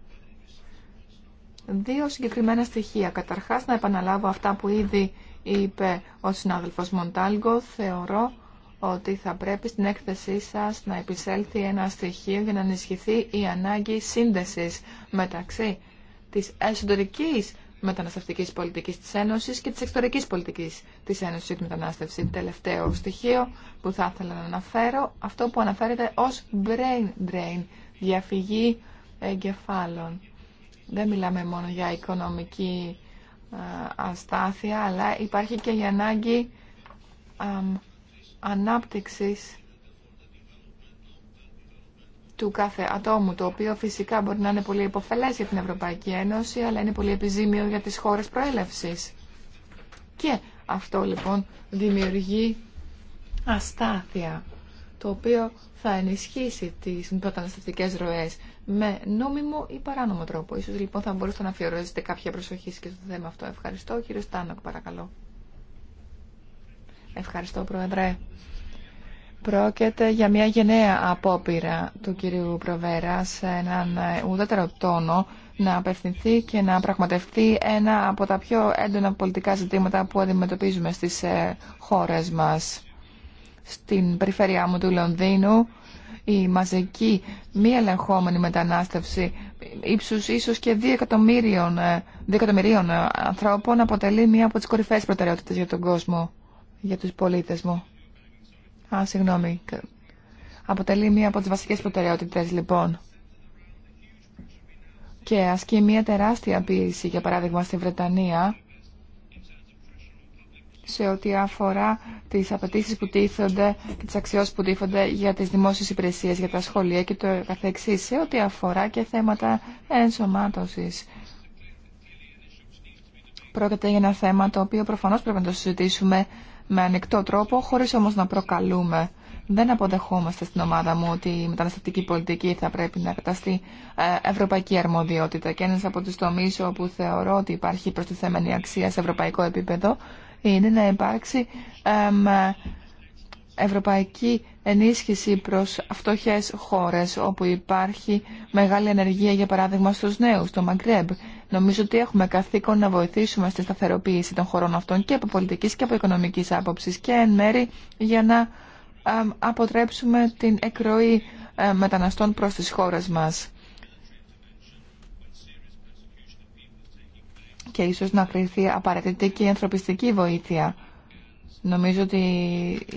Δύο συγκεκριμένα στοιχεία. Καταρχάς, να επαναλάβω αυτά που ήδη είπε ο συνάδελφος Μοντάλγκο. Θεωρώ ότι θα πρέπει στην έκθεσή σας να επισέλθει ένα στοιχείο για να ενισχυθεί η ανάγκη σύνδεσης μεταξύ της εσωτερικής Μεταναστευτική πολιτικής της Ένωση και της εξωτερική πολιτικής της Ένωση για τη μετανάστευση. Τελευταίο στοιχείο που θα ήθελα να αναφέρω, αυτό που αναφέρεται ως brain drain, διαφυγή εγκεφάλων. Δεν μιλάμε μόνο για οικονομική αστάθεια, αλλά υπάρχει και η ανάγκη ανάπτυξης του κάθε ατόμου, το οποίο φυσικά μπορεί να είναι πολύ υποφελές για την Ευρωπαϊκή Ένωση, αλλά είναι πολύ επιζήμιο για τις χώρες προέλευσης. Και αυτό λοιπόν δημιουργεί αστάθεια, το οποίο θα ενισχύσει τις μεταναστευτικέ ροές με νόμιμο ή παράνομο τρόπο. Ίσως λοιπόν θα μπορούσατε να αφιερώσετε κάποια προσοχή και στο θέμα αυτό. Ευχαριστώ. Κύριο Στάνοκ, παρακαλώ. Ευχαριστώ, Πρόεδρε. Πρόκειται για μια γενναία απόπειρα του κυρίου Προβέρα σε έναν ουδέτερο τόνο να απευθυνθεί και να πραγματευτεί ένα από τα πιο έντονα πολιτικά ζητήματα που αντιμετωπίζουμε στις ε, χώρες μας. Στην περιφέρειά μου του Λονδίνου η μαζική μη ελεγχόμενη μετανάστευση ύψους ίσως και 2 εκατομμυρίων, ε, εκατομμυρίων ανθρώπων αποτελεί μία από τις κορυφαίες προτεραιότητες για τον κόσμο, για τους πολίτες μου. Α, συγγνώμη. Αποτελεί μία από τις βασικές προτεραιότητες, λοιπόν. Και ασκεί μία τεράστια πίεση, για παράδειγμα, στη Βρετανία, σε ό,τι αφορά τις απαιτήσει που τίθονται και τις αξιώσεις που τίθονται για τις δημόσιες υπηρεσίες, για τα σχολεία και το καθεξής, σε ό,τι αφορά και θέματα ενσωμάτωσης. Πρόκειται για ένα θέμα το οποίο προφανώς πρέπει να το συζητήσουμε με ανοιχτό τρόπο, χωρίς όμως να προκαλούμε. Δεν αποδεχόμαστε στην ομάδα μου ότι η μεταναστευτική πολιτική θα πρέπει να καταστεί ε, ευρωπαϊκή αρμοδιότητα και ένα από τους τομείς όπου θεωρώ ότι υπάρχει προστιθέμενη αξία σε ευρωπαϊκό επίπεδο είναι να υπάρξει ευρωπαϊκή ενίσχυση προς φτωχε χώρε όπου υπάρχει μεγάλη ενεργία για παράδειγμα στου νέου, στο Μαγκρέμπ Νομίζω ότι έχουμε καθήκον να βοηθήσουμε στη σταθεροποίηση των χωρών αυτών και από πολιτική και από οικονομική άποψη και εν μέρη για να αποτρέψουμε την εκροή ε, μεταναστών προς τις χώρες μας. Και ίσως να χρηθεί απαραίτητη και η ανθρωπιστική βοήθεια. Νομίζω ότι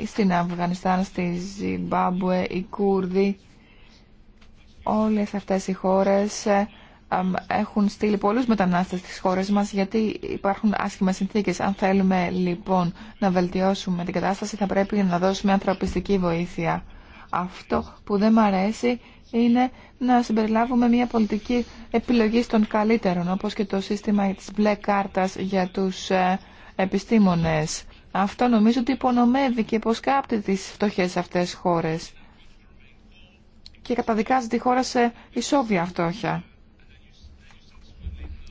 στην Αφγανιστάν, στη Ζιμπάμπουε, οι Κούρδοι, όλες αυτές οι χώρες ε, έχουν στείλει πολλούς μετανάστες στις χώρες μας γιατί υπάρχουν άσχημες συνθήκες. Αν θέλουμε λοιπόν να βελτιώσουμε την κατάσταση θα πρέπει να δώσουμε ανθρωπιστική βοήθεια. Αυτό που δεν μ' αρέσει είναι να συμπεριλάβουμε μια πολιτική επιλογή των καλύτερων όπως και το σύστημα της μπλε κάρτας για τους ε, επιστήμονες. Αυτό νομίζω ότι υπονομεύει και υποσκάπτει τις φτωχές αυτές χώρες και καταδικάζει τη χώρα σε ισόβια φτώχεια.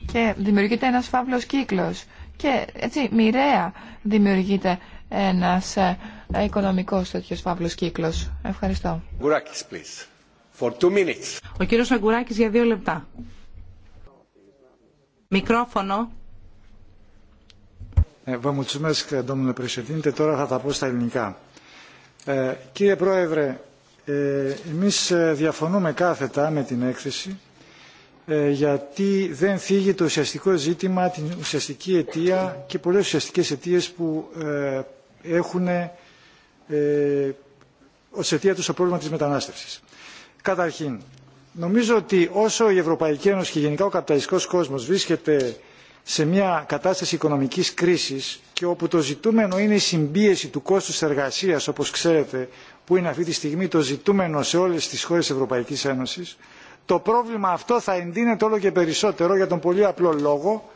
Και δημιουργείται ένας φαύλος κύκλος. Και έτσι μοιραία δημιουργείται ένας ε, οικονομικός τέτοιος φαύλος κύκλος. Ευχαριστώ. Ο κύριος Αγκουράκης για δύο λεπτά. Μικρόφωνο. Ε, Τώρα θα τα πω στα ελληνικά. Ε, κύριε Πρόεδρε, ε, εμείς ε, διαφωνούμε κάθετα με την έκθεση ε, γιατί δεν θίγει το ουσιαστικό ζήτημα, την ουσιαστική αιτία και πολλές ουσιαστικές αιτίες που ε, έχουν ε, ως αιτία του το πρόβλημα της μετανάστευσης. Καταρχήν, νομίζω ότι όσο η Ευρωπαϊκή Ένωση και γενικά ο καπιταλιστικός κόσμος βρίσκεται σε μια κατάσταση οικονομικής κρίσης και όπου το ζητούμενο είναι η συμπίεση του κόστου εργασίας, όπως ξέρετε, που είναι αυτή τη στιγμή το ζητούμενο σε όλες τις χώρες της Ευρωπαϊκής Ένωσης, το πρόβλημα αυτό θα εντείνεται όλο και περισσότερο για τον πολύ απλό λόγο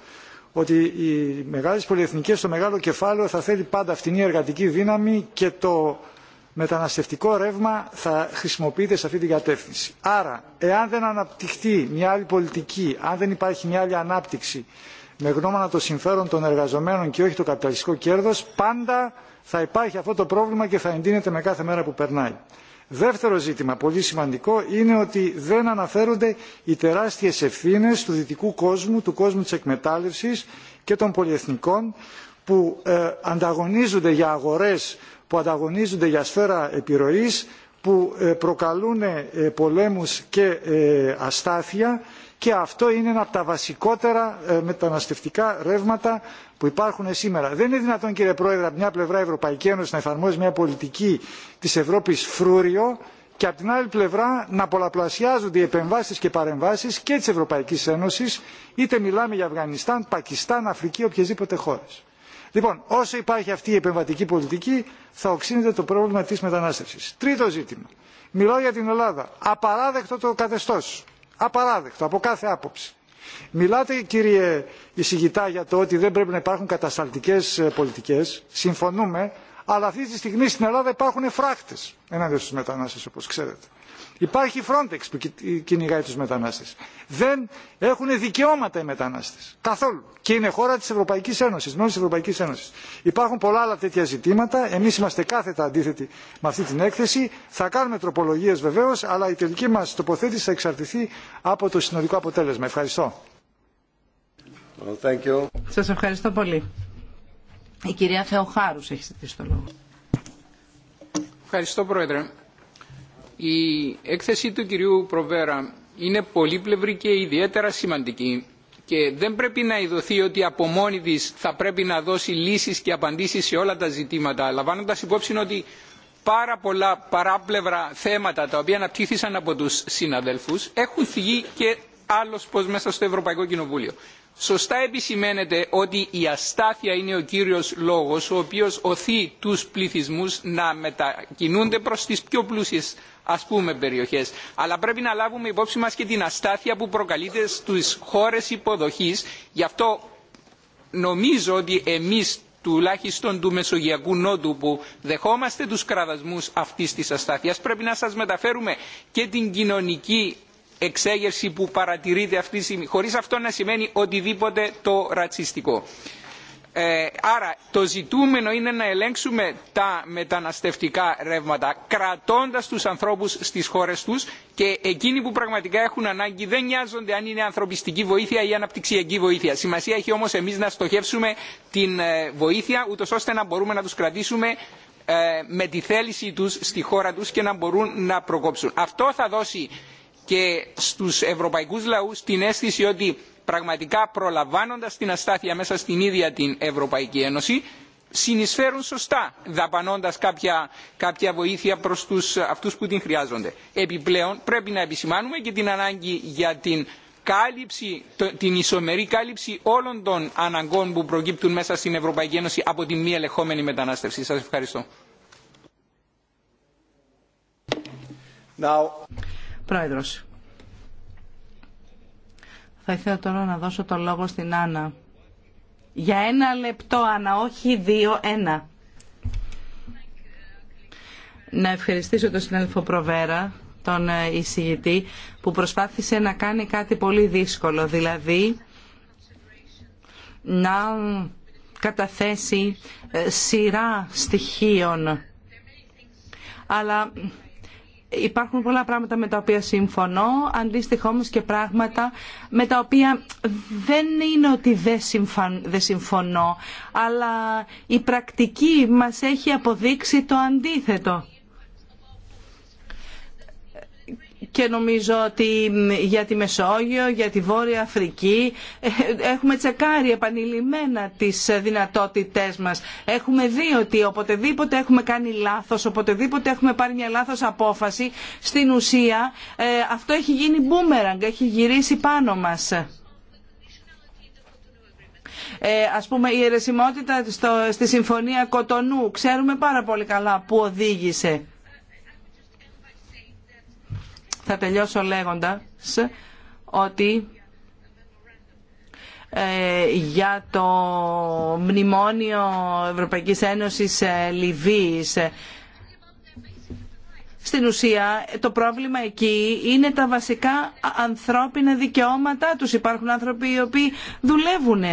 ότι οι μεγάλες πολυεθνικές στο μεγάλο κεφάλαιο θα θέλει πάντα φτηνή εργατική δύναμη και το μεταναστευτικό ρεύμα θα χρησιμοποιείται σε αυτή την κατεύθυνση. Άρα, εάν δεν αναπτυχθεί μια άλλη πολιτική, αν δεν υπάρχει μια άλλη ανάπτυξη με γνώμονα το συμφέρον των εργαζομένων και όχι το καπιταλιστικό κέρδος, πάντα θα υπάρχει αυτό το πρόβλημα και θα εντείνεται με κάθε μέρα που περνάει. Δεύτερο ζήτημα, πολύ σημαντικό, είναι ότι δεν αναφέρονται οι τεράστιες ευθύνες του δυτικού κόσμου, του κόσμου της εκμετάλλευσης και των πολυεθνικών που ε, ανταγωνίζονται για αγορές, που ανταγωνίζονται για σφαίρα επιρροής, που ε, προκαλούν ε, πολέμους και αστάθεια και αυτό είναι ένα από τα βασικότερα ε, μεταναστευτικά ρεύματα που υπάρχουν σήμερα. Δεν είναι δυνατόν κύριε Πρόεδρε από μια πλευρά η Ευρωπαϊκή Ένωση να εφαρμόζει μια πολιτική της Ευρώπης φρούριο και από την άλλη πλευρά να πολλαπλασιάζονται οι επεμβάσεις και παρεμβάσεις και της Ευρωπαϊκής Ένωσης είτε μιλάμε για Αφγανιστάν, Πακιστάν, Αφρική, οποιασδήποτε χώρες. Λοιπόν, όσο υπάρχει αυτή η επεμβατική πολιτική θα οξύνεται το πρόβλημα της μετανάστευσης. Τρίτο ζήτημα. Μιλάω για την Ελλάδα. Απαράδεκτο το καθεστώς Απαράδεκτο από κάθε άποψη. Μιλάτε κύριε εισηγητά για το ότι δεν πρέπει να υπάρχουν κατασταλτικές ε, πολιτικές. Συμφωνούμε. Αλλά αυτή τη στιγμή στην Ελλάδα υπάρχουν φράχτες ενάντια στους μετανάστες όπως ξέρετε. Υπάρχει Frontex που ε, κυνηγάει τους μετανάστες. Δεν έχουν δικαιώματα οι μετανάστες. Καθόλου. Και είναι χώρα της Ευρωπαϊκής Ένωσης, μόνο της Ευρωπαϊκής Ένωσης. Υπάρχουν πολλά άλλα τέτοια ζητήματα. Εμείς είμαστε κάθετα αντίθετοι με αυτή την έκθεση. Θα κάνουμε τροπολογίες βεβαίως, αλλά η τελική μας τοποθέτηση θα εξαρτηθεί από το συνολικό αποτέλεσμα. Ευχαριστώ. Well, Σας ευχαριστώ πολύ. Η κυρία Θεοχάρους έχει ζητήσει το λόγο. Ευχαριστώ, Πρόεδρε. Η έκθεση του κυρίου Προβέρα είναι πολύπλευρη και ιδιαίτερα σημαντική και δεν πρέπει να ειδωθεί ότι από μόνη της θα πρέπει να δώσει λύσεις και απαντήσεις σε όλα τα ζητήματα, λαμβάνοντας υπόψη ότι πάρα πολλά παράπλευρα θέματα τα οποία αναπτύχθησαν από τους συναδέλφους έχουν φυγεί και άλλος πως μέσα στο Ευρωπαϊκό Κοινοβούλιο. Σωστά επισημαίνεται ότι η αστάθεια είναι ο κύριος λόγος ο οποίος οθεί τους πληθυσμούς να μετακινούνται προς τις πιο πλούσιες ας πούμε περιοχές αλλά πρέπει να λάβουμε υπόψη μας και την αστάθεια που προκαλείται στις χώρες υποδοχής γι' αυτό νομίζω ότι εμείς τουλάχιστον του μεσογειακού νότου που δεχόμαστε τους κραδασμούς αυτής της αστάθειας πρέπει να σας μεταφέρουμε και την κοινωνική εξέγερση που παρατηρείται αυτή τη στιγμή χωρίς αυτό να σημαίνει οτιδήποτε το ρατσιστικό. Ε, άρα το ζητούμενο είναι να ελέγξουμε τα μεταναστευτικά ρεύματα κρατώντας τους ανθρώπους στις χώρες τους και εκείνοι που πραγματικά έχουν ανάγκη δεν νοιάζονται αν είναι ανθρωπιστική βοήθεια ή αναπτυξιακή βοήθεια. Σημασία έχει όμως εμείς να στοχεύσουμε την ε, βοήθεια ούτως ώστε να μπορούμε να τους κρατήσουμε ε, με τη θέλησή τους στη χώρα τους και να μπορούν να προκόψουν. Αυτό θα δώσει και στους ευρωπαϊκούς λαούς την αίσθηση ότι πραγματικά προλαμβάνοντας την αστάθεια μέσα στην ίδια την Ευρωπαϊκή Ένωση συνεισφέρουν σωστά δαπανώντας κάποια, βοήθεια προς τους, αυτούς που την χρειάζονται. Επιπλέον πρέπει να επισημάνουμε και την ανάγκη για την ισομερή κάλυψη όλων των αναγκών που προκύπτουν μέσα στην Ευρωπαϊκή Ένωση από τη μη ελεγχόμενη μετανάστευση. Σας ευχαριστώ. Θα ήθελα τώρα να δώσω το λόγο στην Άννα. Για ένα λεπτό, Άννα, όχι δύο, ένα. Να ευχαριστήσω τον συνάδελφο Προβέρα, τον ε, εισηγητή, που προσπάθησε να κάνει κάτι πολύ δύσκολο, δηλαδή να καταθέσει ε, σειρά στοιχείων. Αλλά υπάρχουν πολλά πράγματα με τα οποία συμφωνώ, αντίστοιχα όμως και πράγματα με τα οποία δεν είναι ότι δεν, συμφωνώ, αλλά η πρακτική μας έχει αποδείξει το αντίθετο και νομίζω ότι για τη Μεσόγειο, για τη Βόρεια Αφρική ε, έχουμε τσεκάρει επανειλημμένα τις ε, δυνατότητές μας. Έχουμε δει ότι οποτεδήποτε έχουμε κάνει λάθος, οποτεδήποτε έχουμε πάρει μια λάθος απόφαση, στην ουσία ε, αυτό έχει γίνει μπούμεραγκ, έχει γυρίσει πάνω μας. Ε, ας πούμε η αιρεσιμότητα στη Συμφωνία Κοτονού ξέρουμε πάρα πολύ καλά που οδήγησε θα τελειώσω λέγοντας ότι ε, για το Μνημόνιο Ευρωπαϊκής Ένωσης ε, Λιβύης. Ε, στην ουσία το πρόβλημα εκεί είναι τα βασικά ανθρώπινα δικαιώματά τους. Υπάρχουν άνθρωποι οι οποίοι δουλεύουν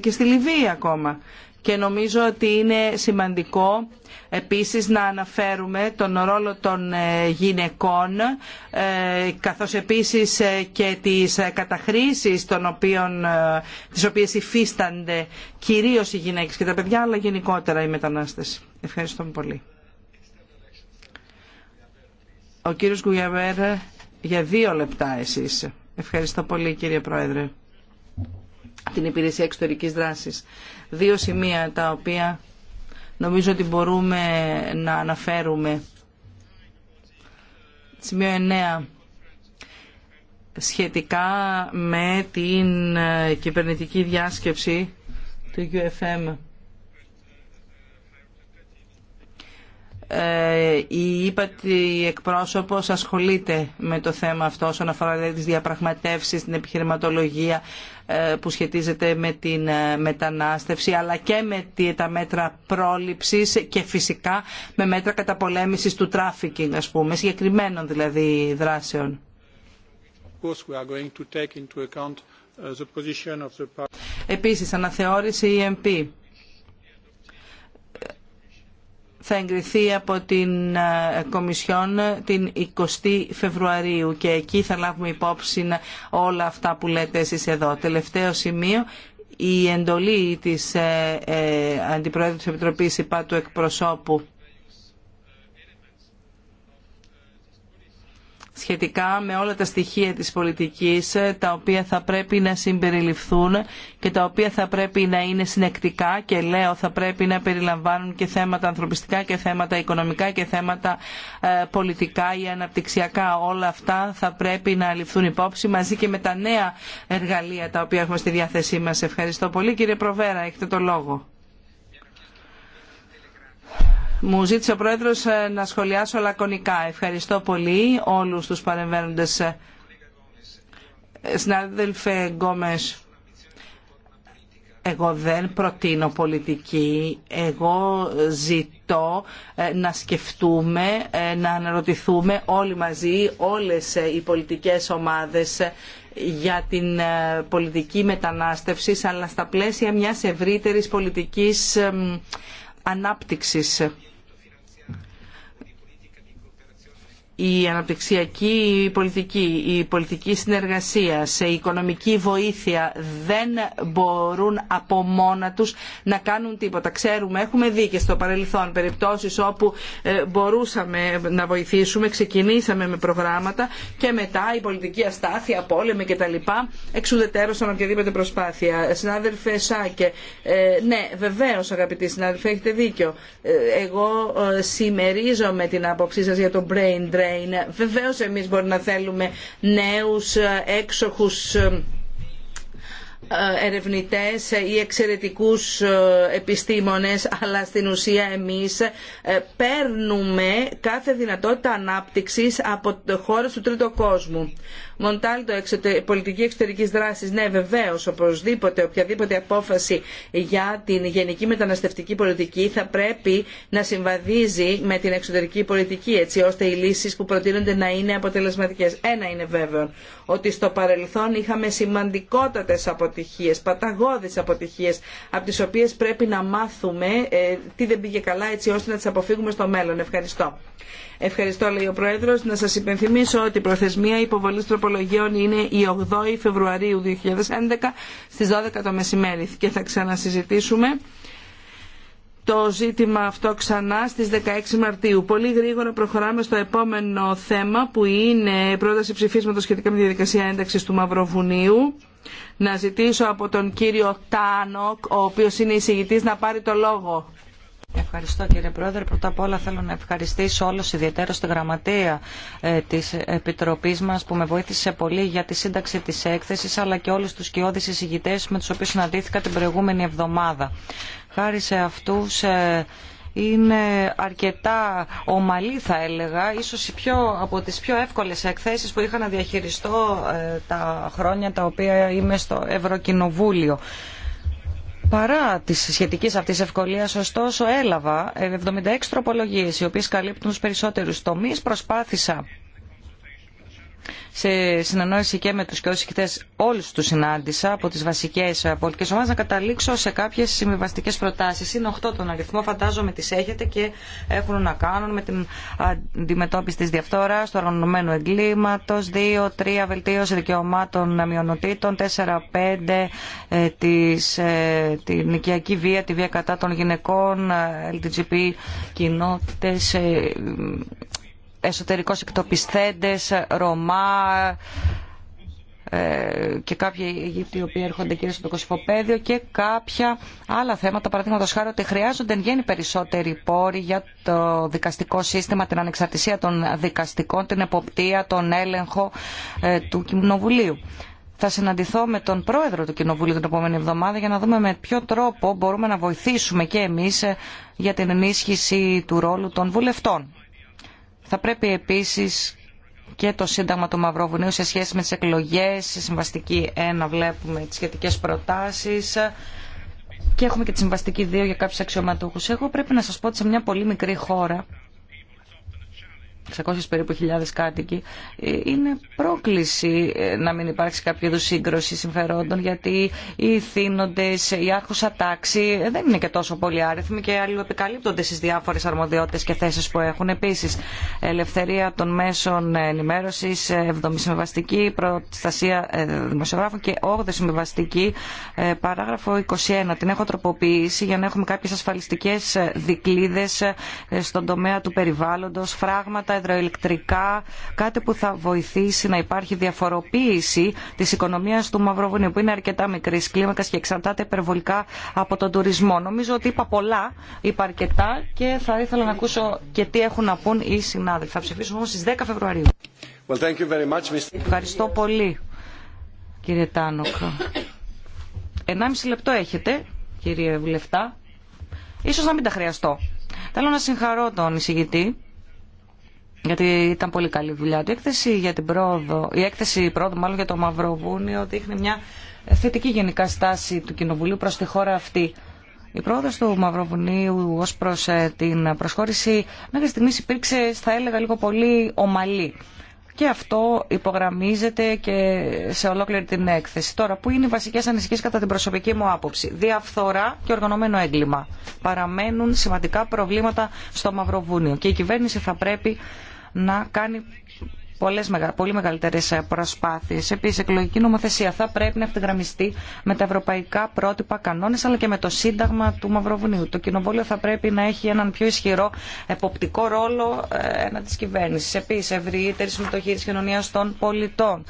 και στη Λιβύη ακόμα και νομίζω ότι είναι σημαντικό επίσης να αναφέρουμε τον ρόλο των ε, γυναικών ε, καθώς επίσης ε, και τις καταχρήσεις των οποίων, τις οποίες υφίστανται κυρίως οι γυναίκες και τα παιδιά αλλά γενικότερα οι μετανάστες. Ευχαριστώ πολύ. Ο κύριος Γκουγιαβέρ για δύο λεπτά εσείς. Ευχαριστώ πολύ κύριε Πρόεδρε την υπηρεσία εξωτερικής δράσης. Δύο σημεία τα οποία νομίζω ότι μπορούμε να αναφέρουμε. Σημείο 9 σχετικά με την ε, κυβερνητική διάσκεψη του UFM. Ε, η ύπατη εκπρόσωπος ασχολείται με το θέμα αυτό όσον αφορά δηλαδή, τις διαπραγματεύσεις, την επιχειρηματολογία ε, που σχετίζεται με την ε, μετανάστευση αλλά και με τα μέτρα πρόληψης και φυσικά με μέτρα καταπολέμησης του τράφικινγκ ας πούμε, συγκεκριμένων δηλαδή δράσεων. Επίσης, αναθεώρηση EMP θα εγκριθεί από την ε, Κομισιόν την 20η Φεβρουαρίου και εκεί θα λάβουμε υπόψη όλα αυτά που λέτε εσείς εδώ. Τελευταίο σημείο, η εντολή της ε, ε, Αντιπρόεδρου της Επιτροπής ΥΠΑ του εκπροσώπου σχετικά με όλα τα στοιχεία της πολιτικής ε, τα οποία θα πρέπει να συμπεριληφθούν και τα οποία θα πρέπει να είναι συνεκτικά και λέω θα πρέπει να περιλαμβάνουν και θέματα ανθρωπιστικά και θέματα οικονομικά και θέματα ε, πολιτικά ή αναπτυξιακά. Όλα αυτά θα πρέπει να ληφθούν υπόψη μαζί και με τα νέα εργαλεία τα οποία έχουμε στη διάθεσή μας. Ευχαριστώ πολύ. Κύριε Προβέρα, έχετε το λόγο. Μου ζήτησε ο πρόεδρο ε, να σχολιάσω λακωνικά. Ευχαριστώ πολύ όλους τους παρεμβαίνοντε. Ε, συνάδελφε Γκόμες. Εγώ δεν προτείνω πολιτική, εγώ ζητώ ε, να σκεφτούμε, να αναρωτηθούμε όλοι μαζί, όλες οι πολιτικές ομάδες για την πολιτική μετανάστευση, αλλά στα πλαίσια μιας ευρύτερης πολιτικής ανάπτυξης. η αναπτυξιακή πολιτική, η πολιτική συνεργασία, η οικονομική βοήθεια δεν μπορούν από μόνα τους να κάνουν τίποτα. Ξέρουμε, έχουμε δει και στο παρελθόν περιπτώσεις όπου ε, μπορούσαμε να βοηθήσουμε, ξεκινήσαμε με προγράμματα και μετά η πολιτική αστάθεια, πόλεμοι κτλ. εξουδετερώσαν οποιαδήποτε προσπάθεια. Συνάδελφε Σάκε, ε, ναι βεβαίως αγαπητοί συνάδελφοι έχετε δίκιο. Ε, εγώ συμμερίζομαι την άποψή σας για το brain drain Βεβαίω, Βεβαίως εμείς μπορεί να θέλουμε νέους ε, έξοχους ε, ε, ερευνητές ή εξαιρετικούς επιστήμονες αλλά στην ουσία εμείς παίρνουμε κάθε δυνατότητα ανάπτυξης από χώρες του τρίτου κόσμου. Μοντάλτο, πολιτική εξωτερική δράση. Ναι, βεβαίω, οπωσδήποτε, οποιαδήποτε απόφαση για την γενική μεταναστευτική πολιτική θα πρέπει να συμβαδίζει με την εξωτερική πολιτική, έτσι ώστε οι λύσει που προτείνονται να είναι αποτελεσματικέ. Ένα είναι βέβαιο, ότι στο παρελθόν είχαμε σημαντικότατε αποτυχίε, παταγώδει αποτυχίε, από τι οποίε πρέπει να μάθουμε ε, τι δεν πήγε καλά, έτσι ώστε να τι αποφύγουμε στο μέλλον. Ευχαριστώ. Ευχαριστώ, λέει ο Πρόεδρο. Να σα υπενθυμίσω ότι η προθεσμία υποβολή τροπολογιών είναι η 8η Φεβρουαρίου 2011 στι 12 το μεσημέρι και θα ξανασυζητήσουμε το ζήτημα αυτό ξανά στις 16 Μαρτίου. Πολύ γρήγορα προχωράμε στο επόμενο θέμα που είναι πρόταση ψηφίσματος σχετικά με τη διαδικασία ένταξης του Μαυροβουνίου. Να ζητήσω από τον κύριο Τάνοκ, ο οποίος είναι εισηγητής, να πάρει το λόγο. Ευχαριστώ κύριε Πρόεδρε. Πρώτα απ' όλα θέλω να ευχαριστήσω όλους ιδιαίτερα στη γραμματεία ε, της Επιτροπής μας που με βοήθησε πολύ για τη σύνταξη της έκθεσης αλλά και όλους τους κοιόδης εισηγητές με τους οποίους συναντήθηκα την προηγούμενη εβδομάδα. Χάρη σε αυτούς ε, είναι αρκετά ομαλή θα έλεγα, ίσως από τις πιο εύκολες εκθέσεις που είχα να διαχειριστώ ε, τα χρόνια τα οποία είμαι στο Ευρωκοινοβούλιο. Παρά τη σχετική αυτή ευκολία, ωστόσο, έλαβα 76 τροπολογίε, οι οποίε καλύπτουν του περισσότερου τομεί. Προσπάθησα σε συνεννόηση και με τους και όσοι όλους τους συνάντησα από τις βασικές πολιτικές ομάδες να καταλήξω σε κάποιες συμβιβαστικές προτάσεις. Είναι 8 τον αριθμό, φαντάζομαι τις έχετε και έχουν να κάνουν με την αντιμετώπιση της διαφθοράς, του οργανωμένου εγκλήματος, 2-3 βελτίωση δικαιωμάτων μειονοτήτων, 4-5 ε, ε, την οικιακή βία, τη βία κατά των γυναικών, ε, LTGP κοινότητες, εσωτερικώς εκτοπισθέντες, Ρωμά ε, και κάποιοι Αιγύπτιοι οι οποίοι έρχονται κυρίως στο Κωσυφοπαίδιο και κάποια άλλα θέματα, παραδείγματο χάρη ότι χρειάζονται εν γέννη περισσότεροι πόροι για το δικαστικό σύστημα, την ανεξαρτησία των δικαστικών, την εποπτεία, τον έλεγχο ε, του Κοινοβουλίου. Θα συναντηθώ με τον πρόεδρο του Κοινοβουλίου την επόμενη εβδομάδα για να δούμε με ποιο τρόπο μπορούμε να βοηθήσουμε και εμείς ε, για την ενίσχυση του ρόλου των βουλευτών. Θα πρέπει επίσης και το Σύνταγμα του Μαυροβουνίου σε σχέση με τις εκλογές, στη Συμβαστική 1 βλέπουμε τις σχετικές προτάσεις και έχουμε και τη Συμβαστική 2 για κάποιους αξιωματούχους. Εγώ πρέπει να σας πω ότι σε μια πολύ μικρή χώρα 600 περίπου χιλιάδες κάτοικοι, ε, είναι πρόκληση ε, να μην υπάρξει κάποιο είδου σύγκρουση συμφερόντων, γιατί οι θύνοντες, ε, η άρχουσα τάξη δεν είναι και τόσο πολύ άριθμοι και επικαλύπτονται στις διάφορες αρμοδιότητες και θέσεις που έχουν. Επίσης, ελευθερία των μέσων ενημέρωσης, 7η προστασία δημοσιογράφων και 8η συμβαστική, παράγραφο 21. Την έχω τροποποιήσει για να έχουμε κάποιες ασφαλιστικές δικλείδες στον τομέα του περιβάλλοντος, φράγματα υδροελεκτρικά, κάτι που θα βοηθήσει να υπάρχει διαφοροποίηση της οικονομίας του Μαυροβουνίου, που είναι αρκετά μικρή κλίμακα και εξαρτάται υπερβολικά από τον τουρισμό. Νομίζω ότι είπα πολλά, είπα αρκετά και θα ήθελα να ακούσω και τι έχουν να πούν οι συνάδελφοι. Θα ψηφίσουμε όμω στις 10 Φεβρουαρίου. Well, thank you very much, Mr. Ευχαριστώ πολύ, κύριε Τάνοκ. 1,5 λεπτό έχετε, κύριε Βουλευτά. Ίσως να μην τα χρειαστώ. Θέλω να συγχαρώ τον εισηγητή γιατί ήταν πολύ καλή δουλειά του. Η έκθεση, για την πρόοδο, η έκθεση πρόοδο μάλλον για το Μαυροβούνιο δείχνει μια θετική γενικά στάση του Κοινοβουλίου προς τη χώρα αυτή. Η πρόοδος του Μαυροβουνίου ως προς ε, την προσχώρηση μέχρι στιγμής υπήρξε, θα έλεγα, λίγο πολύ ομαλή. Και αυτό υπογραμμίζεται και σε ολόκληρη την έκθεση. Τώρα, πού είναι οι βασικές ανησυχίες κατά την προσωπική μου άποψη. Διαφθορά και οργανωμένο έγκλημα. Παραμένουν σημαντικά προβλήματα στο Μαυροβούνιο και η κυβέρνηση θα πρέπει να κάνει πολλές, πολύ μεγαλύτερες προσπάθειες. Επίσης, η εκλογική νομοθεσία θα πρέπει να ευθυγραμμιστεί με τα ευρωπαϊκά πρότυπα κανόνες, αλλά και με το Σύνταγμα του Μαυροβουνίου. Το Κοινοβούλιο θα πρέπει να έχει έναν πιο ισχυρό εποπτικό ρόλο ε, έναντι της κυβέρνησης. Επίσης, ευρύτερη συμμετοχή της κοινωνίας των πολιτών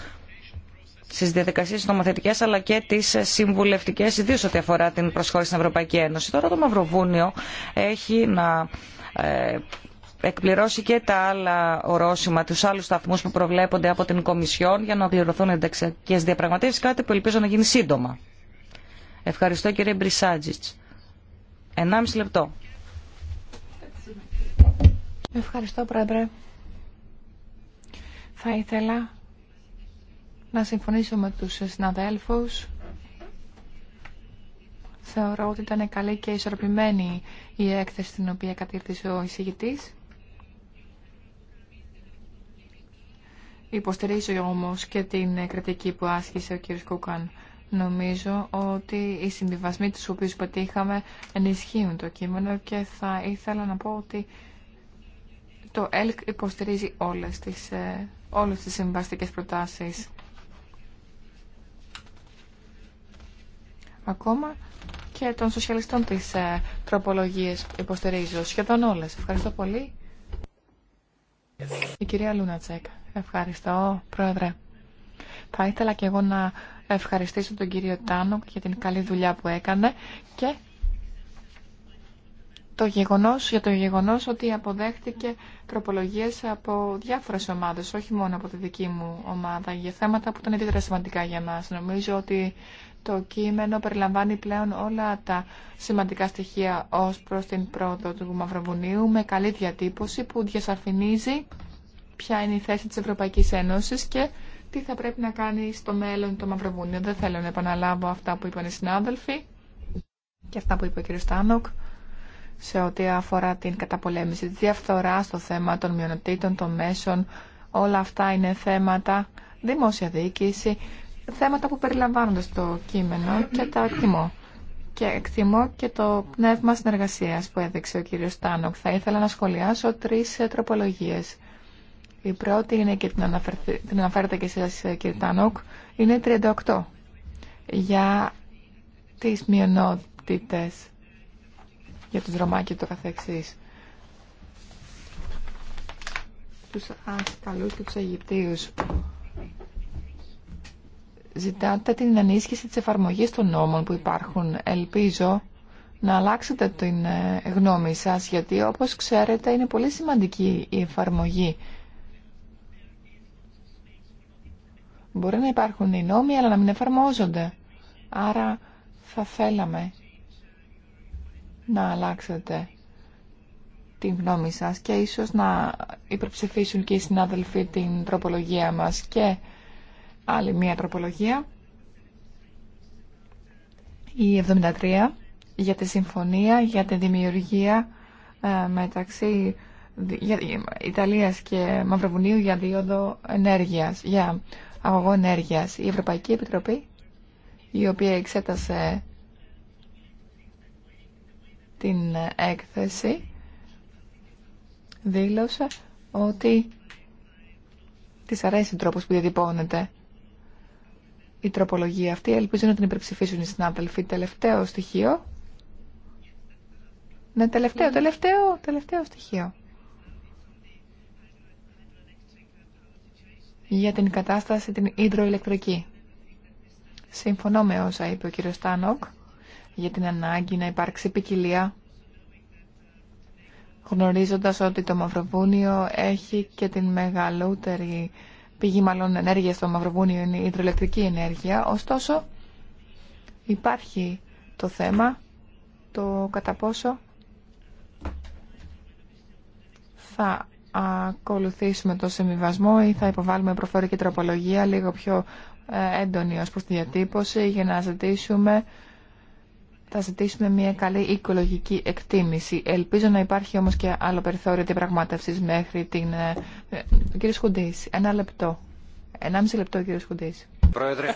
στι διαδικασίε νομοθετικέ αλλά και τι συμβουλευτικέ, ιδίω ό,τι αφορά την προσχώρηση στην Ευρωπαϊκή Ένωση. Τώρα το Μαυροβούνιο έχει να ε, εκπληρώσει και τα άλλα ορόσημα, τους άλλους σταθμούς που προβλέπονται από την Κομισιόν για να πληρωθούν ενταξιακές διαπραγματεύσεις, κάτι που ελπίζω να γίνει σύντομα. Ευχαριστώ κύριε Μπρισάτζιτς. Ενάμιση λεπτό. Ευχαριστώ πρόεδρε. Θα ήθελα να συμφωνήσω με τους συναδέλφους. Θεωρώ ότι ήταν καλή και ισορροπημένη η έκθεση την οποία κατήρθησε ο εισηγητής. Υποστηρίζω όμως και την κριτική που άσκησε ο κ. Κούκαν. Νομίζω ότι οι συμβιβασμοί του οποίου πετύχαμε ενισχύουν το κείμενο και θα ήθελα να πω ότι το ΕΛΚ υποστηρίζει όλες τις, ε, όλες τις συμβαστικές προτάσεις. Ακόμα και των σοσιαλιστών τις ε, τροπολογίες υποστηρίζω. Σχεδόν όλες. Ευχαριστώ πολύ. Η κυρία Λούνατσεκ. Ευχαριστώ, Πρόεδρε. Θα ήθελα και εγώ να ευχαριστήσω τον κύριο Τάνο για την καλή δουλειά που έκανε και το γεγονός, για το γεγονός ότι αποδέχτηκε τροπολογίες από διάφορες ομάδες, όχι μόνο από τη δική μου ομάδα, για θέματα που ήταν ιδιαίτερα σημαντικά για μας. Νομίζω ότι το κείμενο περιλαμβάνει πλέον όλα τα σημαντικά στοιχεία ως προς την πρόοδο του Μαυροβουνίου με καλή διατύπωση που διασαφηνίζει ποια είναι η θέση της Ευρωπαϊκής Ένωσης και τι θα πρέπει να κάνει στο μέλλον το Μαυροβούνιο. Δεν θέλω να επαναλάβω αυτά που είπαν οι συνάδελφοι και αυτά που είπε ο κ. Στάνοκ σε ό,τι αφορά την καταπολέμηση τη διαφθορά στο θέμα των μειονοτήτων, των μέσων. Όλα αυτά είναι θέματα δημόσια διοίκηση, θέματα που περιλαμβάνονται στο κείμενο και τα εκτιμώ. Και εκτιμώ και το πνεύμα συνεργασία που έδειξε ο κύριος Τάνοκ. Θα ήθελα να σχολιάσω τρεις ε, τροπολογίε. Η πρώτη είναι και την, αναφερθε... την αναφέρετε και εσείς ε, κύριε Τάνοκ, είναι 38 για τις μειονότητες, για τους Ρωμά και το καθεξής. Τους Ασκαλούς και τους Αιγυπτίους ζητάτε την ενίσχυση της εφαρμογής των νόμων που υπάρχουν. Ελπίζω να αλλάξετε την ε, γνώμη σας, γιατί όπως ξέρετε είναι πολύ σημαντική η εφαρμογή. Μπορεί να υπάρχουν οι νόμοι, αλλά να μην εφαρμόζονται. Άρα θα θέλαμε να αλλάξετε την γνώμη σας και ίσως να υπερψηφίσουν και οι συνάδελφοι την τροπολογία μας και άλλη μία τροπολογία. Η 73 για τη συμφωνία, για τη δημιουργία ε, μεταξύ ε, Ιταλίας και Μαυροβουνίου για δίωδο ενέργειας, για αγωγό ενέργειας. Η Ευρωπαϊκή Επιτροπή, η οποία εξέτασε την έκθεση, δήλωσε ότι της αρέσει ο τρόπος που διατυπώνεται η τροπολογία αυτή. Ελπίζω να την υπερψηφίσουν οι συνάδελφοι. Τελευταίο στοιχείο. Ναι, τελευταίο, τελευταίο, τελευταίο στοιχείο. Για την κατάσταση την υδροηλεκτρική. Συμφωνώ με όσα είπε ο κύριος Τάνοκ για την ανάγκη να υπάρξει ποικιλία γνωρίζοντας ότι το Μαυροβούνιο έχει και την μεγαλύτερη πηγή μάλλον ενέργεια στο Μαυροβούνιο είναι η υδροελεκτρική ενέργεια. Ωστόσο, υπάρχει το θέμα το κατά πόσο θα ακολουθήσουμε το συμβιβασμό ή θα υποβάλουμε προφορική τροπολογία λίγο πιο ε, έντονη ως προς τη διατύπωση για να ζητήσουμε θα ζητήσουμε μια καλή οικολογική εκτίμηση. Ελπίζω να υπάρχει όμως και άλλο περιθώριο πραγμάτευσης μέχρι την... Ε, ε, κύριε Σκουντής, ένα λεπτό. Ενάμιση λεπτό, κύριε Σκουντής. Πρόεδρε,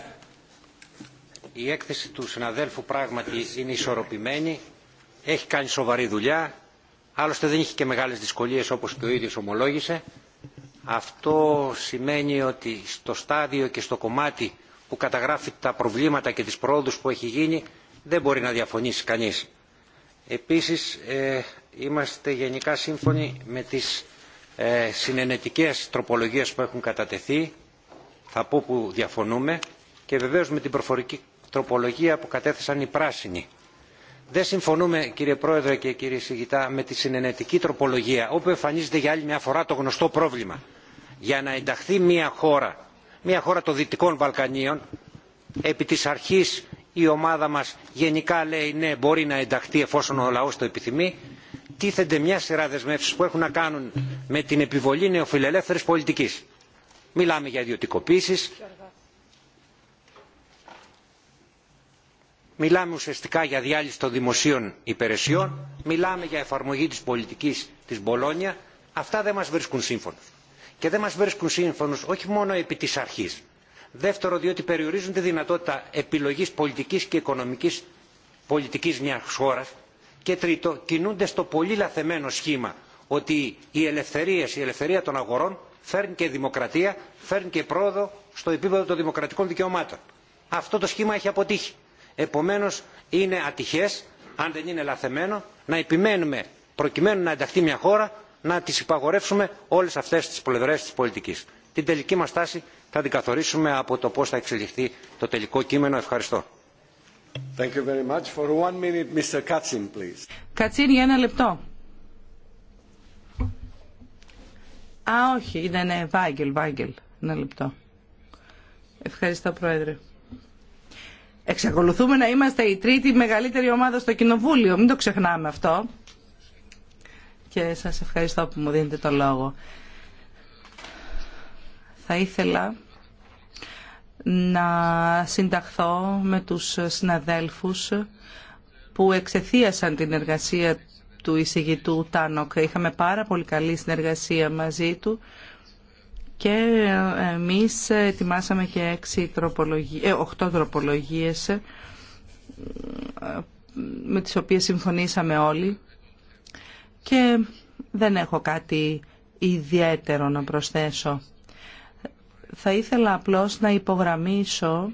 η έκθεση του συναδέλφου πράγματι είναι ισορροπημένη. Έχει κάνει σοβαρή δουλειά. Άλλωστε δεν είχε και μεγάλες δυσκολίες όπως και ο ίδιος ομολόγησε. Αυτό σημαίνει ότι στο στάδιο και στο κομμάτι που καταγράφει τα προβλήματα και τις πρόοδους που έχει γίνει δεν μπορεί να διαφωνήσει κανείς. Επίσης ε, είμαστε γενικά σύμφωνοι με τις ε, συνενετικές τροπολογίες που έχουν κατατεθεί, θα πω που διαφωνούμε και βεβαίως με την προφορική τροπολογία που κατέθεσαν οι πράσινοι. Δεν συμφωνούμε κύριε Πρόεδρε και κύριε Σιγητά με τη συνενετική τροπολογία όπου εμφανίζεται για άλλη μια φορά το γνωστό πρόβλημα. Για να ενταχθεί μια χώρα, μια χώρα των Δυτικών Βαλκανίων, επί της αρχής η ομάδα μας γενικά λέει ναι μπορεί να ενταχθεί εφόσον ο λαός το επιθυμεί τίθενται μια σειρά δεσμεύσεις που έχουν να κάνουν με την επιβολή νεοφιλελεύθερης πολιτικής. Μιλάμε για ιδιωτικοποίησεις, μιλάμε ουσιαστικά για διάλυση των δημοσίων υπηρεσιών, μιλάμε για εφαρμογή της πολιτικής της Μπολόνια. Αυτά δεν μας βρίσκουν σύμφωνος. Και δεν μας βρίσκουν σύμφωνος όχι μόνο επί της αρχής δεύτερο διότι περιορίζουν τη δυνατότητα επιλογής πολιτικής και οικονομικής πολιτικής μιας χώρας και τρίτο κινούνται στο πολύ λαθεμένο σχήμα ότι οι η ελευθερία των αγορών φέρνει και δημοκρατία, φέρνει και πρόοδο στο επίπεδο των δημοκρατικών δικαιωμάτων. Αυτό το σχήμα έχει αποτύχει. Επομένως είναι ατυχές, αν δεν είναι λαθεμένο, να επιμένουμε προκειμένου να ενταχθεί μια χώρα να της υπαγορεύσουμε όλες αυτές τις πλευρές της πολιτικής την τελική μας στάση θα την καθορίσουμε από το πώς θα εξελιχθεί το τελικό κείμενο. Ευχαριστώ. Thank you very much. For one minute, Mr. please. Κατσίν, για ένα λεπτό. Α, όχι, ήταν ναι, ναι, Βάγγελ, Βάγγελ. Ένα λεπτό. Ευχαριστώ, Πρόεδρε. Εξακολουθούμε να είμαστε η τρίτη μεγαλύτερη ομάδα στο Κοινοβούλιο. Μην το ξεχνάμε αυτό. Και σας ευχαριστώ που μου δίνετε το λόγο. Θα ήθελα να συνταχθώ με τους συναδέλφους που εξεθίασαν την εργασία του εισηγητού Τάνοκ. Είχαμε πάρα πολύ καλή συνεργασία μαζί του και εμείς ετοιμάσαμε και έξι τροπολογίες, οχτώ τροπολογίες ε, με τις οποίες συμφωνήσαμε όλοι και δεν έχω κάτι ιδιαίτερο να προσθέσω. Θα ήθελα απλώς να υπογραμμίσω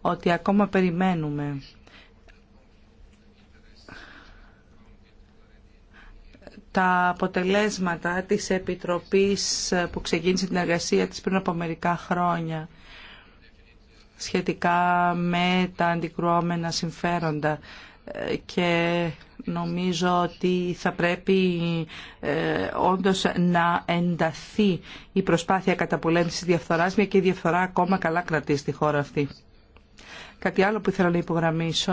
ότι ακόμα περιμένουμε. τα αποτελέσματα της Επιτροπής που ξεκίνησε την εργασία της πριν από μερικά χρόνια σχετικά με τα αντικρουόμενα συμφέροντα ε, και νομίζω ότι θα πρέπει ε, όντως να ενταθεί η προσπάθεια καταπολέμησης διαφθοράς, μια και η διαφθορά ακόμα καλά κρατεί στη χώρα αυτή. Κάτι άλλο που ήθελα να υπογραμμίσω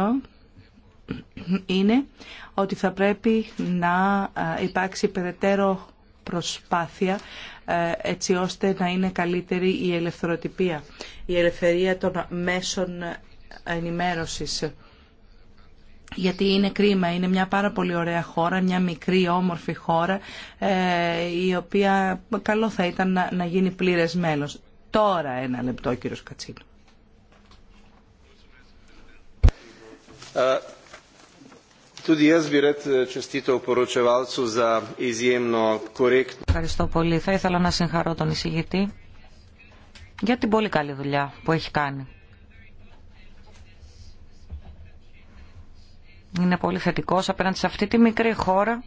είναι ότι θα πρέπει να ε, υπάρξει περαιτέρω προσπάθεια ε, έτσι ώστε να είναι καλύτερη η ελευθεροτυπία, η ελευθερία των μέσων ε, ενημέρωσης γιατί είναι κρίμα, είναι μια πάρα πολύ ωραία χώρα, μια μικρή όμορφη χώρα ε, η οποία καλό θα ήταν να, γίνει πλήρες μέλος. Τώρα ένα λεπτό κύριος Κατσίνου. Ε, ε, Ευχαριστώ πολύ. Θα ήθελα να συγχαρώ τον εισηγητή για την πολύ καλή δουλειά που έχει κάνει. είναι πολύ θετικό απέναντι σε αυτή τη μικρή χώρα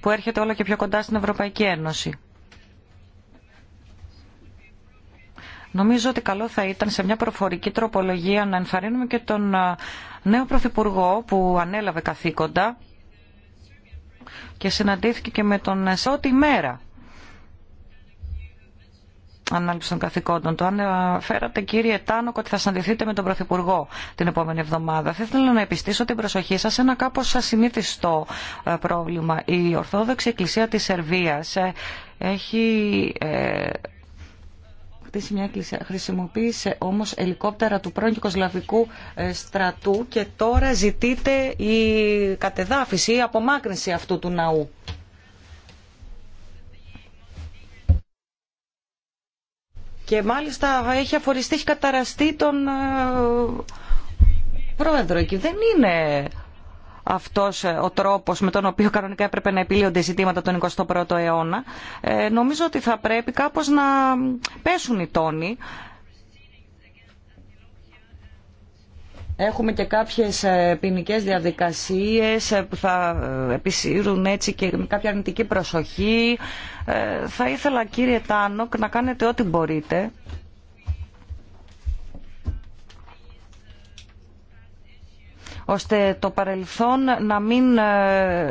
που έρχεται όλο και πιο κοντά στην Ευρωπαϊκή Ένωση. Νομίζω ότι καλό θα ήταν σε μια προφορική τροπολογία να ενθαρρύνουμε και τον ε, νέο Πρωθυπουργό που ανέλαβε καθήκοντα και συναντήθηκε και με τον ε, Σότι Μέρα ανάληψη των καθηκόντων του. Αν ε, φέρατε κύριε Τάνοκ ότι θα συναντηθείτε με τον Πρωθυπουργό την επόμενη εβδομάδα, θα ήθελα να επιστήσω την προσοχή σας σε ένα κάπω ασυνήθιστο ε, πρόβλημα. Η Ορθόδοξη Εκκλησία της Σερβίας ε, έχει χτίσει μια εκκλησία. Χρησιμοποίησε όμως ελικόπτερα του πρώην Κοσλαβικού στρατού και τώρα ζητείται η κατεδάφιση, η απομάκρυνση αυτού του ναού. και μάλιστα έχει αφοριστεί, έχει καταραστεί τον ε, πρόεδρο εκεί. Δεν είναι αυτός ε, ο τρόπος με τον οποίο κανονικά έπρεπε να επιλύονται ζητήματα τον 21ο αιώνα. Ε, νομίζω ότι θα πρέπει κάπως να πέσουν οι τόνοι Έχουμε και κάποιες ε, ποινικέ διαδικασίες ε, που θα ε, επισύρουν έτσι και με κάποια αρνητική προσοχή. Θα ήθελα κύριε Τάνοκ να κάνετε ό,τι μπορείτε. ώστε το παρελθόν να μην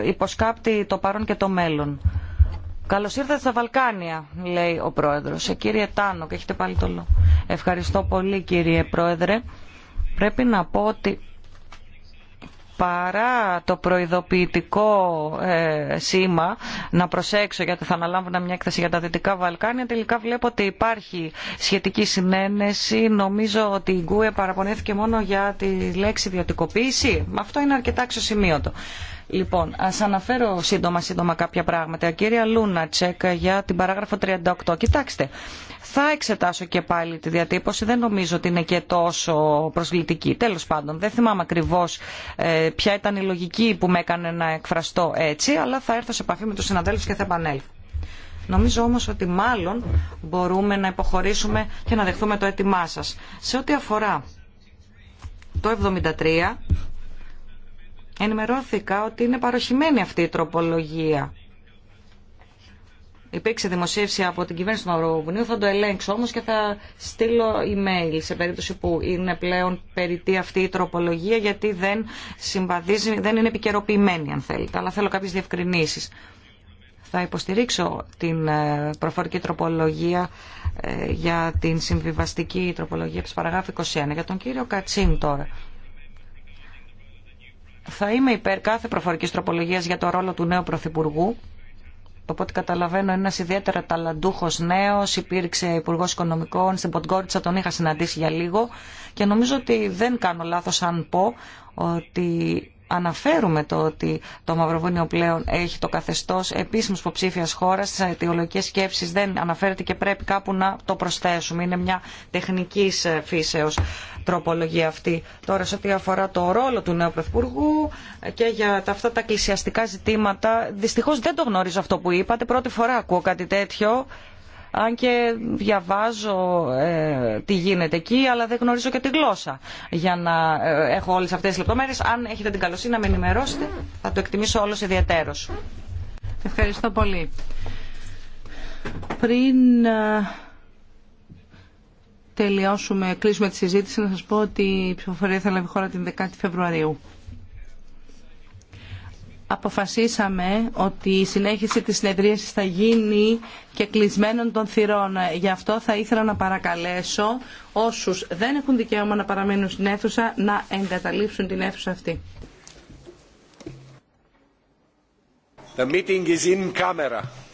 υποσκάπτει το παρόν και το μέλλον. Καλώς ήρθατε στα Βαλκάνια, λέει ο Πρόεδρος. Ε, κύριε Τάνοκ, έχετε πάλι το λόγο. Ευχαριστώ πολύ κύριε Πρόεδρε. Πρέπει να πω ότι παρά το προειδοποιητικό ε, σήμα να προσέξω γιατί θα αναλάμβω μια έκθεση για τα Δυτικά Βαλκάνια τελικά βλέπω ότι υπάρχει σχετική συνένεση νομίζω ότι η Γκουε παραπονέθηκε μόνο για τη λέξη ιδιωτικοποίηση αυτό είναι αρκετά αξιοσημείωτο Λοιπόν, α αναφέρω σύντομα, σύντομα κάποια πράγματα. Κύρια Τσέκα για την παράγραφο 38. Κοιτάξτε, θα εξετάσω και πάλι τη διατύπωση. Δεν νομίζω ότι είναι και τόσο προσβλητική. Τέλος πάντων, δεν θυμάμαι ακριβώς ε, ποια ήταν η λογική που με έκανε να εκφραστώ έτσι, αλλά θα έρθω σε επαφή με τους συναδέλφου και θα επανέλθω. Νομίζω όμως ότι μάλλον μπορούμε να υποχωρήσουμε και να δεχθούμε το έτοιμά σας. Σε ό,τι αφορά το 73, ενημερώθηκα ότι είναι παροχημένη αυτή η τροπολογία υπήρξε δημοσίευση από την κυβέρνηση του Μαυροβουνίου, θα το ελέγξω όμως και θα στείλω email σε περίπτωση που είναι πλέον περιττή αυτή η τροπολογία γιατί δεν συμβαδίζει, δεν είναι επικαιροποιημένη αν θέλετε, αλλά θέλω κάποιες διευκρινήσεις. Θα υποστηρίξω την ε, προφορική τροπολογία ε, για την συμβιβαστική τροπολογία της παραγράφου 21. Για τον κύριο Κατσίν τώρα. Θα είμαι υπέρ κάθε προφορικής τροπολογίας για το ρόλο του νέου Πρωθυπουργού από ό,τι καταλαβαίνω, ένα ιδιαίτερα ταλαντούχο νέο. Υπήρξε υπουργό οικονομικών στην Ποντγκόριτσα, τον είχα συναντήσει για λίγο. Και νομίζω ότι δεν κάνω λάθο αν πω ότι αναφέρουμε το ότι το Μαυροβούνιο πλέον έχει το καθεστώς επίσημη υποψήφια χώρας, στι αιτιολογικές σκέψει δεν αναφέρεται και πρέπει κάπου να το προσθέσουμε. Είναι μια τεχνικής ε, φύσεως τροπολογία αυτή. Τώρα σε ό,τι αφορά το ρόλο του νέου Πρωθυπουργού και για τα, αυτά τα κλησιαστικά ζητήματα, δυστυχώς δεν το γνωρίζω αυτό που είπατε, πρώτη φορά ακούω κάτι τέτοιο αν και διαβάζω ε, τι γίνεται εκεί, αλλά δεν γνωρίζω και τη γλώσσα για να ε, έχω όλες αυτές τις λεπτομέρειες. Αν έχετε την καλοσύνη να με ενημερώσετε, θα το εκτιμήσω όλος ιδιαίτερος. Ευχαριστώ πολύ. Πριν ε, τελειώσουμε, κλείσουμε τη συζήτηση, να σας πω ότι η ψηφοφορία θα λάβει χώρα την 10η Φεβρουαρίου αποφασίσαμε ότι η συνέχιση της συνεδρίασης θα γίνει και κλεισμένων των θυρών. Γι' αυτό θα ήθελα να παρακαλέσω όσους δεν έχουν δικαίωμα να παραμείνουν στην αίθουσα να εγκαταλείψουν την αίθουσα αυτή. The meeting is